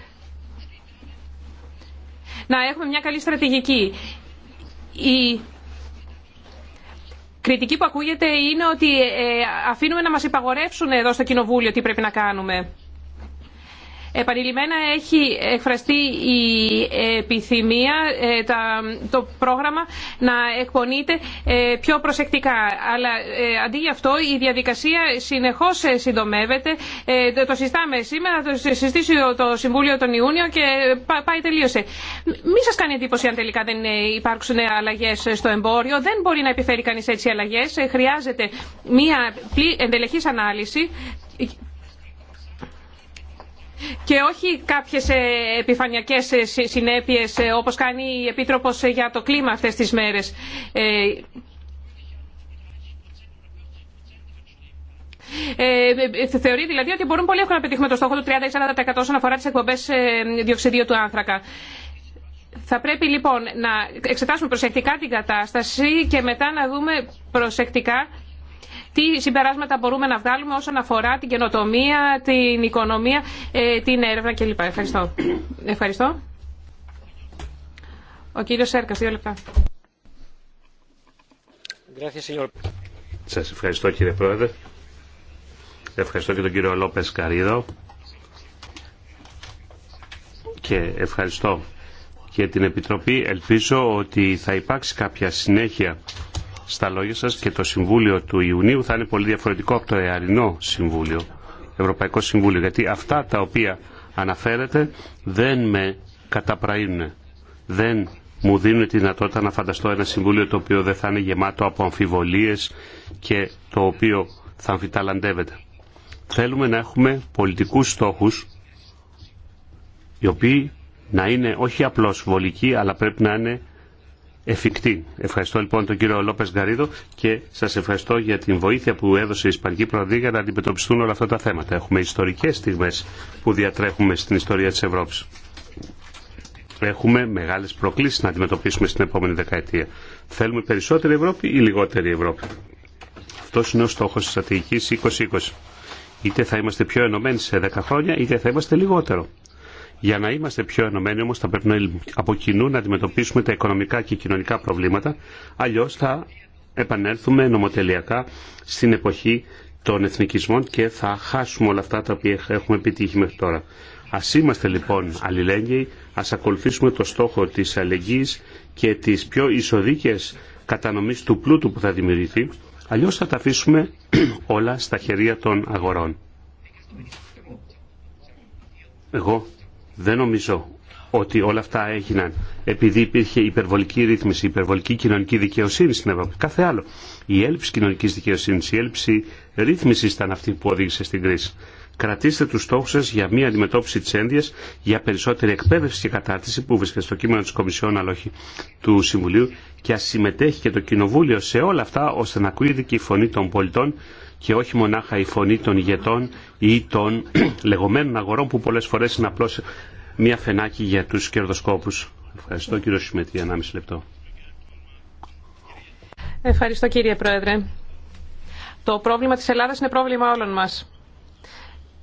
Speaker 6: να έχουμε μια καλή στρατηγική. Η κριτική που ακούγεται είναι ότι ε, ε, αφήνουμε να μας υπαγορεύσουν εδώ στο Κοινοβούλιο τι πρέπει να κάνουμε. Επανειλημμένα έχει εκφραστεί η επιθυμία ε, το πρόγραμμα να εκπονείται ε, πιο προσεκτικά. Αλλά ε, αντί για αυτό η διαδικασία συνεχώς συντομεύεται. Το συστάμε σήμερα, το συστήσει το Συμβούλιο τον Ιούνιο και πάει τελείωσε. Μη σας κάνει εντύπωση αν τελικά δεν υπάρξουν αλλαγές στο εμπόριο. Δεν μπορεί να επιφέρει κανείς έτσι αλλαγές. Χρειάζεται μια εντελεχής ανάλυση και όχι κάποιες ε, επιφανειακέ ε, συνέπειε, ε, όπως κάνει η Επίτροπος για το κλίμα αυτές τις μέρες. Ε, θεωρεί δηλαδή ότι μπορούμε πολύ εύκολα να πετύχουμε το στόχο του 30-40% όσον αφορά τις εκπομπές διοξιδίου του άνθρακα. Θα πρέπει λοιπόν να εξετάσουμε προσεκτικά την κατάσταση και μετά να δούμε προσεκτικά τι συμπεράσματα μπορούμε να βγάλουμε όσον αφορά την καινοτομία, την οικονομία, ε, την έρευνα κλπ. Ευχαριστώ. Ευχαριστώ. Ο κύριος Σέρκας, δύο λεπτά.
Speaker 5: Σας ευχαριστώ κύριε Πρόεδρε. Ευχαριστώ και τον κύριο Λόπες Καρίδο και ευχαριστώ και την Επιτροπή. Ελπίζω ότι θα υπάρξει κάποια συνέχεια στα λόγια σας και το Συμβούλιο του Ιουνίου θα είναι πολύ διαφορετικό από το Εαρινό Συμβούλιο, Ευρωπαϊκό Συμβούλιο, γιατί αυτά τα οποία αναφέρετε δεν με καταπραίνουν, δεν μου δίνουν τη δυνατότητα να φανταστώ ένα Συμβούλιο το οποίο δεν θα είναι γεμάτο από αμφιβολίες και το οποίο θα αμφιταλαντεύεται. Θέλουμε να έχουμε πολιτικούς στόχους οι οποίοι να είναι όχι απλώς βολικοί αλλά πρέπει να είναι εφικτή. Ευχαριστώ λοιπόν τον κύριο Λόπε Γκαρίδο και σα ευχαριστώ για την βοήθεια που έδωσε η Ισπανική Προεδρία για να αντιμετωπιστούν όλα αυτά τα θέματα. Έχουμε ιστορικέ στιγμέ που διατρέχουμε στην ιστορία τη Ευρώπη. Έχουμε μεγάλε προκλήσει να αντιμετωπίσουμε στην επόμενη δεκαετία. Θέλουμε περισσότερη Ευρώπη ή λιγότερη Ευρώπη. Αυτό είναι ο στόχο τη στρατηγική 2020. Είτε θα είμαστε πιο ενωμένοι σε 10 χρόνια, είτε θα είμαστε λιγότερο. Για να είμαστε πιο ενωμένοι όμως θα πρέπει να από κοινού να αντιμετωπίσουμε τα οικονομικά και κοινωνικά προβλήματα, αλλιώς θα επανέλθουμε νομοτελειακά στην εποχή των εθνικισμών και θα χάσουμε όλα αυτά τα οποία έχουμε επιτύχει μέχρι τώρα. Ας είμαστε λοιπόν αλληλέγγυοι, ας ακολουθήσουμε το στόχο της αλληλεγγύης και της πιο ισοδίκαιας κατανομής του πλούτου που θα δημιουργηθεί, αλλιώς θα τα αφήσουμε όλα στα χέρια των αγορών. Εγώ δεν νομίζω ότι όλα αυτά έγιναν επειδή υπήρχε υπερβολική ρύθμιση, υπερβολική κοινωνική δικαιοσύνη στην Ευρώπη. Κάθε άλλο. Η έλλειψη κοινωνική δικαιοσύνη, η έλλειψη ρύθμιση ήταν αυτή που οδήγησε στην κρίση. Κρατήστε του στόχου σα για μία αντιμετώπιση τη ένδυα, για περισσότερη εκπαίδευση και κατάρτιση που βρίσκεται στο κείμενο τη Κομισιόν, αλλά όχι του Συμβουλίου, και α συμμετέχει και το Κοινοβούλιο σε όλα αυτά, ώστε να ακούγεται και η φωνή των πολιτών και όχι μονάχα η φωνή των ηγετών ή των λεγόμενων αγορών που πολλές φορές είναι απλώς μια φενάκι για τους κερδοσκόπους. Ευχαριστώ κύριο Σιμετή, μισή λεπτό.
Speaker 6: Ευχαριστώ κύριε Πρόεδρε. Το πρόβλημα της Ελλάδας είναι πρόβλημα όλων μας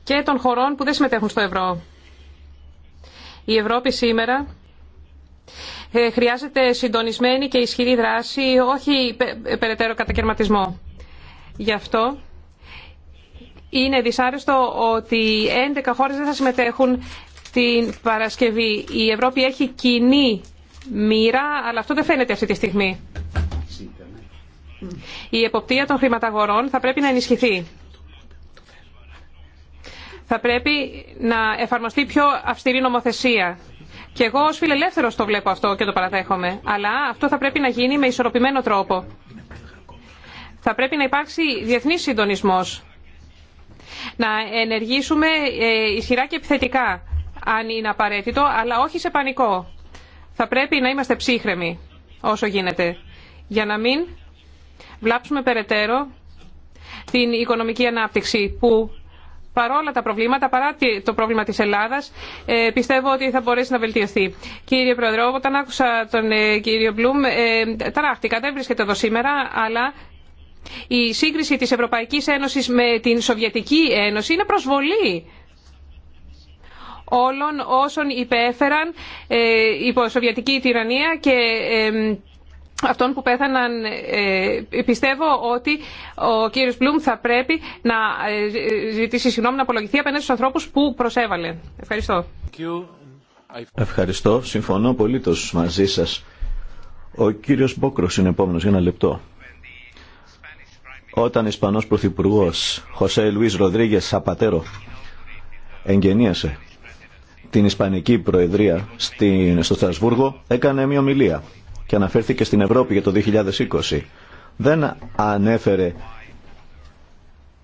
Speaker 6: και των χωρών που δεν συμμετέχουν στο ευρώ. Η Ευρώπη σήμερα ε, χρειάζεται συντονισμένη και ισχυρή δράση, όχι ε, περαιτέρω κατακαιρματισμό. Γι' αυτό είναι δυσάρεστο ότι 11 χώρες δεν θα συμμετέχουν την Παρασκευή. Η Ευρώπη έχει κοινή μοίρα, αλλά αυτό δεν φαίνεται αυτή τη στιγμή. Η εποπτεία των χρηματαγορών θα πρέπει να ενισχυθεί. Θα πρέπει να εφαρμοστεί πιο αυστηρή νομοθεσία. Και εγώ ως φιλελεύθερος το βλέπω αυτό και το παραδέχομαι. Αλλά αυτό θα πρέπει να γίνει με ισορροπημένο τρόπο. Θα πρέπει να υπάρξει διεθνής συντονισμό. Να ενεργήσουμε ε, ισχυρά και επιθετικά, αν είναι απαραίτητο, αλλά όχι σε πανικό. Θα πρέπει να είμαστε ψύχρεμοι όσο γίνεται, για να μην βλάψουμε περαιτέρω την οικονομική ανάπτυξη που παρόλα τα προβλήματα, παρά το πρόβλημα της Ελλάδας, ε, πιστεύω ότι θα μπορέσει να βελτιωθεί. Κύριε Πρόεδρε, όταν άκουσα τον ε, κύριο Μπλουμ, ταράχτηκα, δεν βρίσκεται εδώ σήμερα, αλλά η σύγκριση της Ευρωπαϊκής Ένωσης με την Σοβιετική Ένωση είναι προσβολή όλων όσων υπέφεραν ε, υπό Σοβιετική τυραννία και αυτών που πέθαναν. Ε, πιστεύω ότι ο κύριος Πλούμ θα πρέπει να ε, ζητήσει συγγνώμη να απολογηθεί απέναντι στους ανθρώπους που προσέβαλε. Ευχαριστώ.
Speaker 7: Ευχαριστώ. Συμφωνώ απολύτως μαζί σας. Ο κύριος Μπόκρος είναι επόμενος για ένα λεπτό όταν ο Ισπανός Πρωθυπουργό Χωσέ Λουίς Ροδρίγες Σαπατέρο εγγενίασε την Ισπανική Προεδρία στην, στο Στρασβούργο έκανε μια ομιλία και αναφέρθηκε στην Ευρώπη για το 2020. Δεν ανέφερε,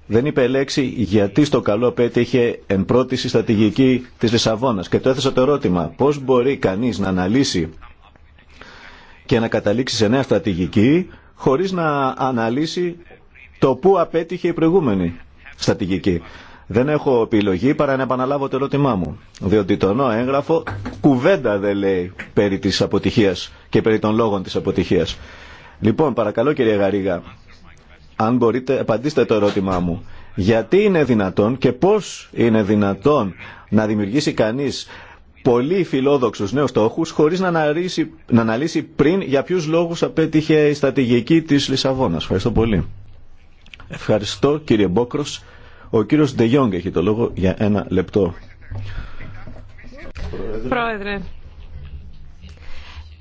Speaker 7: δεν είπε λέξη γιατί στο καλό πέτυχε εν πρώτη στρατηγική της Λισαβόνας και το έθεσα το ερώτημα πώς μπορεί κανείς να αναλύσει και να καταλήξει σε νέα στρατηγική χωρίς να αναλύσει το που απέτυχε η προηγούμενη στατηγική. Δεν έχω επιλογή παρά να επαναλάβω το ερώτημά μου. Διότι το νό έγγραφο κουβέντα δεν λέει περί της αποτυχίας και περί των λόγων της αποτυχίας. Λοιπόν, παρακαλώ κύριε Γαρίγα, αν μπορείτε απαντήστε το ερώτημά μου. Γιατί είναι δυνατόν και πώς είναι δυνατόν να δημιουργήσει κανείς πολύ φιλόδοξους νέους στόχους χωρίς να αναλύσει, να αναλύσει πριν για ποιους λόγους απέτυχε η στρατηγική της Λισαβόνας. Ευχαριστώ πολύ. Ευχαριστώ κύριε Μπόκρος. Ο κύριος Ντεγιόγκ έχει το λόγο για ένα λεπτό.
Speaker 6: Πρόεδρε,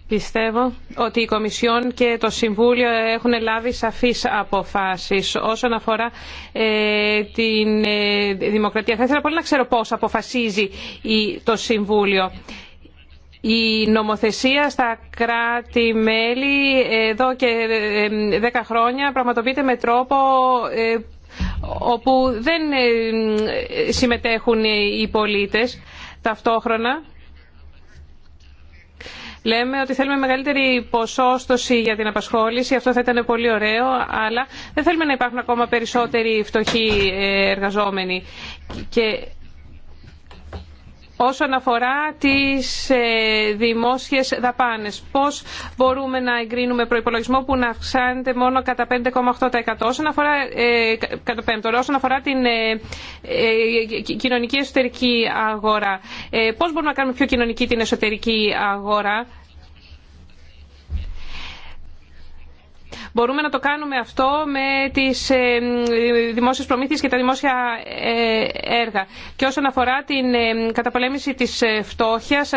Speaker 6: πιστεύω ότι η Κομισιόν και το Συμβούλιο έχουν λάβει σαφείς αποφάσεις όσον αφορά ε, την ε, δημοκρατία. Θα ήθελα πολύ να ξέρω πώς αποφασίζει η, το Συμβούλιο. Η νομοθεσία στα κράτη-μέλη εδώ και ε, δέκα χρόνια πραγματοποιείται με τρόπο ε, όπου δεν ε, συμμετέχουν οι πολίτες ταυτόχρονα. Λέμε ότι θέλουμε μεγαλύτερη ποσόστοση για την απασχόληση, αυτό θα ήταν πολύ ωραίο, αλλά δεν θέλουμε να υπάρχουν ακόμα περισσότεροι φτωχοί εργαζόμενοι. Και όσον αφορά τις ε, δημόσιες δαπάνες. Πώς μπορούμε να εγκρίνουμε προϋπολογισμό που να αυξάνεται μόνο κατά 5,8% όσον αφορά, ε, κατά αφορά την ε, κοινωνική εσωτερική αγορά. Πώς μπορούμε να κάνουμε πιο κοινωνική την εσωτερική αγορά Μπορούμε να το κάνουμε αυτό με τις ε, δημόσιες προμήθειες και τα δημόσια ε, έργα. Και όσον αφορά την ε, καταπολέμηση της φτώχειας,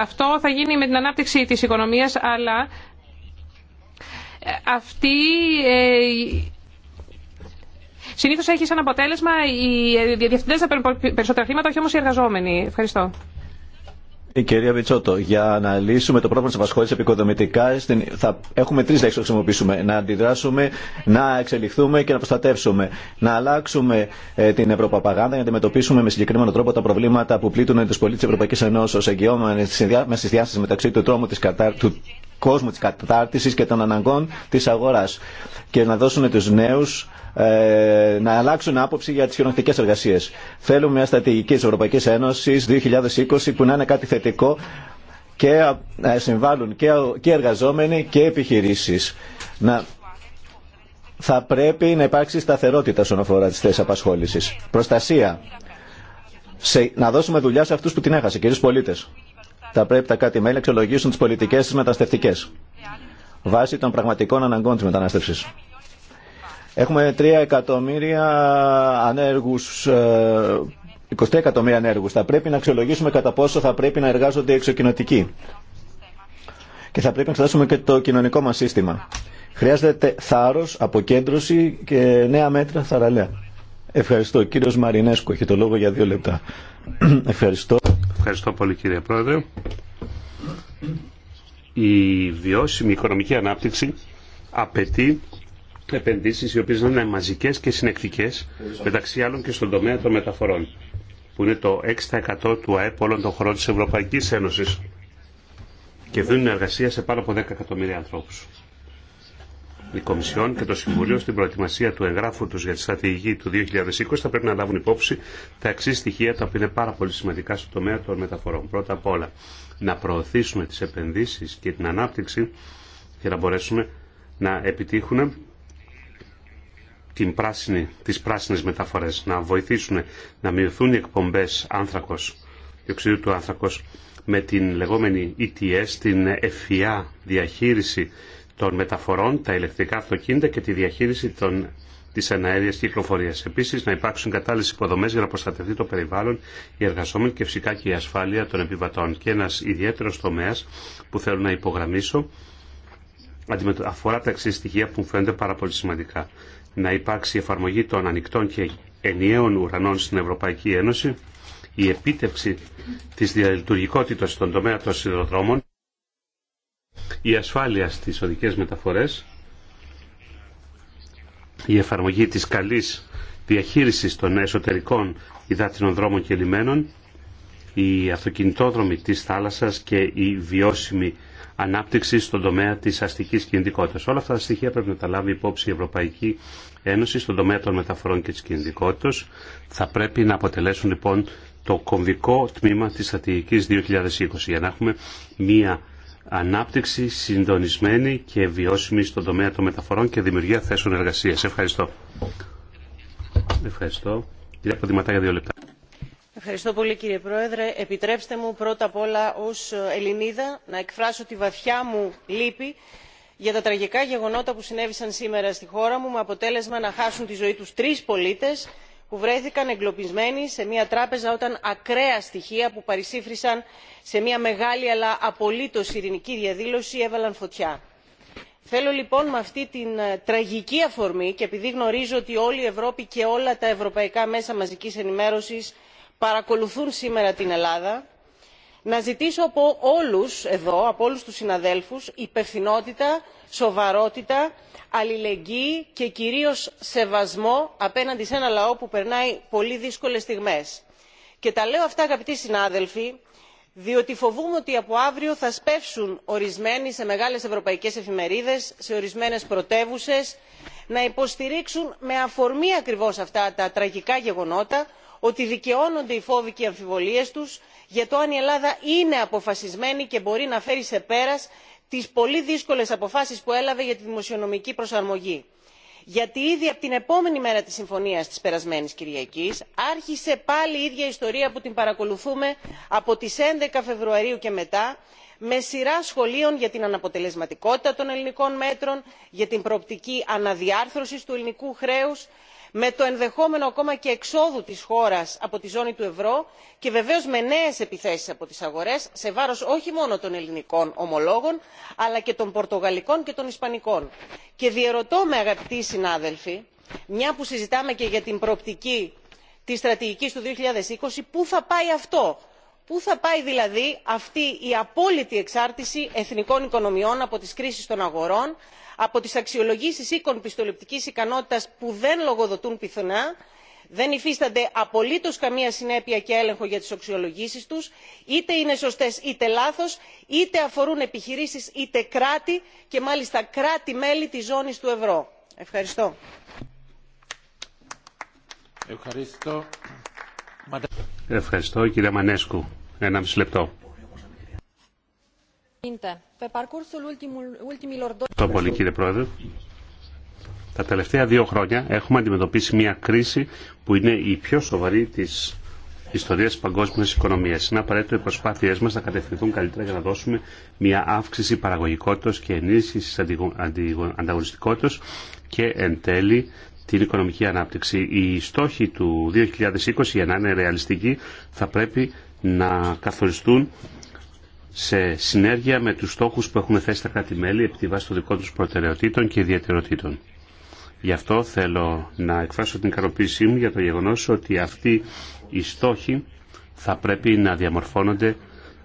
Speaker 6: αυτό θα γίνει με την ανάπτυξη της οικονομίας, αλλά αυτή συνήθως έχει σαν αποτέλεσμα οι διευθυντές να παίρνουν περισσότερα χρήματα, όχι όμως οι εργαζόμενοι. Ευχαριστώ.
Speaker 7: Η κυρία Βιτσότο, για να λύσουμε το πρόβλημα τη απασχόληση επικοδομητικά, θα έχουμε τρει λέξει να χρησιμοποιήσουμε. Να αντιδράσουμε, να εξελιχθούμε και να προστατεύσουμε. Να αλλάξουμε ε, την Ευρωπαπαγάνδα να αντιμετωπίσουμε με συγκεκριμένο τρόπο τα προβλήματα που πλήττουν του πολίτε τη Ευρωπαϊκή Ενώσεω, με στι διάσταση μεταξύ του τρόμου, τη κατάρ... του κόσμου της κατάρτισης και των αναγκών της αγοράς και να δώσουν τους νέους ε, να αλλάξουν άποψη για τις χειρονακτικές εργασίες. Θέλουμε μια στρατηγική της Ευρωπαϊκής Ένωσης 2020 που να είναι κάτι θετικό και να ε, συμβάλλουν και, και εργαζόμενοι και επιχειρήσεις. Να, θα πρέπει να υπάρξει σταθερότητα στον αφορά τις θέσεις απασχόλησης. Προστασία. Σε, να δώσουμε δουλειά σε αυτούς που την έχασε, κυρίως πολίτες θα πρέπει τα κάτι μέλη να αξιολογήσουν τι πολιτικέ τη μεταναστευτικέ βάσει των πραγματικών αναγκών τη μετανάστευση. Έχουμε 3 εκατομμύρια ανέργους, 23 ε, εκατομμύρια ανέργους. Θα πρέπει να αξιολογήσουμε κατά πόσο θα πρέπει να εργάζονται οι εξοκοινοτικοί. Και θα πρέπει να εξετάσουμε και το κοινωνικό μας σύστημα. Χρειάζεται θάρρος, αποκέντρωση και νέα μέτρα θαραλέα. Ευχαριστώ. Κύριος Μαρινέσκο έχει το λόγο για δύο λεπτά. Ευχαριστώ.
Speaker 5: Ευχαριστώ πολύ κύριε Πρόεδρε. Η βιώσιμη οικονομική ανάπτυξη απαιτεί επενδύσεις οι οποίες είναι μαζικές και συνεκτικές μεταξύ άλλων και στον τομέα των μεταφορών που είναι το 6% του ΑΕΠ όλων των χωρών της Ευρωπαϊκής Ένωσης και δίνουν εργασία σε πάνω από 10 εκατομμύρια ανθρώπους η Κομισιόν και το Συμβουλίο στην προετοιμασία του εγγράφου του για τη στρατηγική του 2020 θα πρέπει να λάβουν υπόψη τα εξή στοιχεία τα οποία είναι πάρα πολύ σημαντικά στο τομέα των μεταφορών. Πρώτα απ' όλα, να προωθήσουμε τι επενδύσει και την ανάπτυξη για να μπορέσουμε να επιτύχουν την πράσινη, τις πράσινες μεταφορές, να βοηθήσουν να μειωθούν οι εκπομπές άνθρακος, διοξιδίου του άνθρακος με την λεγόμενη ETS, την ευφυά διαχείριση των μεταφορών, τα ηλεκτρικά αυτοκίνητα και τη διαχείριση των τη εναέρεια κυκλοφορία. Επίση, να υπάρξουν κατάλληλε υποδομέ για να προστατευτεί το περιβάλλον, οι εργαζόμενοι και φυσικά και η ασφάλεια των επιβατών. Και ένα ιδιαίτερο τομέα που θέλω να υπογραμμίσω αφορά τα εξή στοιχεία που μου φαίνονται πάρα πολύ σημαντικά. Να υπάρξει η εφαρμογή των ανοιχτών και ενιαίων ουρανών στην Ευρωπαϊκή Ένωση, η επίτευξη τη διαλειτουργικότητα στον τομέα των σιδηροδρόμων, η ασφάλεια στις οδικές μεταφορές, η εφαρμογή της καλής διαχείρισης των εσωτερικών υδάτινων δρόμων και λιμένων, η αυτοκινητόδρομη της θάλασσας και η βιώσιμη ανάπτυξη στον τομέα της αστικής κινητικότητας. Όλα αυτά τα στοιχεία πρέπει να τα λάβει υπόψη η Ευρωπαϊκή Ένωση στον τομέα των μεταφορών και της κινητικότητας. Θα πρέπει να αποτελέσουν λοιπόν το κομβικό τμήμα της στρατηγικής 2020 για να έχουμε μία ανάπτυξη συντονισμένη και βιώσιμη στον τομέα των μεταφορών και δημιουργία θέσεων εργασίας. Ευχαριστώ. Ευχαριστώ. Κυρία Ποδηματά για δύο λεπτά.
Speaker 8: Ευχαριστώ πολύ κύριε Πρόεδρε. Επιτρέψτε μου πρώτα απ' όλα ως Ελληνίδα να εκφράσω τη βαθιά μου λύπη για τα τραγικά γεγονότα που συνέβησαν σήμερα στη χώρα μου με αποτέλεσμα να χάσουν τη ζωή τους τρεις πολίτες που βρέθηκαν εγκλωβισμένοι σε μια τράπεζα όταν ακραία στοιχεία που παρισύφρισαν σε μια μεγάλη αλλά απολύτως ειρηνική διαδήλωση έβαλαν φωτιά. θέλω λοιπόν με αυτή την ε, τραγική αφορμή και επειδή γνωρίζω ότι όλη η ευρώπη και όλα τα ευρωπαϊκά μέσα μαζικής ενημέρωσης παρακολουθούν σήμερα την ελλάδα να ζητήσω από όλους εδώ από όλους τους συναδέλφους υπευθυνότητα σοβαρότητα αλληλεγγύη και κυρίως σεβασμό απέναντι σε ένα λαό που περνάει πολύ δύσκολες στιγμές. και τα λέω αυτά αγαπητοί συνάδελφοι διότι φοβούμαι ότι από αύριο θα σπεύσουν ορισμένοι σε μεγάλες ευρωπαϊκές εφημερίδες σε ορισμένες πρωτεύουσες να υποστηρίξουν με αφορμή ακριβώς αυτά τα τραγικά γεγονότα ότι δικαιώνονται οι φόβοι και οι αμφιβολίες τους για το αν η ελλάδα είναι αποφασισμένη και μπορεί να φέρει σε πέρας τις πολύ δύσκολες αποφάσεις που έλαβε για τη δημοσιονομική προσαρμογή γιατί ήδη από την επόμενη μέρα τη συμφωνία τη περασμένη Κυριακή άρχισε πάλι η ίδια ιστορία που την παρακολουθούμε από τις 11 φεβρουαρίου και μετά με σειρά σχολείων για την αναποτελεσματικότητα των ελληνικών μέτρων για την προοπτική αναδιάρθρωση του ελληνικού χρέου με το ενδεχόμενο ακόμα και εξόδου της χώρας από τη ζώνη του ευρώ και βεβαίως με νέες επιθέσεις από τις αγορές σε βάρος όχι μόνο των ελληνικών ομολόγων αλλά και των πορτογαλικών και των ισπανικών. και διερωτώ με αγαπητοί συνάδελφοι μια που συζητάμε και για την προοπτική της στρατηγικής του 2020 πού θα πάει αυτό πού θα πάει δηλαδή αυτή η απόλυτη εξάρτηση εθνικών οικονομιών από τις κρίσεις των αγορών από τις αξιολογήσεις οίκων πιστοληπτικής ικανότητας που δεν λογοδοτούν πιθανά, δεν υφίστανται απολύτως καμία συνέπεια και έλεγχο για τις αξιολογήσεις τους είτε είναι σωστές είτε λάθος είτε αφορούν επιχειρήσεις είτε κράτη και μάλιστα κράτη μέλη της ζώνης του ευρώ. ευχαριστώ.
Speaker 5: Ευχαριστώ, κύριε Μανέσκου. Ένα μισή λεπτό
Speaker 2: ευχαριστώ πολύ κύριε
Speaker 5: Πρόεδρε. Τα τελευταία δύο χρόνια έχουμε αντιμετωπίσει μια κρίση που είναι η πιο σοβαρή της ιστορίας της παγκόσμιας οικονομίας. Είναι απαραίτητο οι προσπάθειές μας να κατευθυνθούν καλύτερα για να δώσουμε μια αύξηση παραγωγικότητας και ενίσχυση ανταγωνιστικότητας και εν τέλει την οικονομική ανάπτυξη. Οι στόχοι του 2020 για να είναι ρεαλιστικοί θα πρέπει να καθοριστούν σε συνέργεια με τους στόχους που έχουν θέσει τα κράτη-μέλη επί τη βάση των δικών τους προτεραιοτήτων και ιδιαιτεροτήτων. Γι' αυτό θέλω να εκφράσω την ικανοποίησή μου για το γεγονός ότι αυτοί οι στόχοι θα πρέπει να διαμορφώνονται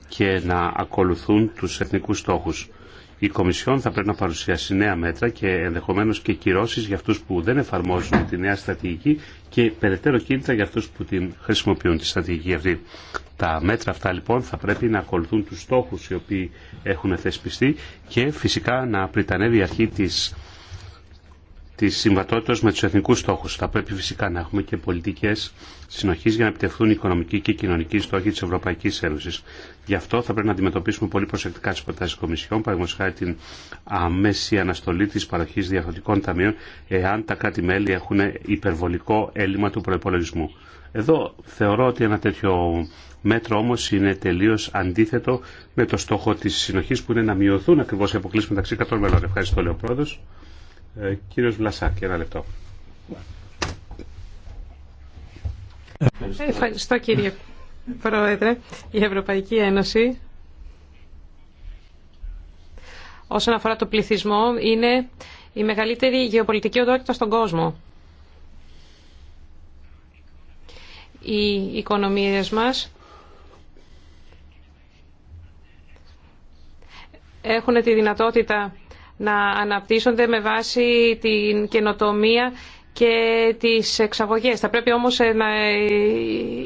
Speaker 5: και να ακολουθούν τους εθνικούς στόχους η Κομισιόν θα πρέπει να παρουσιάσει νέα μέτρα και ενδεχομένως και κυρώσεις για αυτούς που δεν εφαρμόζουν τη νέα στρατηγική και περαιτέρω κίνητρα για αυτούς που την χρησιμοποιούν τη στρατηγική αυτή. Τα μέτρα αυτά λοιπόν θα πρέπει να ακολουθούν τους στόχους οι οποίοι έχουν θεσπιστεί και φυσικά να πριτανεύει η αρχή της τη συμβατότητα με του εθνικού στόχου. Θα πρέπει φυσικά να έχουμε και πολιτικέ συνοχή για να επιτευχθούν οι οικονομικοί και κοινωνικοί στόχοι τη Ευρωπαϊκή Ένωση. Γι' αυτό θα πρέπει να αντιμετωπίσουμε πολύ προσεκτικά τι προτάσει Κομισιόν, παραδείγματο χάρη την αμέση αναστολή τη παροχή διαφορετικών ταμείων, εάν τα κράτη-μέλη έχουν υπερβολικό έλλειμμα του προπολογισμού. Εδώ θεωρώ ότι ένα τέτοιο μέτρο όμω είναι τελείω αντίθετο με το στόχο τη συνοχή που είναι να μειωθούν ακριβώ οι αποκλήσει μεταξύ 100 μελών. Ευχαριστώ, λέω ε, κύριος Βλασάκη, ένα λεπτό.
Speaker 6: Ε, ευχαριστώ, κύριε Πρόεδρε. Η Ευρωπαϊκή Ένωση όσον αφορά το πληθυσμό είναι η μεγαλύτερη γεωπολιτική οντότητα στον κόσμο. Οι οικονομίες μας έχουν τη δυνατότητα να αναπτύσσονται με βάση την καινοτομία και τις εξαγωγές. Θα πρέπει όμως ε, να ε,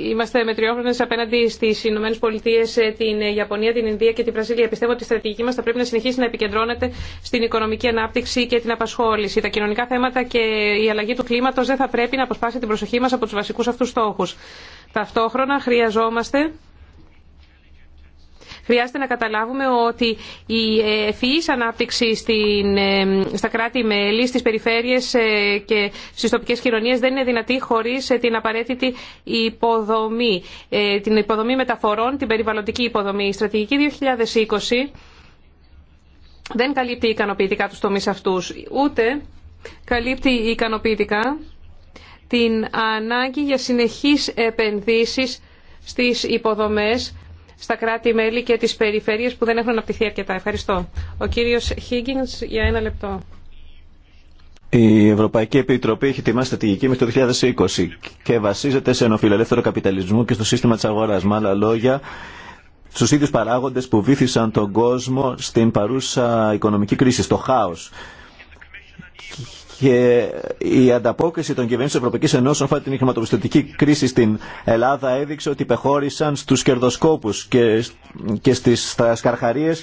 Speaker 6: είμαστε μετριόχρονες απέναντι στις Ηνωμένες Πολιτείες, ε, την Ιαπωνία, την Ινδία και την Βραζίλια. Πιστεύω ότι η στρατηγική μας θα πρέπει να συνεχίσει να επικεντρώνεται στην οικονομική ανάπτυξη και την απασχόληση. Τα κοινωνικά θέματα και η αλλαγή του κλίματος δεν θα πρέπει να αποσπάσει την προσοχή μας από τους βασικούς αυτούς στόχους. Ταυτόχρονα χρειαζόμαστε Χρειάζεται να καταλάβουμε ότι η ε, ευφυή ανάπτυξη στην, ε, στα κράτη-μέλη, στι περιφέρειες ε, και στι τοπικέ κοινωνίε, δεν είναι δυνατή χωρίς την απαραίτητη υποδομή, την υποδομή μεταφορών, την περιβαλλοντική υποδομή. Η στρατηγική 2020 δεν καλύπτει ικανοποιητικά τους τομείς αυτούς, ούτε καλύπτει ικανοποιητικά την ανάγκη για συνεχείς επενδύσεις στις υποδομές στα κράτη-μέλη και τις περιφέρειες που δεν έχουν αναπτυχθεί αρκετά. Ευχαριστώ. Ο κύριος Higgins για ένα λεπτό.
Speaker 7: Η Ευρωπαϊκή Επιτροπή έχει ετοιμάσει στρατηγική μέχρι το 2020 και βασίζεται σε ενοφιλελεύθερο καπιταλισμό και στο σύστημα της αγοράς. Με άλλα λόγια, στους ίδιους παράγοντες που βήθησαν τον κόσμο στην παρούσα οικονομική κρίση, στο χάος και η ανταπόκριση των κυβερνήσεων της Ευρωπαϊκή Ενώση αφορά την χρηματοπιστωτική κρίση στην Ελλάδα έδειξε ότι υπεχώρησαν στου κερδοσκόπου και, και στι καρχαρίε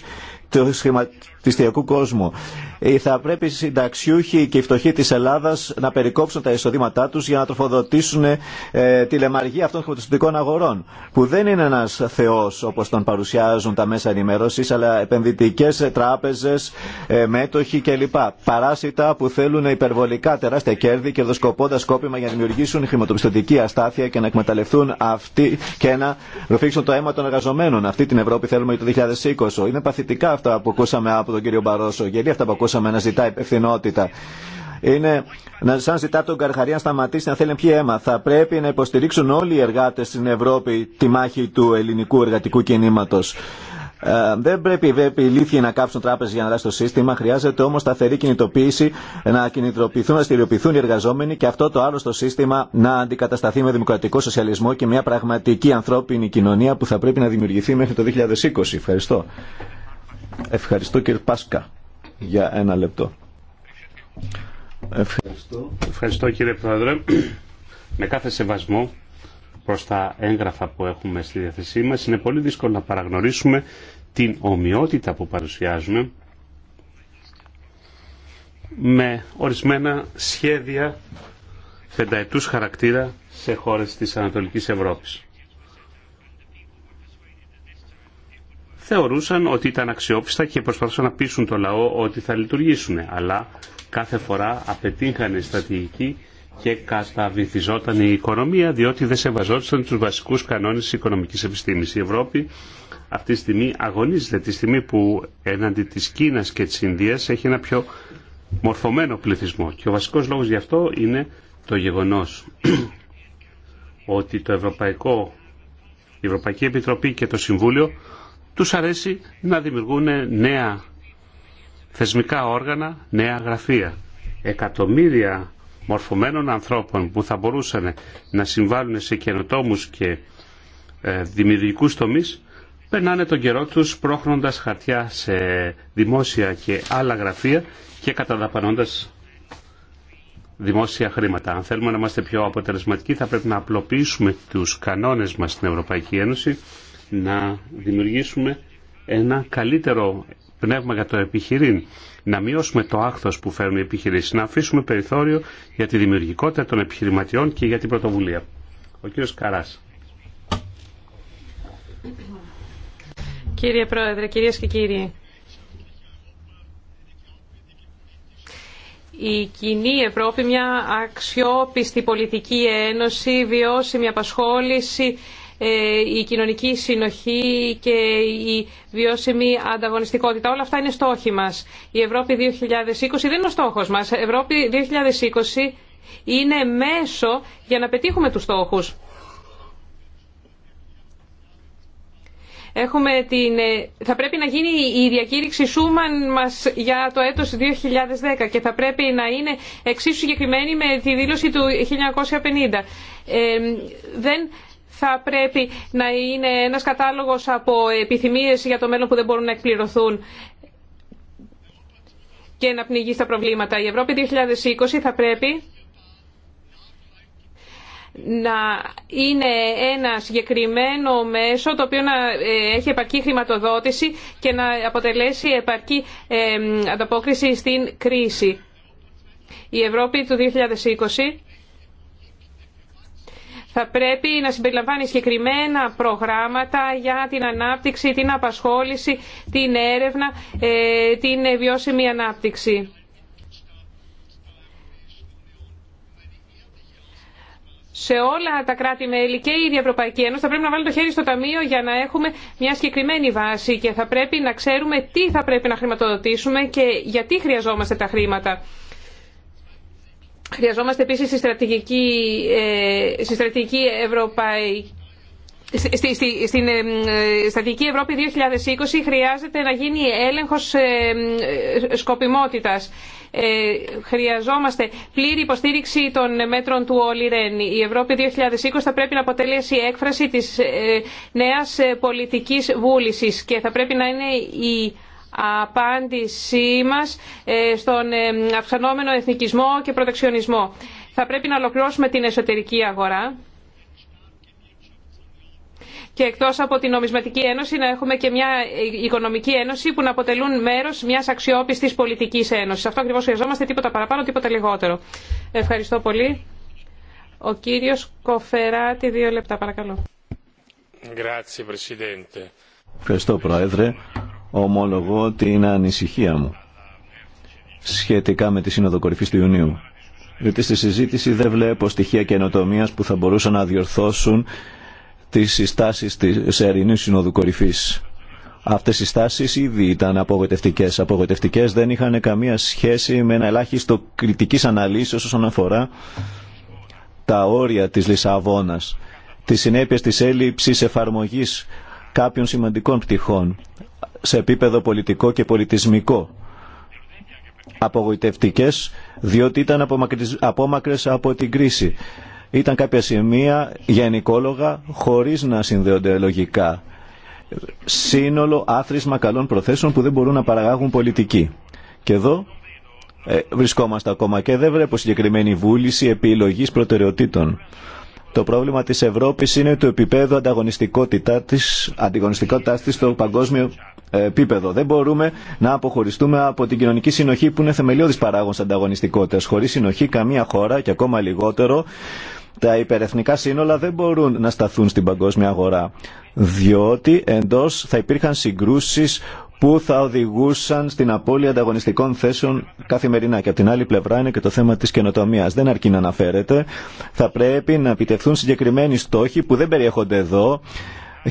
Speaker 7: του χρηματιστηριακού κόσμου. Ε, θα πρέπει οι συνταξιούχοι και οι φτωχοί της Ελλάδας να περικόψουν τα εισοδήματά τους για να τροφοδοτήσουν ε, τη λεμαργία αυτών των χρηματιστικών αγορών που δεν είναι ένας θεός όπως τον παρουσιάζουν τα μέσα ενημέρωσης αλλά επενδυτικές τράπεζες, ε, μέτοχοι κλπ. Παράσιτα που θέλουν υπερβολικά τεράστια κέρδη κερδοσκοπώντας κόπημα για να δημιουργήσουν χρηματοπιστωτική αστάθεια και να εκμεταλλευτούν αυτή και να ροφήξουν το αίμα των εργαζομένων. Αυτή την Ευρώπη θέλουμε για το 2020. Είναι παθητικά αυτά που ακούσαμε από τον κύριο Μπαρόσο. Γιατί αυτά που ακούσαμε να ζητάει υπευθυνότητα. Είναι να σαν ζητά τον Καρχαρία να σταματήσει να θέλει πιει αίμα. Θα πρέπει να υποστηρίξουν όλοι οι εργάτε στην Ευρώπη τη μάχη του ελληνικού εργατικού κινήματο. Ε, δεν πρέπει βέβαια οι ηλίθιοι να κάψουν τράπεζε για να δράσει το σύστημα. Χρειάζεται όμω σταθερή κινητοποίηση, να κινητοποιηθούν, να στηριοποιηθούν οι εργαζόμενοι και αυτό το άλλο στο σύστημα να αντικατασταθεί με δημοκρατικό σοσιαλισμό και μια πραγματική ανθρώπινη κοινωνία που θα πρέπει να δημιουργηθεί μέχρι το 2020. Ευχαριστώ. Ευχαριστώ κύριε Πάσκα για ένα λεπτό. Ευχαριστώ.
Speaker 5: Ευχαριστώ κύριε Πρόεδρε. Με κάθε σεβασμό προς τα έγγραφα που έχουμε στη διάθεσή μας είναι πολύ δύσκολο να παραγνωρίσουμε την ομοιότητα που παρουσιάζουμε με ορισμένα σχέδια πενταετούς χαρακτήρα σε χώρες της Ανατολικής Ευρώπης. θεωρούσαν ότι ήταν αξιόπιστα και προσπαθούσαν να πείσουν το λαό ότι θα λειτουργήσουν. Αλλά κάθε φορά απετύχανε στρατηγική και καταβυθιζόταν η οικονομία διότι δεν σεβαζόταν τους βασικούς κανόνες της οικονομικής επιστήμης. Η Ευρώπη αυτή τη στιγμή αγωνίζεται τη στιγμή που έναντι της Κίνας και της Ινδίας έχει ένα πιο μορφωμένο πληθυσμό και ο βασικός λόγος γι' αυτό είναι το γεγονός ότι το Ευρωπαϊκό, η Ευρωπαϊκή Επιτροπή και το Συμβούλιο τους αρέσει να δημιουργούν νέα θεσμικά όργανα, νέα γραφεία. Εκατομμύρια μορφωμένων ανθρώπων που θα μπορούσαν να συμβάλλουν σε καινοτόμους και ε, δημιουργικούς τομείς περνάνε τον καιρό τους πρόχνοντας χαρτιά σε δημόσια και άλλα γραφεία και καταδαπανώντας δημόσια χρήματα. Αν θέλουμε να είμαστε πιο αποτελεσματικοί θα πρέπει να απλοποιήσουμε τους κανόνες μας στην Ευρωπαϊκή Ένωση να δημιουργήσουμε ένα καλύτερο πνεύμα για το επιχειρήν, να μειώσουμε το άχθος που φέρνουν οι επιχειρήσει. να αφήσουμε περιθώριο για τη δημιουργικότητα των επιχειρηματιών και για την πρωτοβουλία. Ο κύριος Καράς.
Speaker 6: Κύριε Πρόεδρε, κυρίες και κύριοι, η κοινή Ευρώπη, μια αξιόπιστη πολιτική ένωση, βιώσιμη απασχόληση, ε, η κοινωνική συνοχή και η βιώσιμη ανταγωνιστικότητα. Όλα αυτά είναι στόχοι μας. Η Ευρώπη 2020 δεν είναι ο στόχος μας. Η Ευρώπη 2020 είναι μέσο για να πετύχουμε τους στόχους. Έχουμε την, ε, θα πρέπει να γίνει η διακήρυξη Σούμαν μας για το έτος 2010 και θα πρέπει να είναι εξίσου συγκεκριμένη με τη δήλωση του 1950. Ε, δεν θα πρέπει να είναι ένας κατάλογος από επιθυμίες για το μέλλον που δεν μπορούν να εκπληρωθούν και να πνιγεί στα προβλήματα. Η Ευρώπη 2020 θα πρέπει να είναι ένα συγκεκριμένο μέσο το οποίο να ε, έχει επαρκή χρηματοδότηση και να αποτελέσει επαρκή ε, ανταπόκριση στην κρίση. Η Ευρώπη του 2020 θα πρέπει να συμπεριλαμβάνει συγκεκριμένα προγράμματα για την ανάπτυξη, την απασχόληση, την έρευνα, ε, την βιώσιμη ανάπτυξη. σε όλα τα κράτη-μέλη και η ίδια Ευρωπαϊκή Ένωση θα πρέπει να βάλουμε το χέρι στο ταμείο για να έχουμε μια συγκεκριμένη βάση και θα πρέπει να ξέρουμε τι θα πρέπει να χρηματοδοτήσουμε και γιατί χρειαζόμαστε τα χρήματα. Χρειαζόμαστε επίσης στη στρατηγική, ε, στη στρατηγική Στη, στη, στην ε, Ευρώπη 2020 χρειάζεται να γίνει έλεγχος ε, ε σκοπιμότητας. Χρειαζόμαστε πλήρη υποστήριξη των μέτρων του Όλη Η Ευρώπη 2020 θα πρέπει να αποτελέσει έκφραση της νέας πολιτικής βούλησης και θα πρέπει να είναι η απάντησή μας ε, στον ε, αυξανόμενο εθνικισμό και προτεξιονισμό. Θα πρέπει να ολοκληρώσουμε την εσωτερική αγορά και εκτός από την νομισματική ένωση να έχουμε και μια οικονομική ένωση που να αποτελούν μέρος μιας αξιόπιστης πολιτικής ένωσης. Αυτό ακριβώς χρειαζόμαστε, τίποτα παραπάνω, τίποτα λιγότερο. Ευχαριστώ πολύ. Ο κύριος Κοφεράτη, δύο λεπτά παρακαλώ.
Speaker 5: Ευχαριστώ
Speaker 7: Πρόεδρε ομολογώ την ανησυχία μου σχετικά με τη Σύνοδο Κορυφής του Ιουνίου. Διότι στη συζήτηση δεν βλέπω στοιχεία καινοτομία που θα μπορούσαν να διορθώσουν τι συστάσεις της Ερηνής Συνόδου Κορυφή. Αυτές οι στάσεις ήδη ήταν απογοητευτικέ. Απογοητευτικέ δεν είχαν καμία σχέση με ένα ελάχιστο κριτικής αναλύσεως όσον αφορά τα όρια της Λισαβόνα, τι συνέπειε της έλλειψη εφαρμογής κάποιων σημαντικών πτυχών σε επίπεδο πολιτικό και πολιτισμικό. Απογοητευτικές, διότι ήταν απόμακρες από την κρίση. Ήταν κάποια σημεία γενικόλογα χωρίς να συνδέονται λογικά. Σύνολο άθροισμα καλών προθέσεων που δεν μπορούν να παραγάγουν πολιτική. Και εδώ ε, βρισκόμαστε ακόμα και δεν βλέπω συγκεκριμένη βούληση επιλογής προτεραιοτήτων. Το πρόβλημα της Ευρώπης είναι το επίπεδο ανταγωνιστικότητά της, ανταγωνιστικότητάς της στο παγκόσμιο ε, επίπεδο. Δεν μπορούμε να αποχωριστούμε από την κοινωνική συνοχή που είναι θεμελιώδης παράγοντας ανταγωνιστικότητας. Χωρίς συνοχή καμία χώρα και ακόμα λιγότερο τα υπερεθνικά σύνολα δεν μπορούν να σταθούν στην παγκόσμια αγορά διότι εντός θα υπήρχαν συγκρούσεις που θα οδηγούσαν στην απώλεια ανταγωνιστικών θέσεων καθημερινά. Και από την άλλη πλευρά είναι και το θέμα τη καινοτομία. Δεν αρκεί να αναφέρεται. Θα πρέπει να επιτευχθούν συγκεκριμένοι στόχοι που δεν περιέχονται εδώ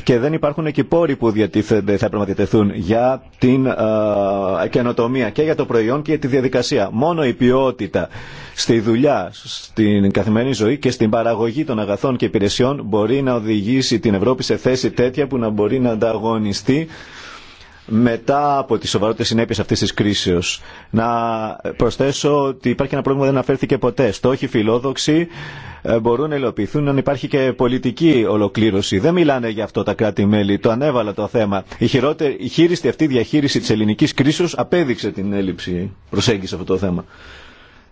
Speaker 7: και δεν υπάρχουν εκεί πόροι που διατίθενται, θα πραγματευτούν για την καινοτομία και για το προϊόν και για τη διαδικασία. Μόνο η ποιότητα στη δουλειά, στην καθημερινή ζωή και στην παραγωγή των αγαθών και υπηρεσιών μπορεί να οδηγήσει την Ευρώπη σε θέση τέτοια που να μπορεί να ανταγωνιστεί μετά από τις σοβαρότητες συνέπειες αυτής της κρίσεως. Να προσθέσω ότι υπάρχει ένα πρόβλημα που δεν αναφέρθηκε ποτέ. Στόχοι φιλόδοξοι ε, μπορούν να υλοποιηθούν αν υπάρχει και πολιτική ολοκλήρωση. Δεν μιλάνε για αυτό τα κράτη-μέλη. Το ανέβαλα το θέμα. Η, χειρότερη, η χείριστη αυτή διαχείριση της ελληνικής κρίσεως απέδειξε την έλλειψη προσέγγιση αυτό το θέμα.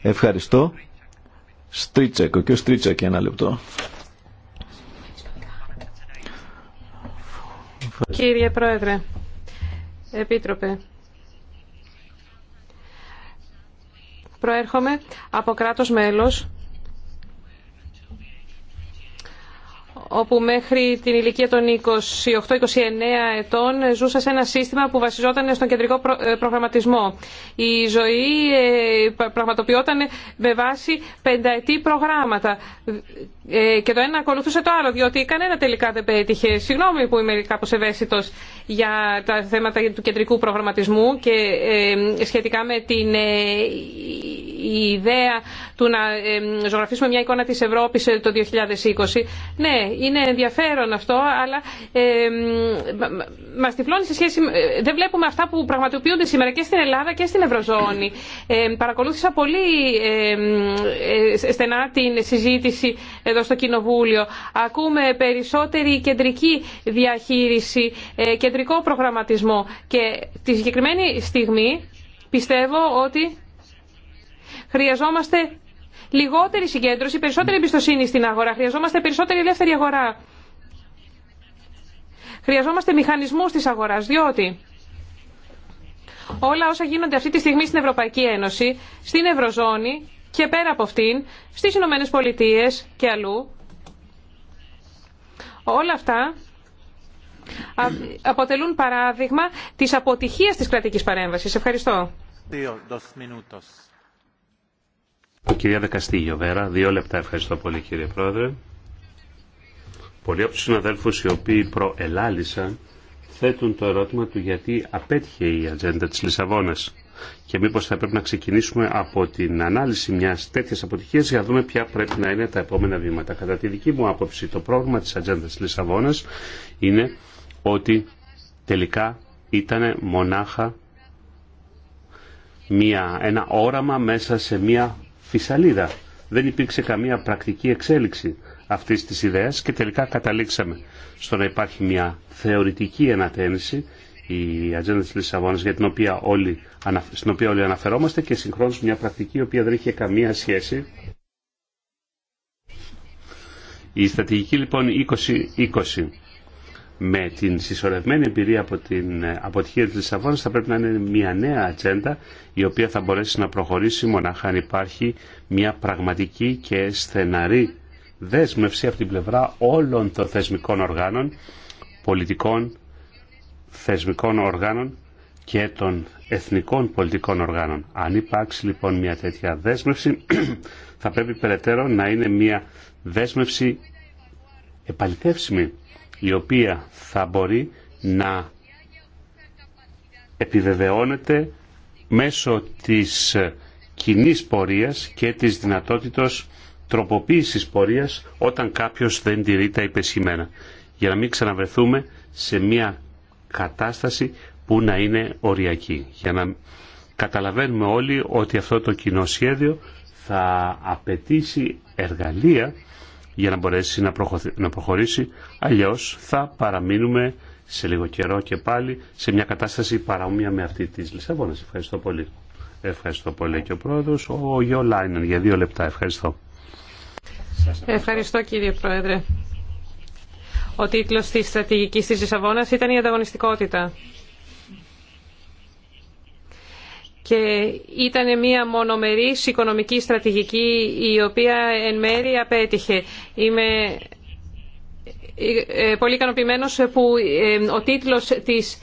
Speaker 7: Ευχαριστώ. Στρίτσεκ, ο κ. Στρίτσεκ, ένα λεπτό.
Speaker 6: Κύριε Πρόεδρε, Επίτροπε. Προέρχομαι από κράτος μέλος όπου μέχρι την ηλικία των 28-29 ετών ζούσα σε ένα σύστημα που βασιζόταν στον κεντρικό ε, προγραμματισμό. Η ζωή ε, πραγματοποιόταν με βάση πενταετή προγράμματα ε, και το ένα ακολουθούσε το άλλο, διότι κανένα τελικά δεν πέτυχε. Συγγνώμη που είμαι κάπω ευαίσθητο για τα θέματα του κεντρικού προγραμματισμού και σχετικά με την ιδέα του να ζωγραφίσουμε μια εικόνα της Ευρώπης το 2020. Ναι, είναι ενδιαφέρον αυτό, αλλά ε, μα τυφλώνει σε σχέση. Ε, δεν βλέπουμε αυτά που πραγματοποιούνται σήμερα και στην Ελλάδα και στην Ευρωζώνη. Ε, παρακολούθησα πολύ ε, στενά την συζήτηση εδώ στο Κοινοβούλιο. Ακούμε περισσότερη κεντρική διαχείριση, ε, κεντρικό προγραμματισμό. Και τη συγκεκριμένη στιγμή πιστεύω ότι χρειαζόμαστε λιγότερη συγκέντρωση, περισσότερη εμπιστοσύνη στην αγορά. Χρειαζόμαστε περισσότερη ελεύθερη αγορά. Χρειαζόμαστε μηχανισμού τη αγορά, διότι όλα όσα γίνονται αυτή τη στιγμή στην Ευρωπαϊκή Ένωση, στην Ευρωζώνη και πέρα από αυτήν, στι Ηνωμένε Πολιτείε και αλλού, όλα αυτά αποτελούν παράδειγμα της αποτυχίας της κρατικής παρέμβασης. Ευχαριστώ.
Speaker 5: Δύο, Κυρία Δεκαστή Βέρα, δύο λεπτά ευχαριστώ πολύ κύριε Πρόεδρε. Πολλοί από τους συναδέλφους οι οποίοι προελάλησαν θέτουν το ερώτημα του γιατί απέτυχε η ατζέντα της Λισαβόνας και μήπως θα πρέπει να ξεκινήσουμε από την ανάλυση μιας τέτοιας αποτυχίας για να δούμε ποια πρέπει να είναι τα επόμενα βήματα. Κατά τη δική μου άποψη το πρόβλημα της ατζέντα της Λισαβόνας είναι ότι τελικά ήταν μονάχα μια, ένα όραμα μέσα σε μια φυσαλίδα Δεν υπήρξε καμία πρακτική εξέλιξη αυτή τη ιδέα και τελικά καταλήξαμε στο να υπάρχει μια θεωρητική ενατένιση η ατζέντα της Λισαβόνας για την οποία όλοι, στην οποία όλοι αναφερόμαστε και συγχρόνως μια πρακτική η οποία δεν είχε καμία σχέση. Η στρατηγική λοιπόν 20-20 με την συσσωρευμένη εμπειρία από την αποτυχία της Λισαβόνας θα πρέπει να είναι μια νέα ατζέντα η οποία θα μπορέσει να προχωρήσει μονάχα αν υπάρχει μια πραγματική και στεναρή δέσμευση από την πλευρά όλων των θεσμικών οργάνων, πολιτικών θεσμικών οργάνων και των εθνικών πολιτικών οργάνων. Αν υπάρξει λοιπόν μια τέτοια δέσμευση θα πρέπει περαιτέρω να είναι μια δέσμευση επαληθεύσιμη η οποία θα μπορεί να επιβεβαιώνεται μέσω της κοινή πορείας και της δυνατότητος τροποποίησης πορείας όταν κάποιος δεν τηρεί τα υπεσχημένα. Για να μην ξαναβρεθούμε σε μια κατάσταση που να είναι οριακή. Για να καταλαβαίνουμε όλοι ότι αυτό το κοινό σχέδιο θα απαιτήσει εργαλεία για να μπορέσει να, να προχωρήσει, αλλιώς θα παραμείνουμε σε λίγο καιρό και πάλι σε μια κατάσταση παραομοία με αυτή της Λισαβόνας. Ευχαριστώ πολύ. Ευχαριστώ πολύ και ο Πρόεδρος. Ο Γιώ Λάινεν για δύο λεπτά. Ευχαριστώ.
Speaker 6: Ευχαριστώ κύριε Πρόεδρε. Ο τίτλος της στρατηγικής της Λισαβόνας ήταν η ανταγωνιστικότητα και ήταν μια μονομερής οικονομική στρατηγική η οποία εν μέρει απέτυχε. Είμαι ε, ε, πολύ ικανοποιημένος που ε, ο τίτλος της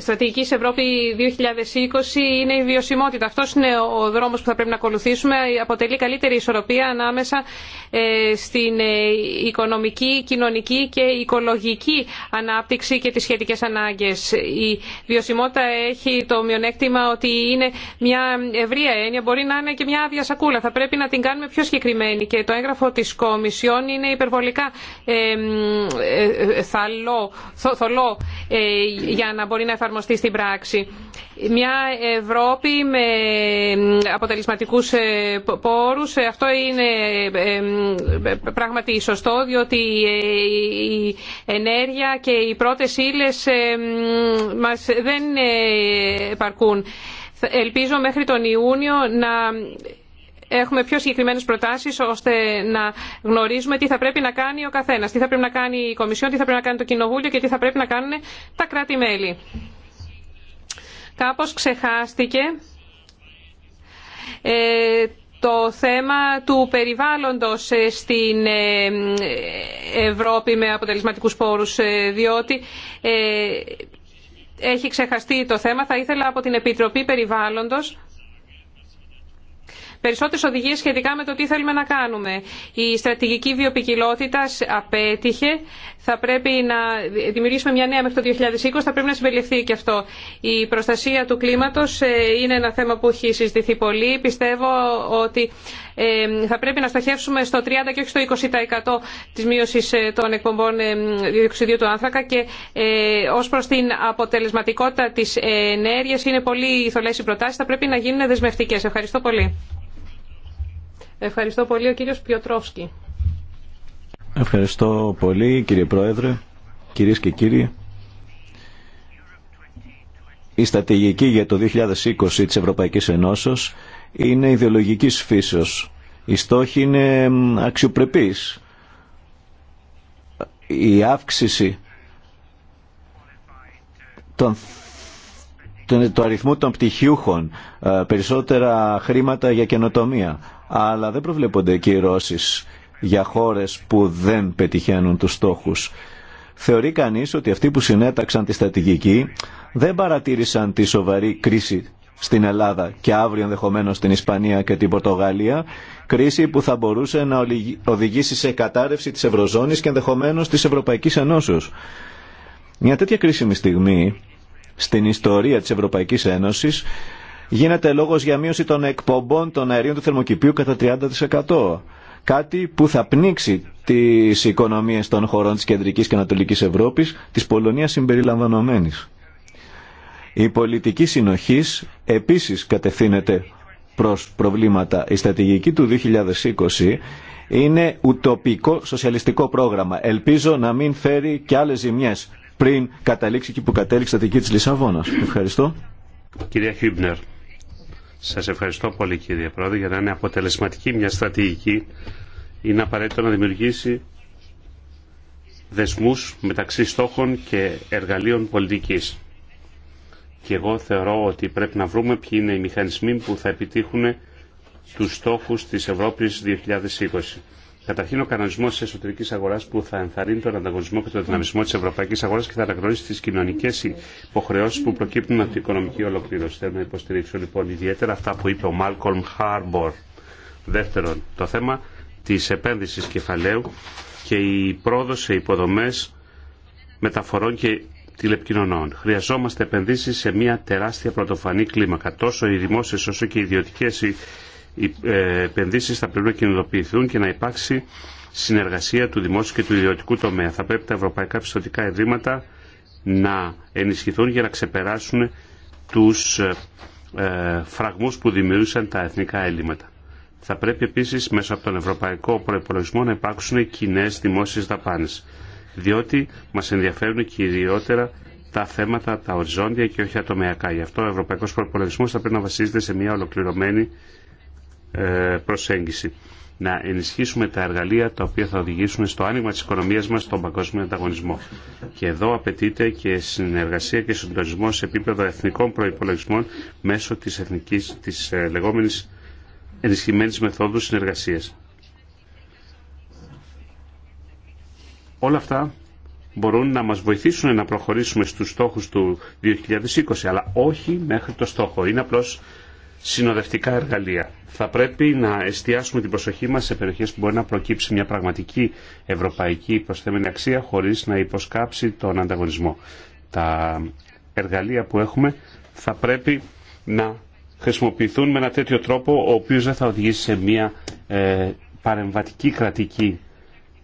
Speaker 6: Στρατηγική Ευρώπη 2020 είναι η βιωσιμότητα. Αυτό είναι ο δρόμος που θα πρέπει να ακολουθήσουμε. Αποτελεί καλύτερη ισορροπία ανάμεσα ε, στην ε, οικονομική, κοινωνική και οικολογική ανάπτυξη και τις σχετικές ανάγκες. Η βιωσιμότητα έχει το μειονέκτημα ότι είναι μια ευρία έννοια, μπορεί να είναι και μια άδεια σακούλα. Θα πρέπει να την κάνουμε πιο συγκεκριμένη και το έγγραφο τη Κομισιόν είναι υπερβολικά ε, θολό για να μπορεί να εφαρμοστεί στην πράξη. Μια Ευρώπη με αποτελεσματικούς ε, πόρους, ε, αυτό είναι ε, πράγματι σωστό, διότι η ενέργεια και οι πρώτες ύλες μας δεν παρκούν. Ελπίζω μέχρι τον Ιούνιο να έχουμε πιο συγκεκριμένε προτάσεις ώστε να γνωρίζουμε τι θα πρέπει να κάνει ο καθένας, τι θα πρέπει να κάνει η Κομισιόν, τι θα πρέπει να κάνει το Κοινοβούλιο και τι θα πρέπει να κάνουν τα κράτη-μέλη. Κάπως ξεχάστηκε ε, το θέμα του περιβάλλοντος ε, στην ε, Ευρώπη με αποτελεσματικούς πόρους, διότι έχει ξεχαστεί το θέμα. Θα ήθελα από την Επιτροπή Περιβάλλοντος περισσότερες οδηγίες σχετικά με το τι θέλουμε να κάνουμε. Η στρατηγική βιοπικιλότητα απέτυχε. Θα πρέπει να δημιουργήσουμε μια νέα μέχρι το 2020, θα πρέπει να συμπεριληφθεί και αυτό. Η προστασία του κλίματος ε, είναι ένα θέμα που έχει συζητηθεί πολύ. Πιστεύω ότι ε, θα πρέπει να στοχεύσουμε στο 30% και όχι στο 20% της μείωση ε, των εκπομπών διοξιδίου του άνθρακα και ω προ την αποτελεσματικότητα τη ενέργεια είναι πολύ θολέ οι προτάσει, θα πρέπει να γίνουν δεσμευτικέ. Ευχαριστώ πολύ. Ευχαριστώ πολύ ο κύριος Πιοτρόφσκι.
Speaker 7: Ευχαριστώ πολύ κύριε Πρόεδρε, κυρίες και κύριοι. Η στρατηγική για το 2020 της Ευρωπαϊκής Ενώσεως είναι ιδεολογικής φύσεως. Η στόχη είναι αξιοπρεπής. Η αύξηση των το αριθμό των πτυχιούχων, ε, περισσότερα χρήματα για καινοτομία αλλά δεν προβλέπονται Ρώσεις για χώρες που δεν πετυχαίνουν τους στόχους. Θεωρεί κανείς ότι αυτοί που συνέταξαν τη στρατηγική δεν παρατήρησαν τη σοβαρή κρίση στην Ελλάδα και αύριο ενδεχομένω στην Ισπανία και την Πορτογαλία, κρίση που θα μπορούσε να οδηγήσει σε κατάρρευση της Ευρωζώνης και ενδεχομένω της Ευρωπαϊκής Ενώσεως. Μια τέτοια κρίσιμη στιγμή στην ιστορία της Ευρωπαϊκής Ένωσης γίνεται λόγος για μείωση των εκπομπών των αερίων του θερμοκηπίου κατά 30%. Κάτι που θα πνίξει τις οικονομίες των χωρών της Κεντρικής και Ανατολικής Ευρώπης, της Πολωνίας συμπεριλαμβανομένης. Η πολιτική συνοχής επίσης κατευθύνεται προς προβλήματα. Η στρατηγική του 2020 είναι ουτοπικό σοσιαλιστικό πρόγραμμα. Ελπίζω να μην φέρει και άλλες ζημιές πριν καταλήξει εκεί που κατέληξε η στρατηγική της Λισαβόνας. Ευχαριστώ.
Speaker 5: Κυρία Χίμπνερ. Σας ευχαριστώ πολύ κύριε Πρόεδρε για να είναι αποτελεσματική μια στρατηγική είναι απαραίτητο να δημιουργήσει δεσμούς μεταξύ στόχων και εργαλείων πολιτικής. Και εγώ θεωρώ ότι πρέπει να βρούμε ποιοι είναι οι μηχανισμοί που θα επιτύχουν τους στόχους της Ευρώπης 2020. Καταρχήν, ο κανονισμό τη εσωτερική αγορά που θα ενθαρρύνει τον ανταγωνισμό και τον δυναμισμό τη ευρωπαϊκή αγορά και θα αναγνωρίσει τι κοινωνικέ υποχρεώσει που προκύπτουν από την οικονομική ολοκλήρωση. Θέλω να υποστηρίξω λοιπόν ιδιαίτερα αυτά που είπε ο Μάλκολμ Χάρμπορ. Δεύτερον, το θέμα τη επένδυση κεφαλαίου και η πρόοδο σε υποδομέ μεταφορών και τηλεπικοινωνών. Χρειαζόμαστε επενδύσει σε μια τεράστια πρωτοφανή κλίμακα. Τόσο οι δημόσιε όσο και οι ιδιωτικέ οι ε, επενδύσει θα πρέπει να κινητοποιηθούν και να υπάρξει συνεργασία του δημόσιου και του ιδιωτικού τομέα. Θα πρέπει τα ευρωπαϊκά πιστοτικά ιδρύματα να ενισχυθούν για να ξεπεράσουν τους ε, ε, φραγμούς που δημιούργησαν τα εθνικά έλλειμματα. Θα πρέπει επίσης μέσω από τον ευρωπαϊκό προπολογισμό να υπάρξουν κοινέ δημόσιες δαπάνε, διότι μας ενδιαφέρουν κυριότερα τα θέματα τα οριζόντια και όχι ατομιακά. Γι' αυτό ο ευρωπαϊκός προπολογισμό θα πρέπει να βασίζεται σε μια ολοκληρωμένη ε, προσέγγιση. Να ενισχύσουμε τα εργαλεία τα οποία θα οδηγήσουν στο άνοιγμα της οικονομίας μας στον παγκόσμιο ανταγωνισμό. Και εδώ απαιτείται και συνεργασία και συντονισμό σε επίπεδο εθνικών προϋπολογισμών μέσω της, εθνικής, της ε, λεγόμενης ενισχυμένης μεθόδου συνεργασίας. Όλα αυτά μπορούν να μας βοηθήσουν να προχωρήσουμε στους στόχους του 2020, αλλά όχι μέχρι το στόχο. Είναι απλώς συνοδευτικά εργαλεία. Θα πρέπει να εστιάσουμε την προσοχή μας σε περιοχές που μπορεί να προκύψει μια πραγματική ευρωπαϊκή προσθέμενη αξία χωρίς να υποσκάψει τον ανταγωνισμό. Τα εργαλεία που έχουμε θα πρέπει να χρησιμοποιηθούν με ένα τέτοιο τρόπο ο οποίος δεν θα οδηγήσει σε μια ε, παρεμβατική κρατική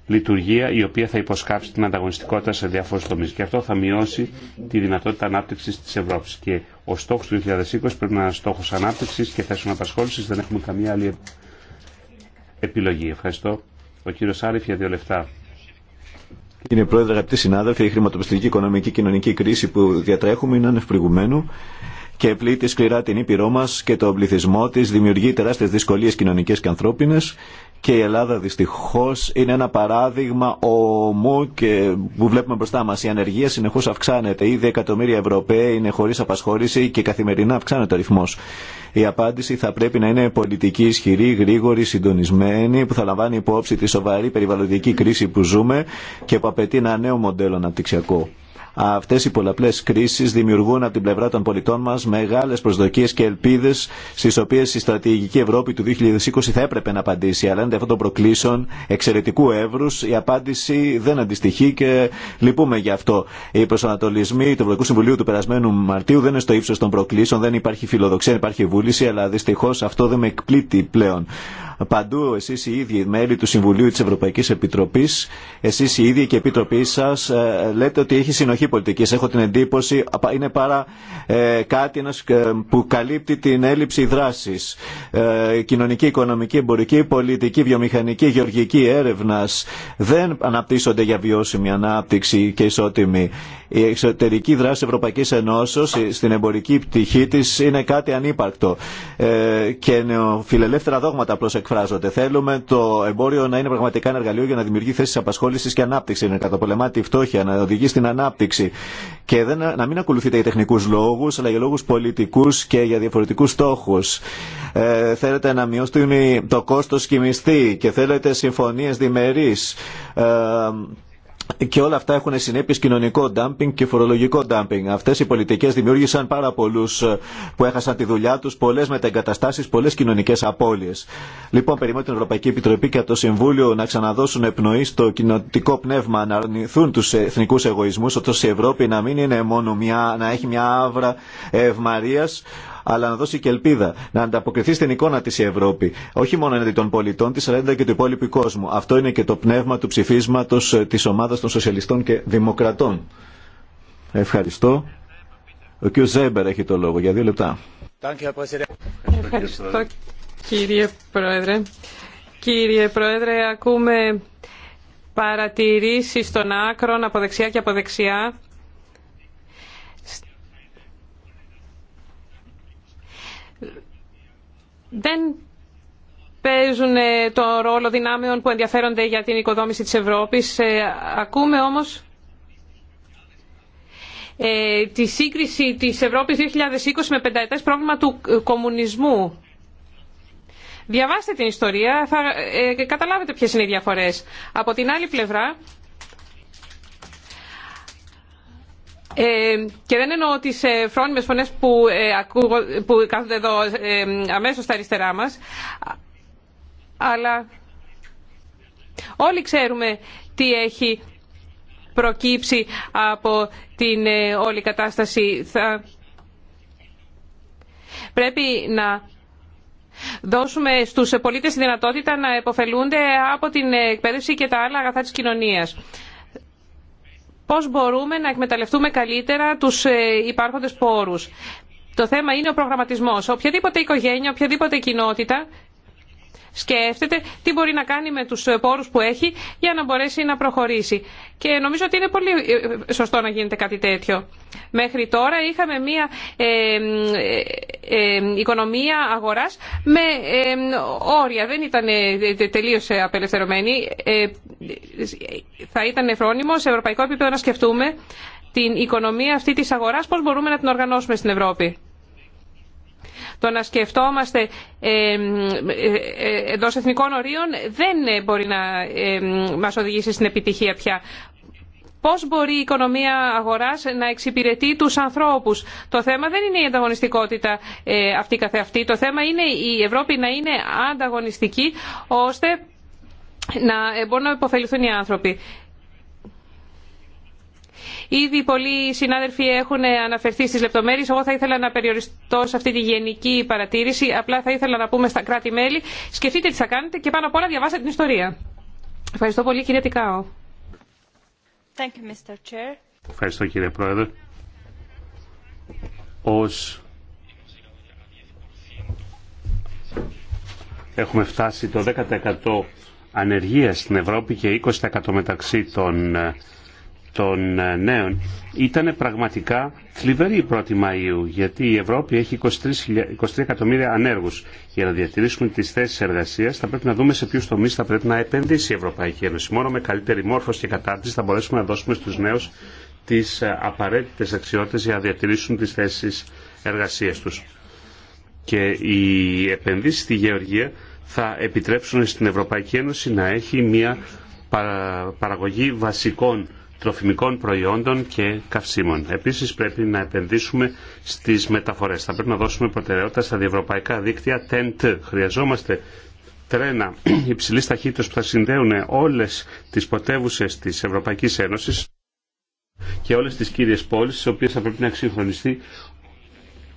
Speaker 5: λειτουργία η οποία θα υποσκάψει την ανταγωνιστικότητα σε διάφορους τομείς και αυτό θα μειώσει τη δυνατότητα ανάπτυξης της Ευρώπης και ο στόχος του 2020 πρέπει να είναι στόχος ανάπτυξης και θέσεων απασχόλησης δεν έχουμε καμία άλλη επιλογή. Ευχαριστώ. Ο κύριος Άρηφ για δύο λεφτά.
Speaker 7: Κύριε Πρόεδρε, αγαπητοί συνάδελφοι, η χρηματοπιστωτική, οικονομική και κοινωνική κρίση που διατρέχουμε είναι ανευπριγουμένου και πλήττει σκληρά την Ήπειρό μα και τον πληθυσμό τη, δημιουργεί τεράστιε δυσκολίε κοινωνικέ και ανθρώπινε και η Ελλάδα δυστυχώ είναι ένα παράδειγμα ομού και που βλέπουμε μπροστά μα. Η ανεργία συνεχώ αυξάνεται. Ήδη εκατομμύρια Ευρωπαίοι είναι χωρί απασχόληση και καθημερινά αυξάνεται ο αριθμό. Η απάντηση θα πρέπει να είναι πολιτική ισχυρή, γρήγορη, συντονισμένη, που θα λαμβάνει υπόψη τη σοβαρή περιβαλλοντική κρίση που ζούμε και που απαιτεί ένα νέο μοντέλο αναπτυξιακό. Αυτέ οι πολλαπλέ κρίσει δημιουργούν από την πλευρά των πολιτών μα μεγάλε προσδοκίε και ελπίδε στι οποίε η στρατηγική Ευρώπη του 2020 θα έπρεπε να απαντήσει. Αλλά είναι αυτών των προκλήσεων εξαιρετικού εύρου, η απάντηση δεν αντιστοιχεί και λυπούμε γι' αυτό. Οι προσανατολισμοί του Ευρωπαϊκού Συμβουλίου του περασμένου Μαρτίου δεν είναι στο ύψο των προκλήσεων, δεν υπάρχει φιλοδοξία, δεν υπάρχει βούληση, αλλά δυστυχώ αυτό δεν με εκπλήττει πλέον παντού εσείς οι ίδιοι μέλη του Συμβουλίου της Ευρωπαϊκής Επιτροπής, εσείς οι ίδιοι και η Επιτροπή σας ε, λέτε ότι έχει συνοχή πολιτικής. Έχω την εντύπωση, είναι πάρα ε, κάτι ένας, ε, που καλύπτει την έλλειψη δράσης. Ε, κοινωνική, οικονομική, εμπορική, πολιτική, βιομηχανική, γεωργική έρευνας δεν αναπτύσσονται για βιώσιμη ανάπτυξη και ισότιμη. Η εξωτερική δράση Ευρωπαϊκής Ενώσεω στην εμπορική πτυχή της είναι κάτι ανύπαρκτο. Ε, και νεοφιλελεύθερα δόγματα προς εκφράζονται. Θέλουμε το εμπόριο να είναι πραγματικά ένα εργαλείο για να δημιουργεί θέσει απασχόληση και ανάπτυξη, να καταπολεμά τη φτώχεια, να οδηγεί στην ανάπτυξη και δεν, να μην ακολουθείτε για τεχνικού λόγου, αλλά για λόγου πολιτικού και για διαφορετικού στόχου. Ε, θέλετε να μειώσετε το κόστο και και θέλετε συμφωνίε διμερεί. Ε, και όλα αυτά έχουν συνέπειε κοινωνικό ντάμπινγκ και φορολογικό ντάμπινγκ. Αυτέ οι πολιτικέ δημιούργησαν πάρα πολλού ε, που έχασαν τη δουλειά του, πολλέ μεταγκαταστάσει, πολλέ κοινωνικέ απώλειε. Λοιπόν, περιμένω την Ευρωπαϊκή Επιτροπή και το Συμβούλιο να ξαναδώσουν επνοή στο κοινωτικό πνεύμα, να αρνηθούν του εθνικού εγωισμού, ώστε η Ευρώπη να μην είναι μόνο μια, να έχει μια άβρα ευμαρία αλλά να δώσει και ελπίδα, να ανταποκριθεί στην εικόνα τη η Ευρώπη. Όχι μόνο εναντί των πολιτών τη, αλλά και του υπόλοιπου κόσμου. Αυτό είναι και το πνεύμα του ψηφίσματο ε, τη ομάδα των Σοσιαλιστών και Δημοκρατών. Ευχαριστώ. Ο κ. Ζέμπερ έχει το λόγο για δύο λεπτά.
Speaker 6: Ευχαριστώ κύριε Πρόεδρε. Κύριε Πρόεδρε, ακούμε παρατηρήσεις των άκρων από δεξιά και από δεξιά δεν παίζουν ε, το ρόλο δυνάμεων που ενδιαφέρονται για την οικοδόμηση της Ευρώπης. Ε, ακούμε όμως ε, τη σύγκριση της Ευρώπης 2020 με πενταετές πρόβλημα του κομμουνισμού. Διαβάστε την ιστορία, θα καταλάβετε ποιες είναι οι διαφορές. Από την άλλη πλευρά Ε, και δεν εννοώ τις ε, φρόνιμες φωνές που, ε, που κάθονται εδώ ε, αμέσως στα αριστερά μας, αλλά όλοι ξέρουμε τι έχει προκύψει από την όλη κατάσταση. Πρέπει να δώσουμε στους πολίτες τη δυνατότητα να επωφελούνται από την εκπαίδευση και τα άλλα αγαθά της κοινωνίας πώς μπορούμε να εκμεταλλευτούμε καλύτερα τους ε, υπάρχοντες πόρους. Το θέμα είναι ο προγραμματισμός. Οποιαδήποτε οικογένεια, οποιαδήποτε κοινότητα σκέφτεται τι μπορεί να κάνει με τους πόρους που έχει για να μπορέσει να προχωρήσει. Και νομίζω ότι είναι πολύ ε, σωστό να γίνεται κάτι τέτοιο. Μέχρι τώρα είχαμε μια ε, ε, ε, οικονομία αγοράς με ε, όρια. Δεν ήταν τελείως απελευθερωμένη. Θα ήταν φρόνιμο σε ευρωπαϊκό επίπεδο να σκεφτούμε την οικονομία αυτή της αγοράς, πώς μπορούμε να την οργανώσουμε στην Ευρώπη. Το να σκεφτόμαστε ε, ε, ε, εντό εθνικών ορίων δεν μπορεί να μας οδηγήσει στην επιτυχία πια. Πώς μπορεί η οικονομία αγοράς να εξυπηρετεί τους ανθρώπους. Το θέμα δεν είναι η ανταγωνιστικότητα αυτή καθεαυτή. Το θέμα είναι η Ευρώπη να είναι ανταγωνιστική ώστε να μπορούν να υποφεληθούν οι άνθρωποι. Ήδη πολλοί συνάδελφοι έχουν αναφερθεί στι λεπτομέρειε Εγώ θα ήθελα να περιοριστώ σε αυτή τη γενική παρατήρηση. Απλά θα ήθελα να πούμε στα κράτη-μέλη, σκεφτείτε τι θα κάνετε και πάνω απ' όλα διαβάστε την ιστορία. Ευχαριστώ πολύ κύριε Τικάο.
Speaker 5: Ευχαριστώ κύριε Πρόεδρε. Ως... Έχουμε φτάσει το 10% ανεργία στην Ευρώπη και 20% μεταξύ των ε, των ε, νέων ήταν πραγματικά θλιβερή η 1η Μαΐου γιατί η Ευρώπη έχει 23, 23 εκατομμύρια ανέργους. Για να διατηρήσουμε τις θέσεις εργασίας θα πρέπει να δούμε σε ποιους τομείς θα πρέπει να επενδύσει η Ευρωπαϊκή Ένωση. Μόνο με καλύτερη μόρφωση και κατάρτιση θα μπορέσουμε να δώσουμε στους νέους τις ε, απαραίτητες αξιότητες για να διατηρήσουν τις θέσεις εργασίας τους. Και οι επενδύσεις στη γεωργία θα επιτρέψουν στην Ευρωπαϊκή Ένωση να έχει μια παραγωγή βασικών τροφιμικών προϊόντων και καυσίμων. Επίσης πρέπει να επενδύσουμε στις μεταφορές. Θα πρέπει να δώσουμε προτεραιότητα στα διευρωπαϊκά δίκτυα TEN-T. Χρειαζόμαστε τρένα υψηλής ταχύτητας που θα συνδέουν όλες τις ποτέβουσες της Ευρωπαϊκής Ένωσης και όλες τις κύριες πόλεις, στις οποίες θα πρέπει να εξυγχρονιστεί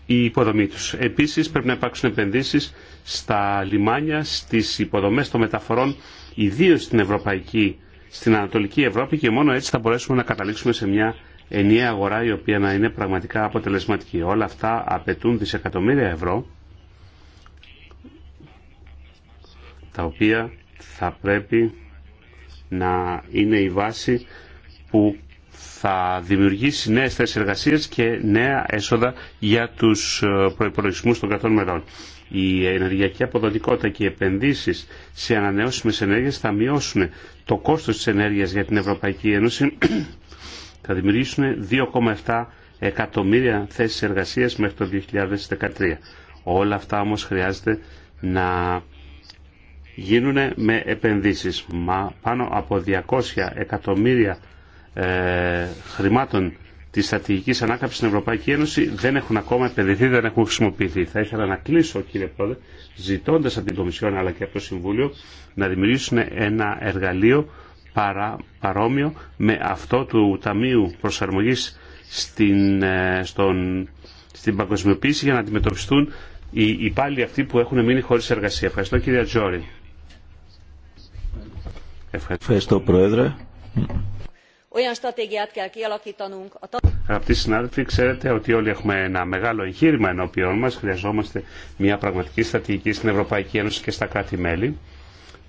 Speaker 5: η υποδομή του. Επίση, πρέπει να υπάρξουν επενδύσει στα λιμάνια, στι υποδομέ των μεταφορών, ιδίω στην Ευρωπαϊκή στην Ανατολική Ευρώπη και μόνο έτσι θα μπορέσουμε να καταλήξουμε σε μια ενιαία αγορά η οποία να είναι πραγματικά αποτελεσματική. Όλα αυτά απαιτούν δισεκατομμύρια ευρώ τα οποία θα πρέπει να είναι η βάση που θα δημιουργήσει νέες θέσεις εργασίας και νέα έσοδα για τους ε, προϋπολογισμούς των κρατών μερών η ενεργειακή αποδοτικότητα και οι επενδύσεις σε ανανεώσιμες ενέργειες θα μειώσουν το κόστος της ενέργειας για την Ευρωπαϊκή Ένωση, θα δημιουργήσουν 2,7 εκατομμύρια θέσεις εργασίας μέχρι το 2013. Όλα αυτά όμως χρειάζεται να γίνουν με επενδύσεις. Μα πάνω από 200 εκατομμύρια ε, χρημάτων τη στρατηγική ανάκαμψη στην Ευρωπαϊκή Ένωση δεν έχουν ακόμα επενδυθεί, δεν έχουν χρησιμοποιηθεί. Θα ήθελα να κλείσω, κύριε Πρόεδρε, ζητώντα από την Κομισιόν αλλά και από το Συμβούλιο να δημιουργήσουν ένα εργαλείο παρά, παρόμοιο με αυτό του Ταμείου Προσαρμογή στην, ε, στην παγκοσμιοποίηση για να αντιμετωπιστούν οι υπάλληλοι αυτοί που έχουν μείνει χωρί εργασία. Ευχαριστώ, κύριε Τζόρι. Ευχαριστώ Πρόεδρε olyan Αγαπητοί συνάδελφοι, ξέρετε ότι όλοι έχουμε ένα μεγάλο εγχείρημα ενώπιον μας. Χρειαζόμαστε μια πραγματική στρατηγική στην Ευρωπαϊκή Ένωση και στα κράτη-μέλη.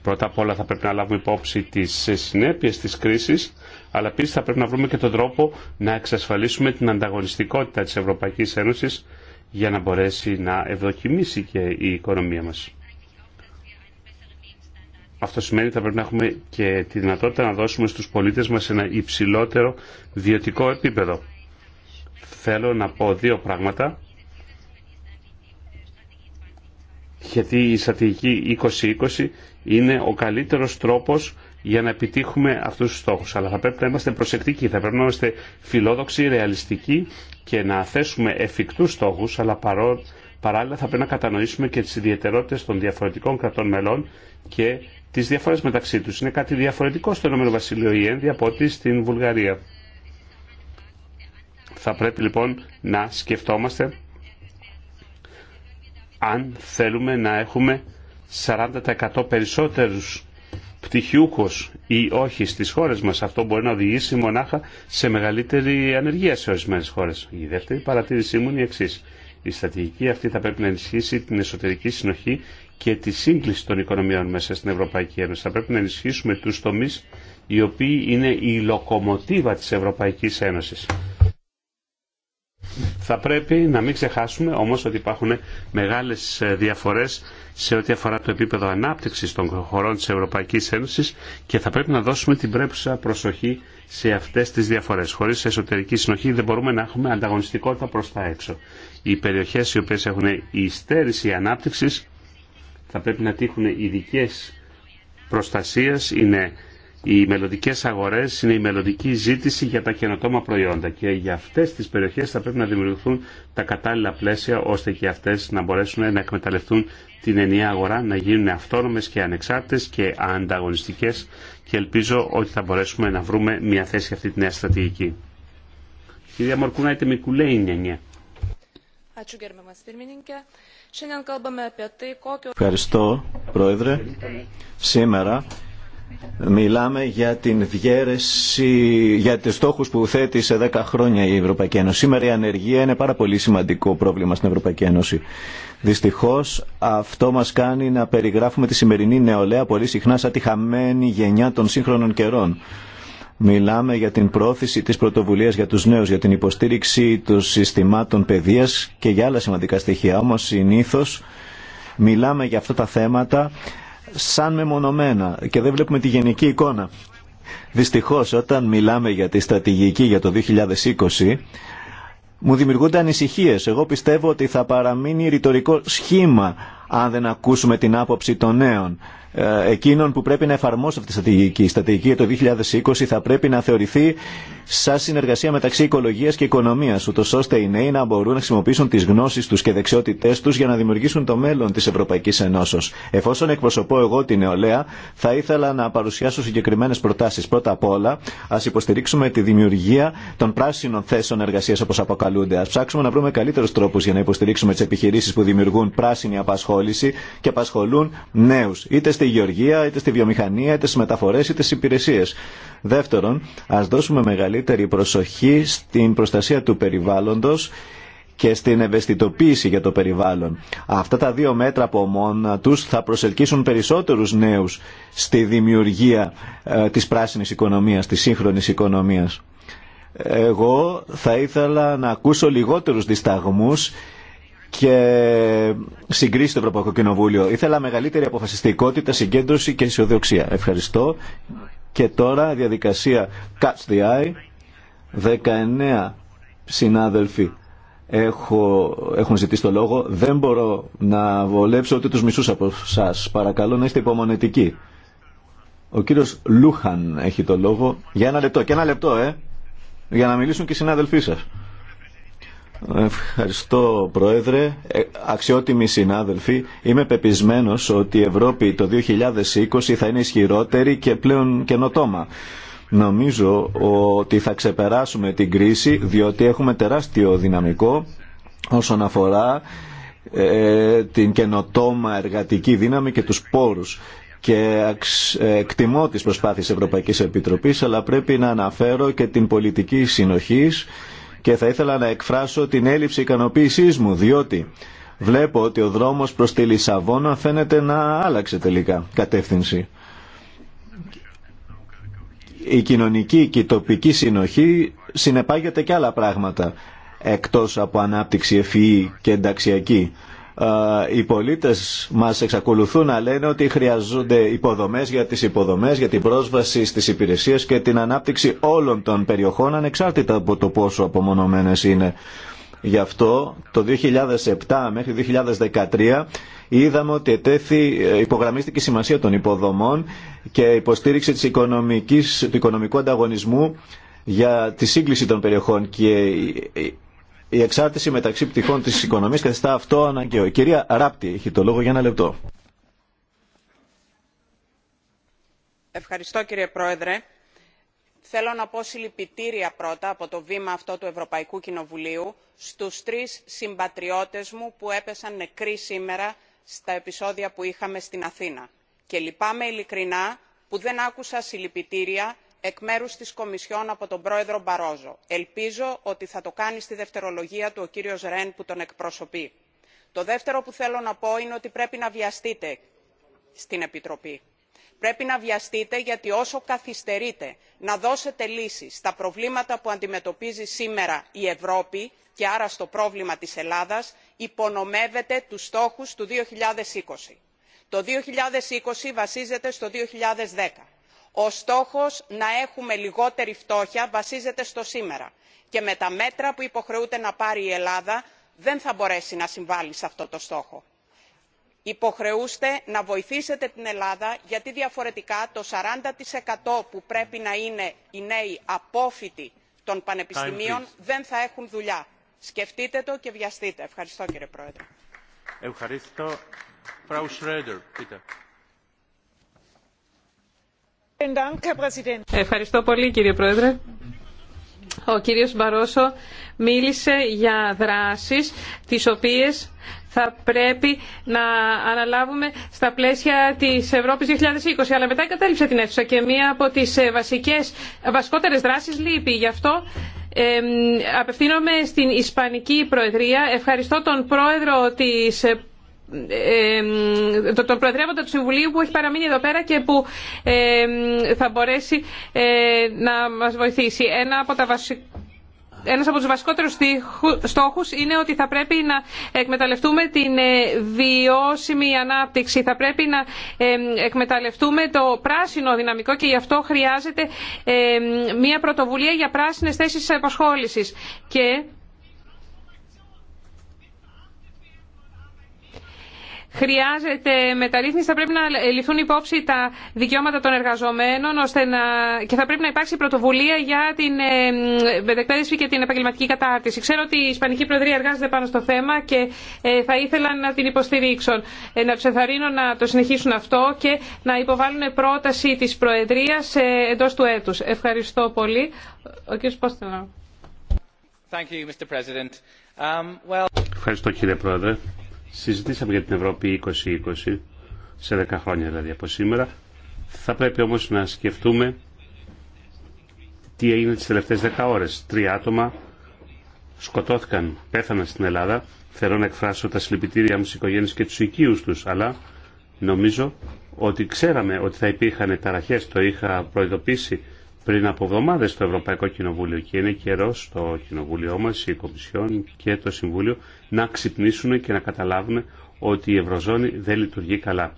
Speaker 5: Πρώτα απ' όλα θα πρέπει να λάβουμε υπόψη τι συνέπειε της κρίσης, αλλά επίση θα πρέπει να βρούμε και τον τρόπο να εξασφαλίσουμε την ανταγωνιστικότητα τη Ευρωπαϊκή Ένωση για να μπορέσει να ευδοκιμήσει και η οικονομία μας. Αυτό σημαίνει ότι θα πρέπει να έχουμε και τη δυνατότητα να δώσουμε στους πολίτες μας ένα υψηλότερο βιωτικό επίπεδο. Θέλω να πω δύο πράγματα. Γιατί η στρατηγική 2020 είναι ο καλύτερος τρόπος για να επιτύχουμε αυτούς τους στόχους. Αλλά θα πρέπει να είμαστε προσεκτικοί, θα πρέπει να είμαστε φιλόδοξοι, ρεαλιστικοί και να θέσουμε εφικτούς στόχους, αλλά παρό... παράλληλα θα πρέπει να κατανοήσουμε και τις ιδιαιτερότητες των διαφορετικών κρατών μελών και τις διαφορές μεταξύ τους. Είναι κάτι διαφορετικό στο Ηνωμένο Βασίλειο η Ένδια από ό,τι στην Βουλγαρία. Θα πρέπει λοιπόν να σκεφτόμαστε αν θέλουμε να έχουμε 40% περισσότερους πτυχιούχους ή όχι στις χώρες μας. Αυτό μπορεί να οδηγήσει μονάχα σε μεγαλύτερη ανεργία σε ορισμένε χώρες. Η δεύτερη παρατήρησή μου είναι η εξής. Η στρατηγική αυτή θα πρέπει να ενισχύσει την εσωτερική συνοχή και τη σύγκληση των οικονομιών μέσα στην Ευρωπαϊκή Ένωση. Θα πρέπει να ενισχύσουμε τους τομείς οι οποίοι είναι η λοκομοτίβα της Ευρωπαϊκής Ένωσης. Θα πρέπει να μην ξεχάσουμε όμως ότι υπάρχουν μεγάλες διαφορές σε ό,τι αφορά το επίπεδο ανάπτυξης των χωρών της Ευρωπαϊκής Ένωσης και θα πρέπει να δώσουμε την πρέπουσα προσοχή σε αυτές τις διαφορές. Χωρίς εσωτερική συνοχή δεν μπορούμε να έχουμε ανταγωνιστικότητα προ τα έξω. Οι περιοχές οι οποίες έχουν υστέρηση ανάπτυξης θα πρέπει να τύχουν ειδικέ προστασίες, είναι οι μελλοντικέ αγορέ, είναι η μελλοντική ζήτηση για τα καινοτόμα προϊόντα και για αυτέ τι περιοχέ θα πρέπει να δημιουργηθούν τα κατάλληλα πλαίσια ώστε και αυτέ να μπορέσουν να εκμεταλλευτούν την ενιαία αγορά, να γίνουν αυτόνομε και ανεξάρτητε και ανταγωνιστικέ και ελπίζω ότι θα μπορέσουμε να βρούμε μια θέση αυτή τη νέα στρατηγική. Κυρία ή
Speaker 6: pirmininkė.
Speaker 7: Ευχαριστώ, Πρόεδρε. Σήμερα μιλάμε για την διέρεση, για τις στόχους που θέτει σε 10 χρόνια η Ευρωπαϊκή Ένωση. Σήμερα η ανεργία είναι πάρα πολύ σημαντικό πρόβλημα στην Ευρωπαϊκή Ένωση. Δυστυχώς αυτό μας κάνει να περιγράφουμε τη σημερινή νεολαία πολύ συχνά σαν τη χαμένη γενιά των σύγχρονων καιρών. Μιλάμε για την πρόθεση της πρωτοβουλίας για τους νέους, για την υποστήριξη των συστημάτων παιδείας και για άλλα σημαντικά στοιχεία. Όμως συνήθως μιλάμε για αυτά τα θέματα σαν μεμονωμένα και δεν βλέπουμε τη γενική εικόνα. Δυστυχώς όταν μιλάμε για τη στρατηγική για το 2020 μου δημιουργούνται ανησυχίες. Εγώ πιστεύω ότι θα παραμείνει ρητορικό σχήμα αν δεν ακούσουμε την άποψη των νέων. Ε, εκείνων που πρέπει να εφαρμόσει αυτή τη στρατηγική. Η στρατηγική το 2020 θα πρέπει να θεωρηθεί σαν συνεργασία μεταξύ οικολογία και οικονομία, ούτω ώστε οι νέοι να μπορούν να χρησιμοποιήσουν τι γνώσει του και δεξιότητέ του για να δημιουργήσουν το μέλλον τη Ευρωπαϊκή Ενώσεω. Εφόσον εκπροσωπώ εγώ την νεολαία, θα ήθελα να παρουσιάσω συγκεκριμένε προτάσει. Πρώτα απ' όλα, α υποστηρίξουμε τη δημιουργία των πράσινων θέσεων εργασία, όπω αποκαλούνται. Α ψάξουμε να βρούμε καλύτερου τρόπου για να υποστηρίξουμε τι επιχειρήσει που δημιουργούν πράσινη απασχόληση και απασχολούν νέου, είτε γεωργία, είτε στη βιομηχανία, είτε στι μεταφορέ, είτε στι υπηρεσίε. Δεύτερον, α δώσουμε μεγαλύτερη προσοχή στην προστασία του περιβάλλοντο και στην ευαισθητοποίηση για το περιβάλλον. Αυτά τα δύο μέτρα από μόνα τους θα προσελκύσουν περισσότερους νέους στη δημιουργία ε, της πράσινης οικονομίας, της σύγχρονης οικονομίας. Εγώ θα ήθελα να ακούσω λιγότερους δισταγμούς και συγκρίσει το Ευρωπαϊκό Κοινοβούλιο. Ήθελα μεγαλύτερη αποφασιστικότητα, συγκέντρωση και αισιοδοξία. Ευχαριστώ. Και τώρα διαδικασία Catch the Eye. 19 συνάδελφοι έχω, έχουν ζητήσει το λόγο. Δεν μπορώ να βολέψω ούτε τους μισούς από εσά. Παρακαλώ να είστε υπομονετικοί. Ο κύριος Λούχαν έχει το λόγο. Για ένα λεπτό. Και ένα λεπτό, ε. Για να μιλήσουν και οι συνάδελφοί σας. Ευχαριστώ Πρόεδρε. Ε, αξιότιμοι συνάδελφοι, είμαι πεπισμένος ότι η Ευρώπη το 2020 θα είναι ισχυρότερη και πλέον καινοτόμα. Νομίζω ότι θα ξεπεράσουμε την κρίση διότι έχουμε τεράστιο δυναμικό όσον αφορά ε, την καινοτόμα εργατική δύναμη και τους πόρους και ε, εκτιμώ τις προσπάθειες Ευρωπαϊκής Επιτροπής αλλά πρέπει να αναφέρω και την πολιτική συνοχής και θα ήθελα να εκφράσω την έλλειψη ικανοποίησή μου, διότι βλέπω ότι ο δρόμος προς τη Λισαβόνα φαίνεται να άλλαξε τελικά κατεύθυνση. Η κοινωνική και η τοπική συνοχή συνεπάγεται και άλλα πράγματα εκτός από ανάπτυξη ευφυή και ενταξιακή. Ε, οι πολίτες μας εξακολουθούν να λένε ότι χρειαζούνται υποδομές για τις υποδομές, για την πρόσβαση στις υπηρεσίες και την ανάπτυξη όλων των περιοχών ανεξάρτητα από το πόσο απομονωμένες είναι. Γι' αυτό το 2007 μέχρι το 2013 είδαμε ότι ετέθη, ε, υπογραμμίστηκε η σημασία των υποδομών και υποστήριξη της οικονομικής, του οικονομικού ανταγωνισμού για τη σύγκληση των περιοχών και η εξάρτηση μεταξύ πτυχών της οικονομίας καθιστά αυτό αναγκαίο. Η κυρία Ράπτη έχει το λόγο για ένα λεπτό.
Speaker 4: Ευχαριστώ κύριε Πρόεδρε. Θέλω να πω συλληπιτήρια πρώτα από το βήμα αυτό του Ευρωπαϊκού Κοινοβουλίου στους τρεις συμπατριώτες μου που έπεσαν νεκροί σήμερα στα επεισόδια που είχαμε στην Αθήνα. Και λυπάμαι ειλικρινά που δεν άκουσα συλληπιτήρια εκ μέρους της κομισιόν από τον πρόεδρο μπαρόζο. ελπίζω ότι θα το κάνει στη δευτερολογία του ο κύριος Ρεν που τον εκπροσωπεί. το δεύτερο που θέλω να πω είναι ότι πρέπει να βιαστείτε στην επιτροπή. πρέπει να βιαστείτε γιατί όσο καθυστερείτε να δώσετε λύσεις στα προβλήματα που αντιμετωπίζει σήμερα η ευρώπη και άρα στο πρόβλημα της ελλάδας υπονομεύετε τους στόχους του. 2020. το 2020 βασίζεται στο 2010 ο στόχος να έχουμε λιγότερη φτώχεια βασίζεται στο σήμερα και με τα μέτρα που υποχρεούται να πάρει η ελλάδα δεν θα μπορέσει να συμβάλει σε αυτό το στόχο. υποχρεούστε να βοηθήσετε την ελλάδα γιατί διαφορετικά το 40% που πρέπει να είναι οι νέοι απόφοιτοι των πανεπιστημίων δεν θα έχουν δουλειά. σκεφτείτε το και βιαστείτε. ευχαριστώ κύριε πρόεδρε.
Speaker 5: Ευχαριστώ
Speaker 6: πολύ κύριε Πρόεδρε. Ο κύριος Μπαρόσο μίλησε για δράσεις τις οποίες θα πρέπει να αναλάβουμε στα πλαίσια της Ευρώπης 2020. Αλλά μετά εγκατέλειψε την αίθουσα και μία από τις ε, βασικές, βασικότερες δράσεις λείπει. Γι' αυτό ε, απευθύνομαι στην Ισπανική Προεδρία. Ευχαριστώ τον Πρόεδρο της ε, τον Προεδρεύοντα του Συμβουλίου που έχει παραμείνει εδώ πέρα και που ε, θα μπορέσει ε, να μας βοηθήσει. Ένα από τα βασικά ένας από τους βασικότερους στόχους είναι ότι θα πρέπει να εκμεταλλευτούμε την βιώσιμη ανάπτυξη. Θα πρέπει να εκμεταλλευτούμε το πράσινο δυναμικό και γι' αυτό χρειάζεται μια πρωτοβουλία για πράσινες θέσεις απασχόλησης. Και χρειάζεται μεταρρύθμιση. Θα πρέπει να ληφθούν υπόψη τα δικαιώματα των εργαζομένων ώστε να... και θα πρέπει να υπάρξει πρωτοβουλία για την ε, εκπαίδευση και την επαγγελματική κατάρτιση. Ξέρω ότι η Ισπανική Προεδρία εργάζεται πάνω στο θέμα και ε, θα ήθελα να την υποστηρίξω. Ε, να του να το συνεχίσουν αυτό και να υποβάλουν πρόταση τη Προεδρία εντό του έτου. Ευχαριστώ πολύ. Ο κ.
Speaker 2: Thank um,
Speaker 5: Ευχαριστώ κύριε Πρόεδρε. Συζητήσαμε για την Ευρώπη 2020, σε 10 χρόνια δηλαδή από σήμερα. Θα πρέπει όμως να σκεφτούμε τι έγινε τις τελευταίες 10 ώρες. Τρία άτομα σκοτώθηκαν, πέθαναν στην Ελλάδα. Θέλω να εκφράσω τα συλληπιτήριά μου στις οικογένειες και τους οικείους τους, αλλά νομίζω ότι ξέραμε ότι θα υπήρχαν ταραχές, το είχα προειδοποίησει πριν από εβδομάδε στο Ευρωπαϊκό Κοινοβούλιο και είναι καιρό στο Κοινοβούλιο μα, η Κομισιόν και το Συμβούλιο να ξυπνήσουν και να καταλάβουν ότι η Ευρωζώνη δεν λειτουργεί καλά.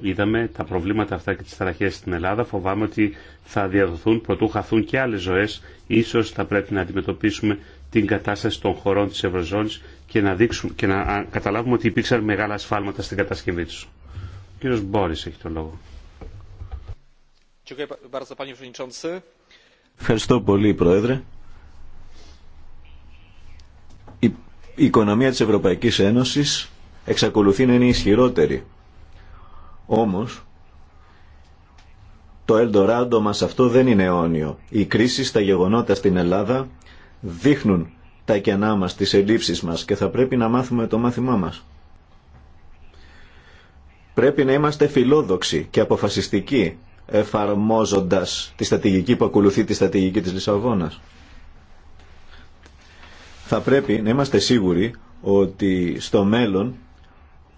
Speaker 5: Είδαμε τα προβλήματα αυτά και τι τραχές στην Ελλάδα. Φοβάμαι ότι θα διαδοθούν προτού χαθούν και άλλε ζωέ, Ίσως θα πρέπει να αντιμετωπίσουμε την κατάσταση των χωρών τη Ευρωζώνης και να, και να καταλάβουμε ότι υπήρξαν μεγάλα ασφάλματα στην κατασκευή του. Ο κ. έχει το λόγο. Ευχαριστώ πολύ, Πρόεδρε.
Speaker 7: Η οικονομία της Ευρωπαϊκής Ένωσης εξακολουθεί να είναι ισχυρότερη. Όμως, το Ελντοράντο μας αυτό δεν είναι αιώνιο. Οι κρίσεις, τα γεγονότα στην Ελλάδα δείχνουν τα κενά μας, τις ελλείψεις μας και θα πρέπει να μάθουμε το μάθημά μας. Πρέπει να είμαστε φιλόδοξοι και αποφασιστικοί εφαρμόζοντας τη στρατηγική που ακολουθεί τη στρατηγική της Λισαβόνας. Θα πρέπει να είμαστε σίγουροι ότι στο μέλλον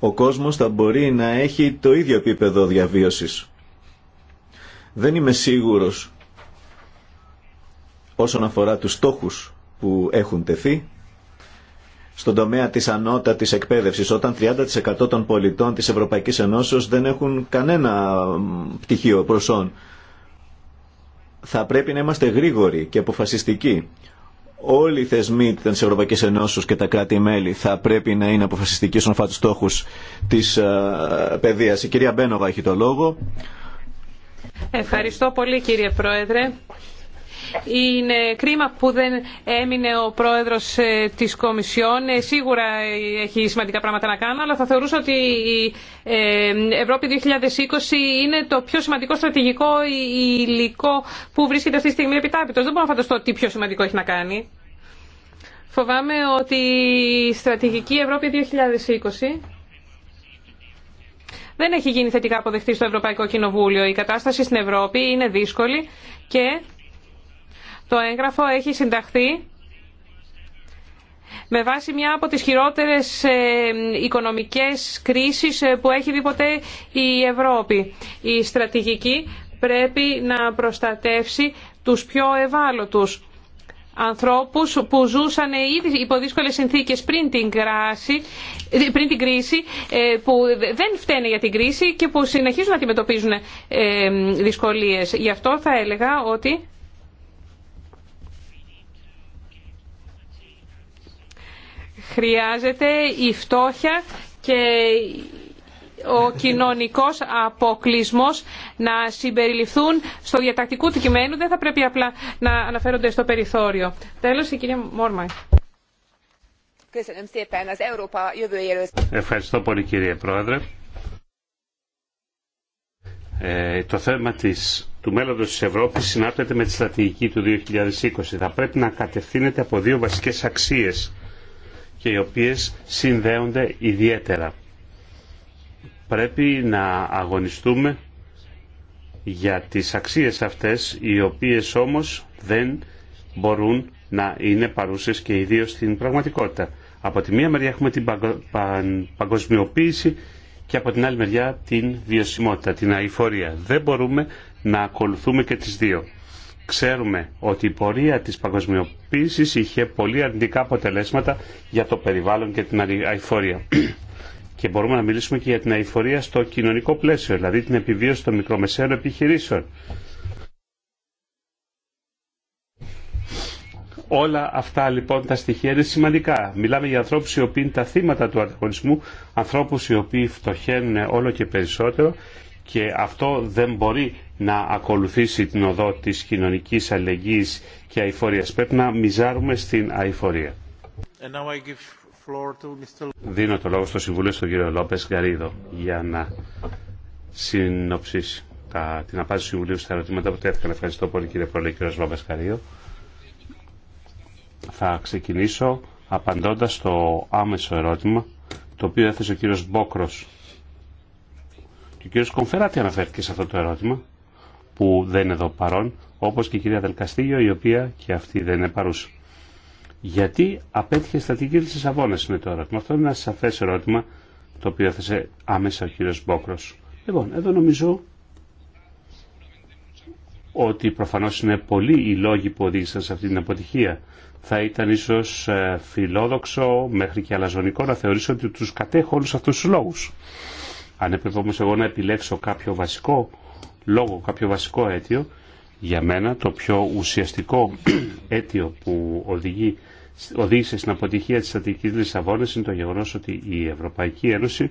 Speaker 7: ο κόσμος θα μπορεί να έχει το ίδιο επίπεδο διαβίωσης. Δεν είμαι σίγουρος όσον αφορά τους στόχους που έχουν τεθεί στον τομέα της ανώτατης εκπαίδευσης, όταν 30% των πολιτών της Ευρωπαϊκής Ενώσεως δεν έχουν κανένα πτυχίο προσών. Θα πρέπει να είμαστε γρήγοροι και αποφασιστικοί. Όλοι οι θεσμοί της Ευρωπαϊκής Ενώσεως και τα κράτη-μέλη θα πρέπει να είναι αποφασιστικοί στον φάτους στόχους της τη ε, παιδεία. Η κυρία Μπένοβα έχει το λόγο.
Speaker 6: Ευχαριστώ πολύ κύριε Πρόεδρε. Είναι κρίμα που δεν έμεινε ο πρόεδρος ε, της Κομισιόν. Ε, σίγουρα έχει σημαντικά πράγματα να κάνει, αλλά θα θεωρούσα ότι η ε, Ευρώπη 2020 είναι το πιο σημαντικό στρατηγικό υλικό που βρίσκεται αυτή τη στιγμή επιτάπητος. Δεν μπορώ να φανταστώ τι πιο σημαντικό έχει να κάνει. Φοβάμαι ότι η στρατηγική Ευρώπη 2020 δεν έχει γίνει θετικά αποδεκτή στο Ευρωπαϊκό Κοινοβούλιο. Η κατάσταση στην Ευρώπη είναι δύσκολη και το έγγραφο έχει συνταχθεί με βάση μια από τις χειρότερες ε, οικονομικές κρίσεις ε, που έχει δει ποτέ η Ευρώπη. Η στρατηγική πρέπει να προστατεύσει τους πιο ευάλωτους ανθρώπους που ζούσαν ήδη υπό δύσκολες συνθήκες πριν την, κράση, πριν την κρίση, ε, που δεν φταίνε για την κρίση και που συνεχίζουν να αντιμετωπίζουν δυσκολίες. Γι' αυτό θα έλεγα ότι Χρειάζεται η φτώχεια και ο κοινωνικός αποκλεισμός να συμπεριληφθούν στο διατακτικό του κειμένου. Δεν θα πρέπει απλά να αναφέρονται στο περιθώριο. Τέλος, η κυρία Μόρμα.
Speaker 5: Ευχαριστώ πολύ κύριε Πρόεδρε. Ε, το θέμα της, του μέλλοντος της Ευρώπης συνάπτεται με τη στρατηγική του 2020. Θα πρέπει να κατευθύνεται από δύο βασικές αξίες και οι οποίες συνδέονται ιδιαίτερα. Πρέπει να αγωνιστούμε για τις αξίες αυτές οι οποίες όμως δεν μπορούν να είναι παρούσες και ιδίως στην πραγματικότητα. Από τη μία μεριά έχουμε την παγκοσμιοποίηση και από την άλλη μεριά την βιωσιμότητα, την αηφορία. Δεν μπορούμε να ακολουθούμε και τις δύο. Ξέρουμε ότι η πορεία της παγκοσμιοποίησης είχε πολύ αρνητικά αποτελέσματα για το περιβάλλον και την αηφορία. και μπορούμε να μιλήσουμε και για την αηφορία στο κοινωνικό πλαίσιο, δηλαδή την επιβίωση των μικρομεσαίων επιχειρήσεων. Όλα αυτά λοιπόν τα στοιχεία είναι σημαντικά. Μιλάμε για ανθρώπους οι οποίοι είναι τα θύματα του ανταγωνισμού, ανθρώπους οι οποίοι φτωχαίνουν όλο και περισσότερο και αυτό δεν μπορεί να ακολουθήσει την οδό της κοινωνικής αλληλεγγύης και αηφορίας. Πρέπει να μιζάρουμε στην αηφορία. Δίνω το λόγο στο Συμβούλιο στον κύριο Λόπες Γκαρίδο για να συνοψίσει την απάντηση του Συμβουλίου στα ερωτήματα που τέθηκαν. Ευχαριστώ πολύ κύριε Πρόεδρε, κύριο Λόπες Γκαρίδο. Θα ξεκινήσω απαντώντας στο άμεσο ερώτημα το οποίο έθεσε ο κύριος Μπόκρος ο κ. Κομφεράτη αναφέρθηκε σε αυτό το ερώτημα που δεν είναι εδώ παρόν, όπω και η κυρία Δελκαστήγιο η οποία και αυτή δεν είναι παρούσα. Γιατί απέτυχε στατική τη Λισαβόνας είναι το ερώτημα. Αυτό είναι ένα σαφές ερώτημα το οποίο έθεσε άμεσα ο κύριος Μπόκρος. Λοιπόν, εδώ νομίζω ότι προφανώ είναι πολλοί οι λόγοι που οδήγησαν σε αυτή την αποτυχία. Θα ήταν ίσω ε, φιλόδοξο μέχρι και αλαζονικό να θεωρήσω ότι του κατέχω όλου αυτού του λόγου. Αν έπρεπε όμως εγώ να επιλέξω κάποιο βασικό λόγο, κάποιο βασικό αίτιο, για μένα το πιο ουσιαστικό αίτιο που οδηγεί, οδήγησε στην αποτυχία της Αττικής Λισαβόνας είναι το γεγονός ότι η Ευρωπαϊκή Ένωση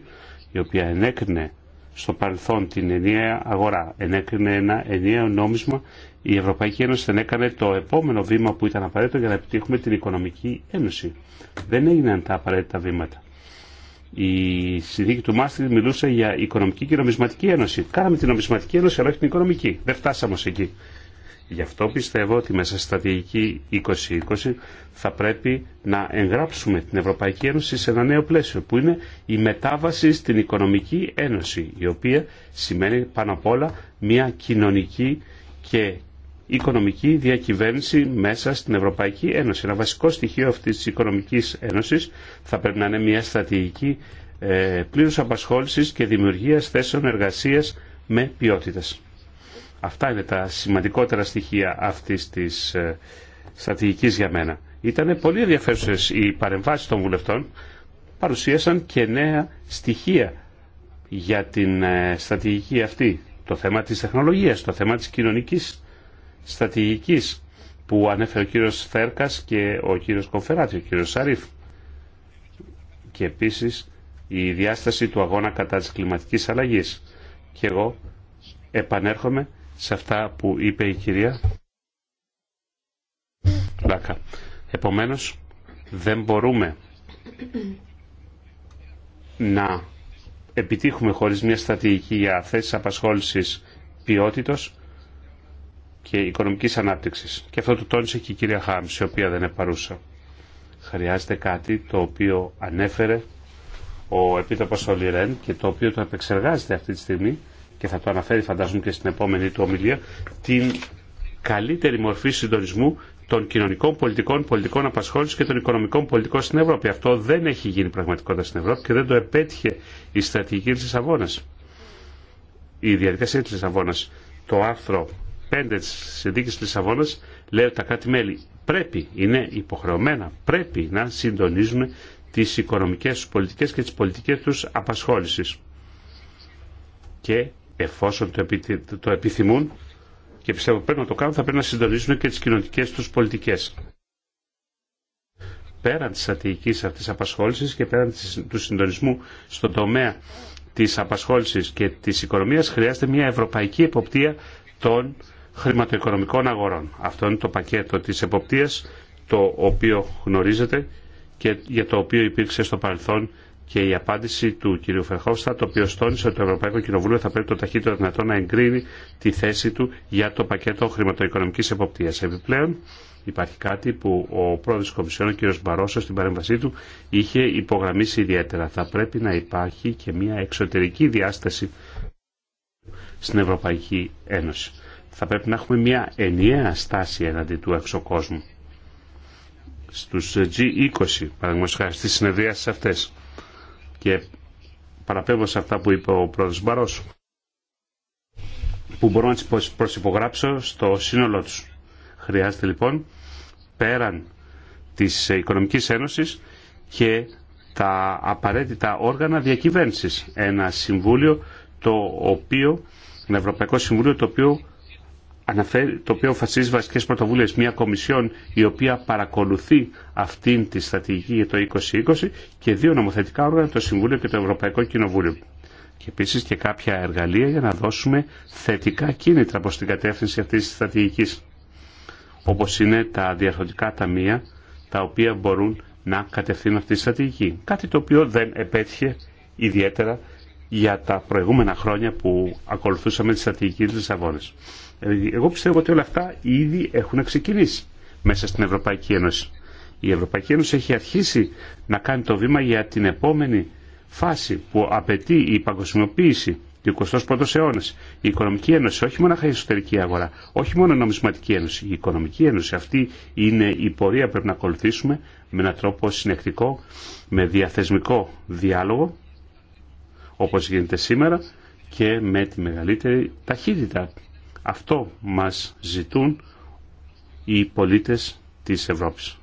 Speaker 5: η οποία ενέκρινε στο παρελθόν την ενιαία αγορά, ενέκρινε ένα ενιαίο νόμισμα, η Ευρωπαϊκή Ένωση δεν έκανε το επόμενο βήμα που ήταν απαραίτητο για να επιτύχουμε την οικονομική ένωση. Δεν έγιναν τα απαραίτητα βήματα. Η συνθήκη του Μάστρι μιλούσε για οικονομική και νομισματική ένωση. Κάναμε την νομισματική ένωση, αλλά όχι την οικονομική. Δεν φτάσαμε ως εκεί. Γι' αυτό πιστεύω ότι μέσα στη στρατηγική 2020 θα πρέπει να εγγράψουμε την Ευρωπαϊκή Ένωση σε ένα νέο πλαίσιο που είναι η μετάβαση στην Οικονομική Ένωση η οποία σημαίνει πάνω απ' όλα μια κοινωνική και οικονομική διακυβέρνηση μέσα στην Ευρωπαϊκή Ένωση. Ένα βασικό στοιχείο αυτής της οικονομικής ένωσης θα πρέπει να είναι μια στρατηγική ε, πλήρους απασχόλησης και δημιουργίας θέσεων εργασίας με ποιότητες. Αυτά είναι τα σημαντικότερα στοιχεία αυτής της ε, στρατηγικής για μένα. Ήταν πολύ ενδιαφέρουσες οι παρεμβάσεις των βουλευτών, παρουσίασαν και νέα στοιχεία για την ε, στρατηγική αυτή. Το θέμα της τεχνολογίας, το θέμα της κοινωνικής στρατηγικής που ανέφερε ο κύριος Θέρκας και ο κύριος Κομφεράτη, ο κύριος Σαρίφ. Και επίσης η διάσταση του αγώνα κατά της κλιματικής αλλαγής. Και εγώ επανέρχομαι σε αυτά που είπε η κυρία Λάκα. Επομένως, δεν μπορούμε να επιτύχουμε χωρίς μια στρατηγική για θέσεις απασχόλησης ποιότητος και οικονομικής ανάπτυξης. Και αυτό το τόνισε και η κυρία Χάμς, η οποία δεν είναι παρούσα. Χρειάζεται κάτι το οποίο ανέφερε ο Επίτροπος Ολιρέν και το οποίο το επεξεργάζεται αυτή τη στιγμή και θα το αναφέρει φαντάζομαι και στην επόμενη του ομιλία, την καλύτερη μορφή συντονισμού των κοινωνικών πολιτικών, πολιτικών απασχόληση και των οικονομικών πολιτικών στην Ευρώπη. Αυτό δεν έχει γίνει πραγματικότητα στην Ευρώπη και δεν το επέτυχε η στρατηγική τη Λισαβόνα. Η διαδικασία τη Λισαβόνα. Το άρθρο Πέντε τη συνθήκη της Λισαβόνας λέει ότι τα κράτη-μέλη πρέπει, είναι υποχρεωμένα, πρέπει να συντονίζουν τις οικονομικές τους πολιτικές και τις πολιτικές τους απασχόλησης. Και εφόσον το επιθυμούν και πιστεύω πρέπει να το κάνουν, θα πρέπει να συντονίζουν και τις κοινωνικές τους πολιτικές. Πέραν της στρατηγικής αυτής απασχόλησης και πέραν του συντονισμού στον τομέα της απασχόλησης και της οικονομίας χρειάζεται μια ευρωπαϊκή εποπτεία των χρηματοοικονομικών αγορών. Αυτό είναι το πακέτο της εποπτείας, το οποίο γνωρίζετε και για το οποίο υπήρξε στο παρελθόν και η απάντηση του κ. Φερχόφστα, το οποίο στόνισε ότι το Ευρωπαϊκό Κοινοβούλιο θα πρέπει το ταχύτερο δυνατό να εγκρίνει τη θέση του για το πακέτο χρηματοοικονομική εποπτεία. Επιπλέον, υπάρχει κάτι που ο πρόεδρο τη Κομισιόν, ο κ. Μπαρόσο, στην παρέμβασή του είχε υπογραμμίσει ιδιαίτερα. Θα πρέπει να υπάρχει και μια εξωτερική διάσταση στην Ευρωπαϊκή Ένωση. Θα πρέπει να έχουμε μια ενιαία στάση εναντί του εξωκόσμου. Στους G20, παραδείγματος στις συνεδριάσεις αυτές. Και παραπέμπω σε αυτά που είπε ο πρόεδρος Μπαρός, που μπορώ να τις προσυπογράψω στο σύνολό τους. Χρειάζεται λοιπόν πέραν της Οικονομικής Ένωσης και τα απαραίτητα όργανα διακυβέρνησης. Ένα συμβούλιο το οποίο, ένα Ευρωπαϊκό Συμβούλιο το οποίο αναφέρει, το οποίο φασίζει βασικές πρωτοβουλίε Μια κομισιόν η οποία παρακολουθεί αυτή τη στρατηγική για το 2020 και δύο νομοθετικά όργανα, το Συμβούλιο και το Ευρωπαϊκό Κοινοβούλιο. Και επίσης και κάποια εργαλεία για να δώσουμε θετικά κίνητρα προς την κατεύθυνση αυτής της στρατηγικής. Όπως είναι τα διαρθρωτικά ταμεία, τα οποία μπορούν να κατευθύνουν αυτή τη στρατηγική. Κάτι το οποίο δεν επέτυχε ιδιαίτερα για τα προηγούμενα χρόνια που ακολουθούσαμε τη στρατηγική της Λισαβόνης. Ε, εγώ πιστεύω ότι όλα αυτά ήδη έχουν ξεκινήσει μέσα στην Ευρωπαϊκή Ένωση. Η Ευρωπαϊκή Ένωση έχει αρχίσει να κάνει το βήμα για την επόμενη φάση που απαιτεί η παγκοσμιοποίηση του 21ου αιώνα. Η Οικονομική Ένωση, όχι μόνο η εσωτερική αγορά, όχι μόνο η Νομισματική Ένωση, η Οικονομική Ένωση. Αυτή είναι η πορεία που πρέπει να ακολουθήσουμε με έναν τρόπο συνεκτικό, με διαθεσμικό διάλογο, όπως γίνεται σήμερα, και με τη μεγαλύτερη ταχύτητα αυτό μας ζητούν οι πολίτες της Ευρώπης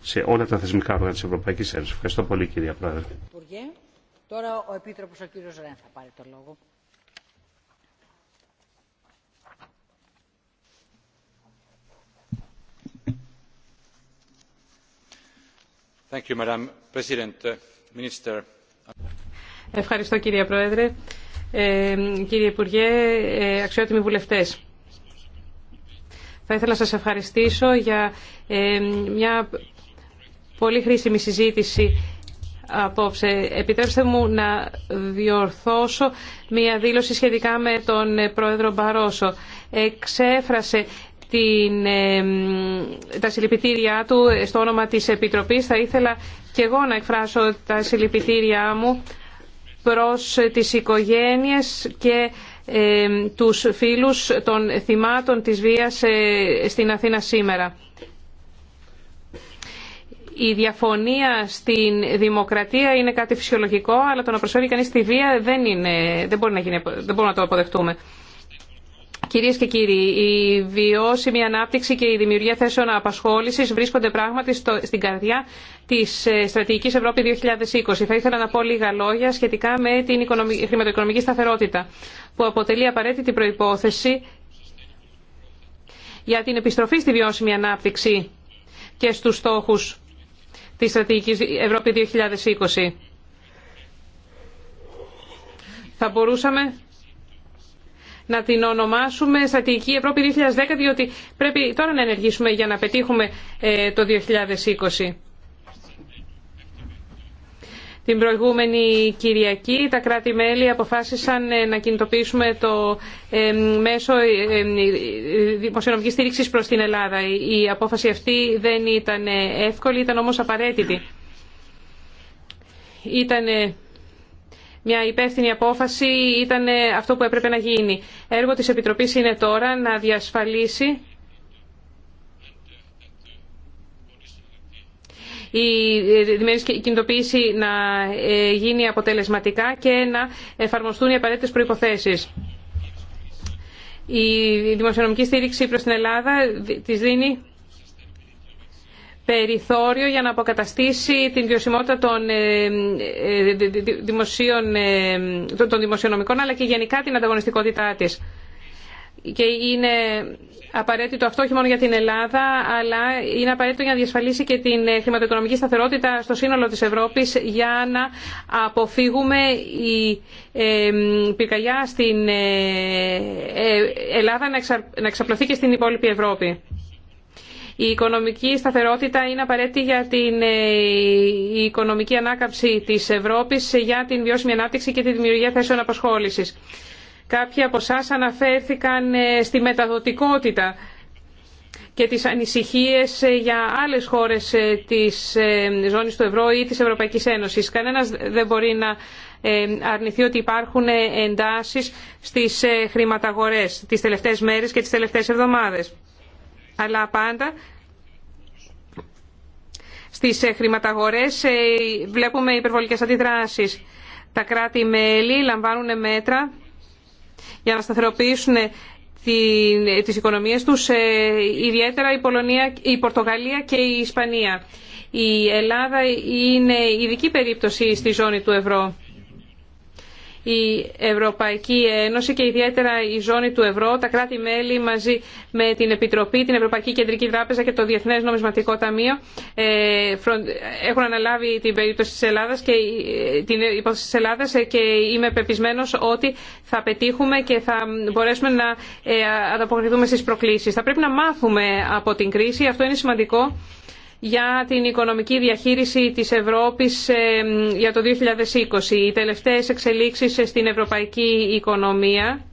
Speaker 5: σε όλα τα θεσμικά όργανα της Ευρωπαϊκής Ένωσης. Ευχαριστώ πολύ κυρία Πρόεδρε.
Speaker 3: Υπουργέ, τώρα ο Επίτροπος ο κύριος Ρέν θα πάρει το λόγο.
Speaker 5: Thank you, Madam President, Minister.
Speaker 6: Ευχαριστώ κυρία Πρόεδρε. Ε, κύριε Υπουργέ, ε, αξιότιμοι βουλευτές. Θα ήθελα να σας ευχαριστήσω για ε, μια πολύ χρήσιμη συζήτηση απόψε. Επιτρέψτε μου να διορθώσω μια δήλωση σχετικά με τον πρόεδρο Μπαρόσο. Εξέφρασε την, τα συλληπιτήριά του στο όνομα της Επιτροπής. Θα ήθελα και εγώ να εκφράσω τα συλληπιτήριά μου προς τις οικογένειες και ε, τους φίλους των θυμάτων της βίας ε, στην Αθήνα σήμερα. Η διαφωνία στην δημοκρατία είναι κάτι φυσιολογικό, αλλά το να προσφέρει κανείς τη βία δεν, είναι, δεν, μπορεί, να γίνει, δεν μπορούμε να το αποδεχτούμε. Κυρίες και κύριοι, η βιώσιμη ανάπτυξη και η δημιουργία θέσεων απασχόλησης βρίσκονται πράγματι στο, στην καρδιά της ε, Στρατηγικής Ευρώπη 2020. Θα ήθελα να πω λίγα λόγια σχετικά με την χρηματοοικονομική σταθερότητα, που αποτελεί απαραίτητη προϋπόθεση για την επιστροφή στη βιώσιμη ανάπτυξη και στους στόχους της Στρατηγικής Ευρώπη 2020. Θα μπορούσαμε να την ονομάσουμε Στατική Ευρώπη 2010, διότι πρέπει τώρα να ενεργήσουμε για να πετύχουμε ε, το 2020. Την προηγούμενη Κυριακή τα κράτη-μέλη αποφάσισαν ε, να κινητοποιήσουμε το ε, μέσο δημοσιονομικής στήριξης προς την Ελλάδα. Η απόφαση αυτή δεν ήταν εύκολη, ήταν όμως απαραίτητη. Ήταν μια υπεύθυνη απόφαση ήταν ε, αυτό που έπρεπε να γίνει. Έργο της Επιτροπής είναι τώρα να διασφαλίσει η ε, δημιουργική κινητοποίηση να ε, γίνει αποτελεσματικά και να εφαρμοστούν οι απαραίτητες προϋποθέσεις. Η δημοσιονομική στήριξη προς την Ελλάδα της δίνει περιθώριο για να αποκαταστήσει την βιωσιμότητα των, ε, ε, δημοσίων, ε, των δημοσιονομικών αλλά και γενικά την ανταγωνιστικότητά της. Και είναι απαραίτητο αυτό όχι μόνο για την Ελλάδα, αλλά είναι απαραίτητο για να διασφαλίσει και την χρηματοοικονομική σταθερότητα στο σύνολο της Ευρώπης για να αποφύγουμε η πυρκαγιά στην Ελλάδα να εξαπλωθεί και στην υπόλοιπη Ευρώπη. Η οικονομική σταθερότητα είναι απαραίτητη για την ε, οικονομική ανάκαμψη της Ευρώπης, για την βιώσιμη ανάπτυξη και τη δημιουργία θέσεων απασχόλησης. Κάποιοι από εσά αναφέρθηκαν ε, στη μεταδοτικότητα και τις ανησυχίες ε, για άλλες χώρες της ζώνης του ευρώ ή της Ευρωπαϊκής Ένωσης. Κανένας δεν μπορεί να αρνηθεί ότι υπάρχουν εντάσεις στις χρηματαγορές τις τελευταίες μέρες και τις τελευταίες εβδομάδες αλλά πάντα στις ε, χρηματαγορές ε, βλέπουμε υπερβολικές αντιδράσεις. Τα κράτη-μέλη λαμβάνουν μέτρα για να σταθεροποιήσουν ε, τις οικονομίες τους, ιδιαίτερα η, Πολωνία, η Πορτογαλία και η Ισπανία. Η Ελλάδα είναι ειδική περίπτωση στη ζώνη του ευρώ η Ευρωπαϊκή Ένωση και ιδιαίτερα η ζώνη του ευρώ, τα κράτη-μέλη μαζί με την Επιτροπή, την Ευρωπαϊκή Κεντρική Τράπεζα και το Διεθνές Νομισματικό Ταμείο ε, έχουν αναλάβει την περίπτωση της Ελλάδας και ε, την υπόθεση της Ελλάδας ε, και είμαι πεπισμένος ότι θα πετύχουμε και θα μπορέσουμε να ανταποκριθούμε στις προκλήσεις. Θα πρέπει να μάθουμε από την κρίση, αυτό είναι σημαντικό για την οικονομική διαχείριση της Ευρώπης ε, για το 2020. Οι τελευταίες εξελίξεις στην ευρωπαϊκή οικονομία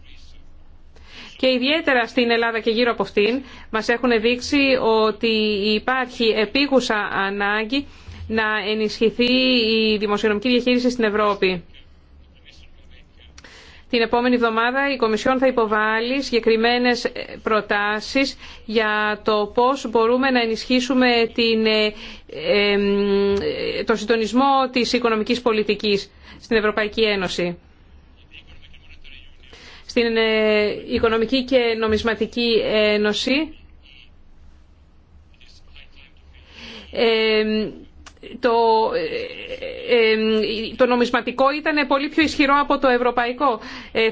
Speaker 6: και ιδιαίτερα στην Ελλάδα και γύρω από αυτήν μας έχουν δείξει ότι υπάρχει επίγουσα ανάγκη να ενισχυθεί η δημοσιονομική διαχείριση στην Ευρώπη. Την επόμενη εβδομάδα η Κομισιόν θα υποβάλει συγκεκριμένε προτάσεις για το πώς μπορούμε να ενισχύσουμε την, ε, το συντονισμό της οικονομικής πολιτικής στην Ευρωπαϊκή Ένωση. Στην ε, Οικονομική και Νομισματική Ένωση ε, το, ε, ε, ε, το νομισματικό ήταν πολύ πιο ισχυρό από το ευρωπαϊκό.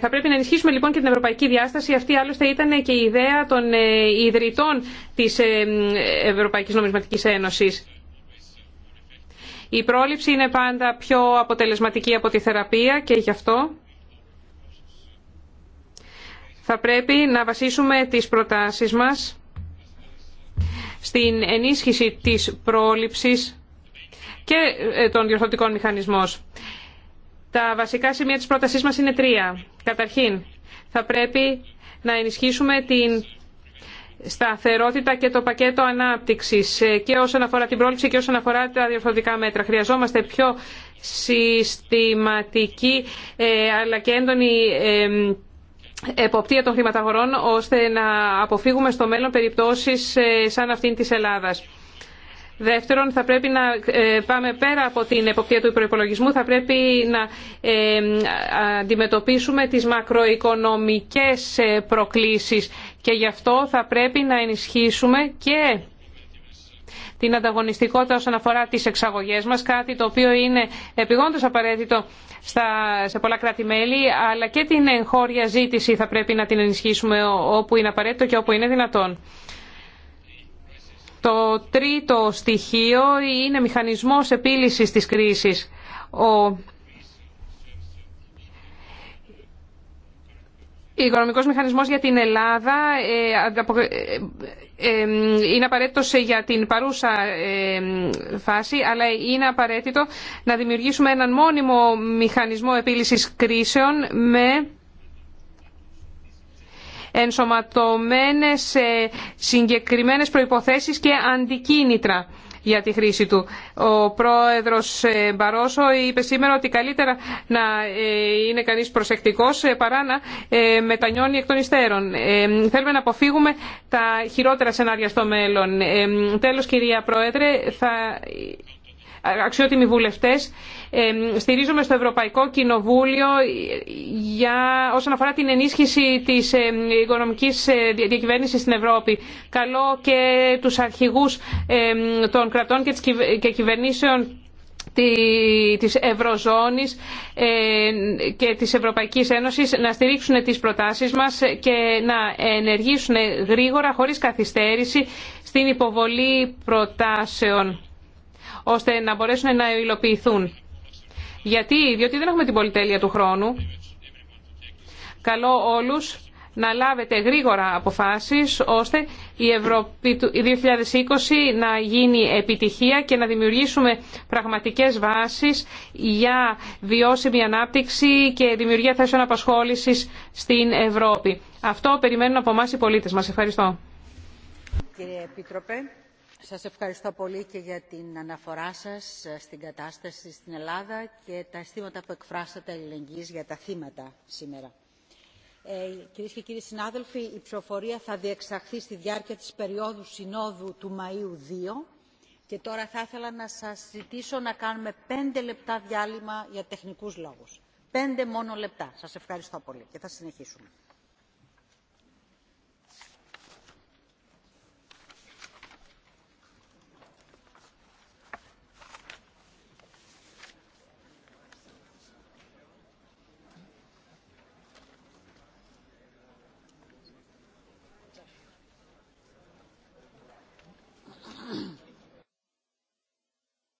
Speaker 6: θα πρέπει να ενισχύσουμε λοιπόν και την ευρωπαϊκή διάσταση. Αυτή άλλωστε ήταν και η ιδέα των ιδρυτών της Ευρωπαϊκής Νομισματικής Ένωσης. Η πρόληψη είναι πάντα πιο αποτελεσματική από τη θεραπεία και γι' αυτό θα πρέπει να βασίσουμε τις προτάσεις μας στην ενίσχυση της πρόληψης και ε, τον διορθωτικών μηχανισμών. Τα βασικά σημεία της πρότασής μας είναι τρία. Καταρχήν, θα πρέπει να ενισχύσουμε την σταθερότητα και το πακέτο ανάπτυξης ε, και όσον αφορά την πρόληψη και όσον αφορά τα διορθωτικά μέτρα. Χρειαζόμαστε πιο συστηματική ε, αλλά και έντονη εποπτεία των χρηματαγορών ώστε να αποφύγουμε στο μέλλον περιπτώσεις σαν αυτήν της Ελλάδας. Δεύτερον, θα πρέπει να ε, πάμε πέρα από την εποπτεία του υπολογισμού. θα πρέπει να ε, αντιμετωπίσουμε τις μακροοικονομικές ε, προκλήσεις και γι' αυτό θα πρέπει να ενισχύσουμε και την ανταγωνιστικότητα όσον αφορά τις εξαγωγές μας, κάτι το οποίο είναι επιγόντως απαραίτητο στα, σε πολλά κράτη-μέλη, αλλά και την εγχώρια ζήτηση θα πρέπει να την ενισχύσουμε όπου είναι απαραίτητο και όπου είναι δυνατόν. Το τρίτο στοιχείο είναι μηχανισμός επίλυσης της κρίσης. Ο οικονομικός μηχανισμός για την Ελλάδα ε, ε, ε, είναι απαραίτητο για την παρούσα φάση, αλλά είναι απαραίτητο να δημιουργήσουμε έναν μόνιμο μηχανισμό επίλυσης κρίσεων με ενσωματωμένες συγκεκριμένες προϋποθέσεις και αντικίνητρα για τη χρήση του. Ο πρόεδρος ε, Μπαρόσο είπε σήμερα ότι καλύτερα να ε, είναι κανείς προσεκτικός ε, παρά να μετανιώνει εκ των υστέρων. Θέλουμε να αποφύγουμε τα χειρότερα σενάρια στο μέλλον. Τέλος, κυρία Πρόεδρε, θα αξιότιμοι βουλευτές, στηρίζομαι στο Ευρωπαϊκό Κοινοβούλιο για, όσον αφορά την ενίσχυση της οικονομικής ε, διακυβέρνησης στην Ευρώπη. Καλό και τους αρχηγούς των κρατών και κυβερνήσεων της Ευρωζώνης και της Ευρωπαϊκής Ένωσης να στηρίξουν τις προτάσεις μας και να ενεργήσουν γρήγορα, χωρίς καθυστέρηση, στην υποβολή προτάσεων ώστε να μπορέσουν να υλοποιηθούν. Γιατί, διότι δεν έχουμε την πολυτέλεια του χρόνου. Καλό όλους να λάβετε γρήγορα αποφάσεις ώστε η Ευρώπη 2020 να γίνει επιτυχία και να δημιουργήσουμε πραγματικές βάσεις για βιώσιμη ανάπτυξη και δημιουργία θέσεων απασχόλησης στην Ευρώπη. Αυτό περιμένουν από εμά οι πολίτες μας. Ευχαριστώ.
Speaker 2: Σας ευχαριστώ πολύ και για την αναφορά σας ε, στην κατάσταση στην Ελλάδα και τα αισθήματα που εκφράσατε αλληλεγγύης για τα θύματα σήμερα. Ε, κυρίες και κύριοι συνάδελφοι, η ψηφοφορία θα διεξαχθεί στη διάρκεια της περίοδου συνόδου
Speaker 8: του Μαΐου 2 και τώρα θα ήθελα να σας ζητήσω να κάνουμε πέντε λεπτά διάλειμμα για τεχνικούς λόγους. Πέντε μόνο λεπτά. Σας ευχαριστώ πολύ και θα συνεχίσουμε.